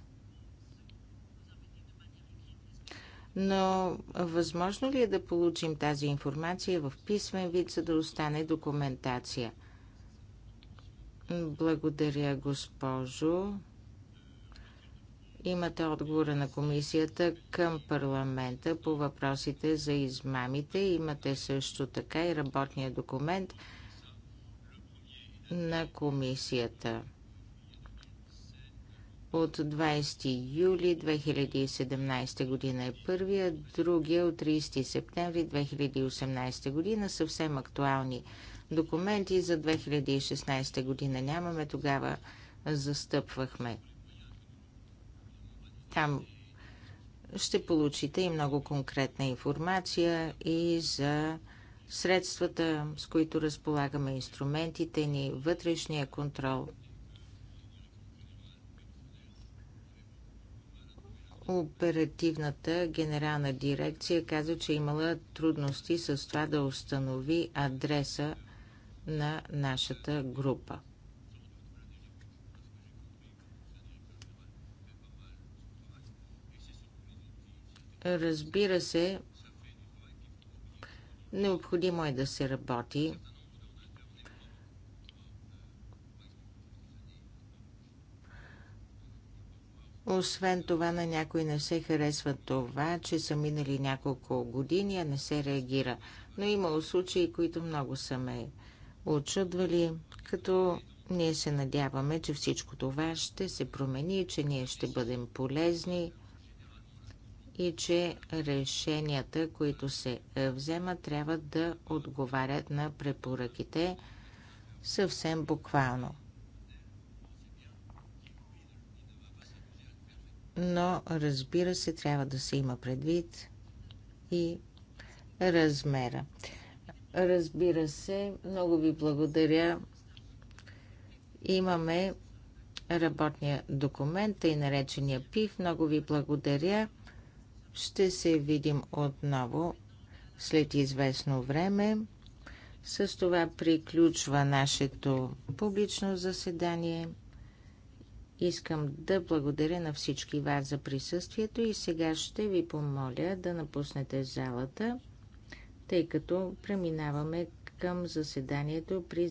Но възможно ли е да получим тази информация в писмен вид, за да остане документация? Благодаря, госпожо. Имате отговора на комисията към парламента по въпросите за измамите. Имате също така и работния документ на комисията от 20 юли 2017 година е първия, другия от 30 септември 2018 година, съвсем актуални документи за 2016 година нямаме, тогава застъпвахме. Там ще получите и много конкретна информация и за средствата, с които разполагаме, инструментите ни, вътрешния контрол. Оперативната генерална дирекция каза, че е имала трудности с това да установи адреса на нашата група. Разбира се, необходимо е да се работи. Освен това, на някой не се харесва това, че са минали няколко години, а не се реагира. Но имало случаи, които много са ме очудвали, като ние се надяваме, че всичко това ще се промени, че ние ще бъдем полезни и че решенията, които се е, вземат, трябва да отговарят на препоръките съвсем буквално. Но, разбира се, трябва да се има предвид и размера. Разбира се, много ви благодаря. Имаме работния документ, и наречения ПИВ. Много ви благодаря. Ще се видим отново след известно време. С това приключва нашето публично заседание. Искам да благодаря на всички вас за присъствието и сега ще ви помоля да напуснете залата, тъй като преминаваме към заседанието при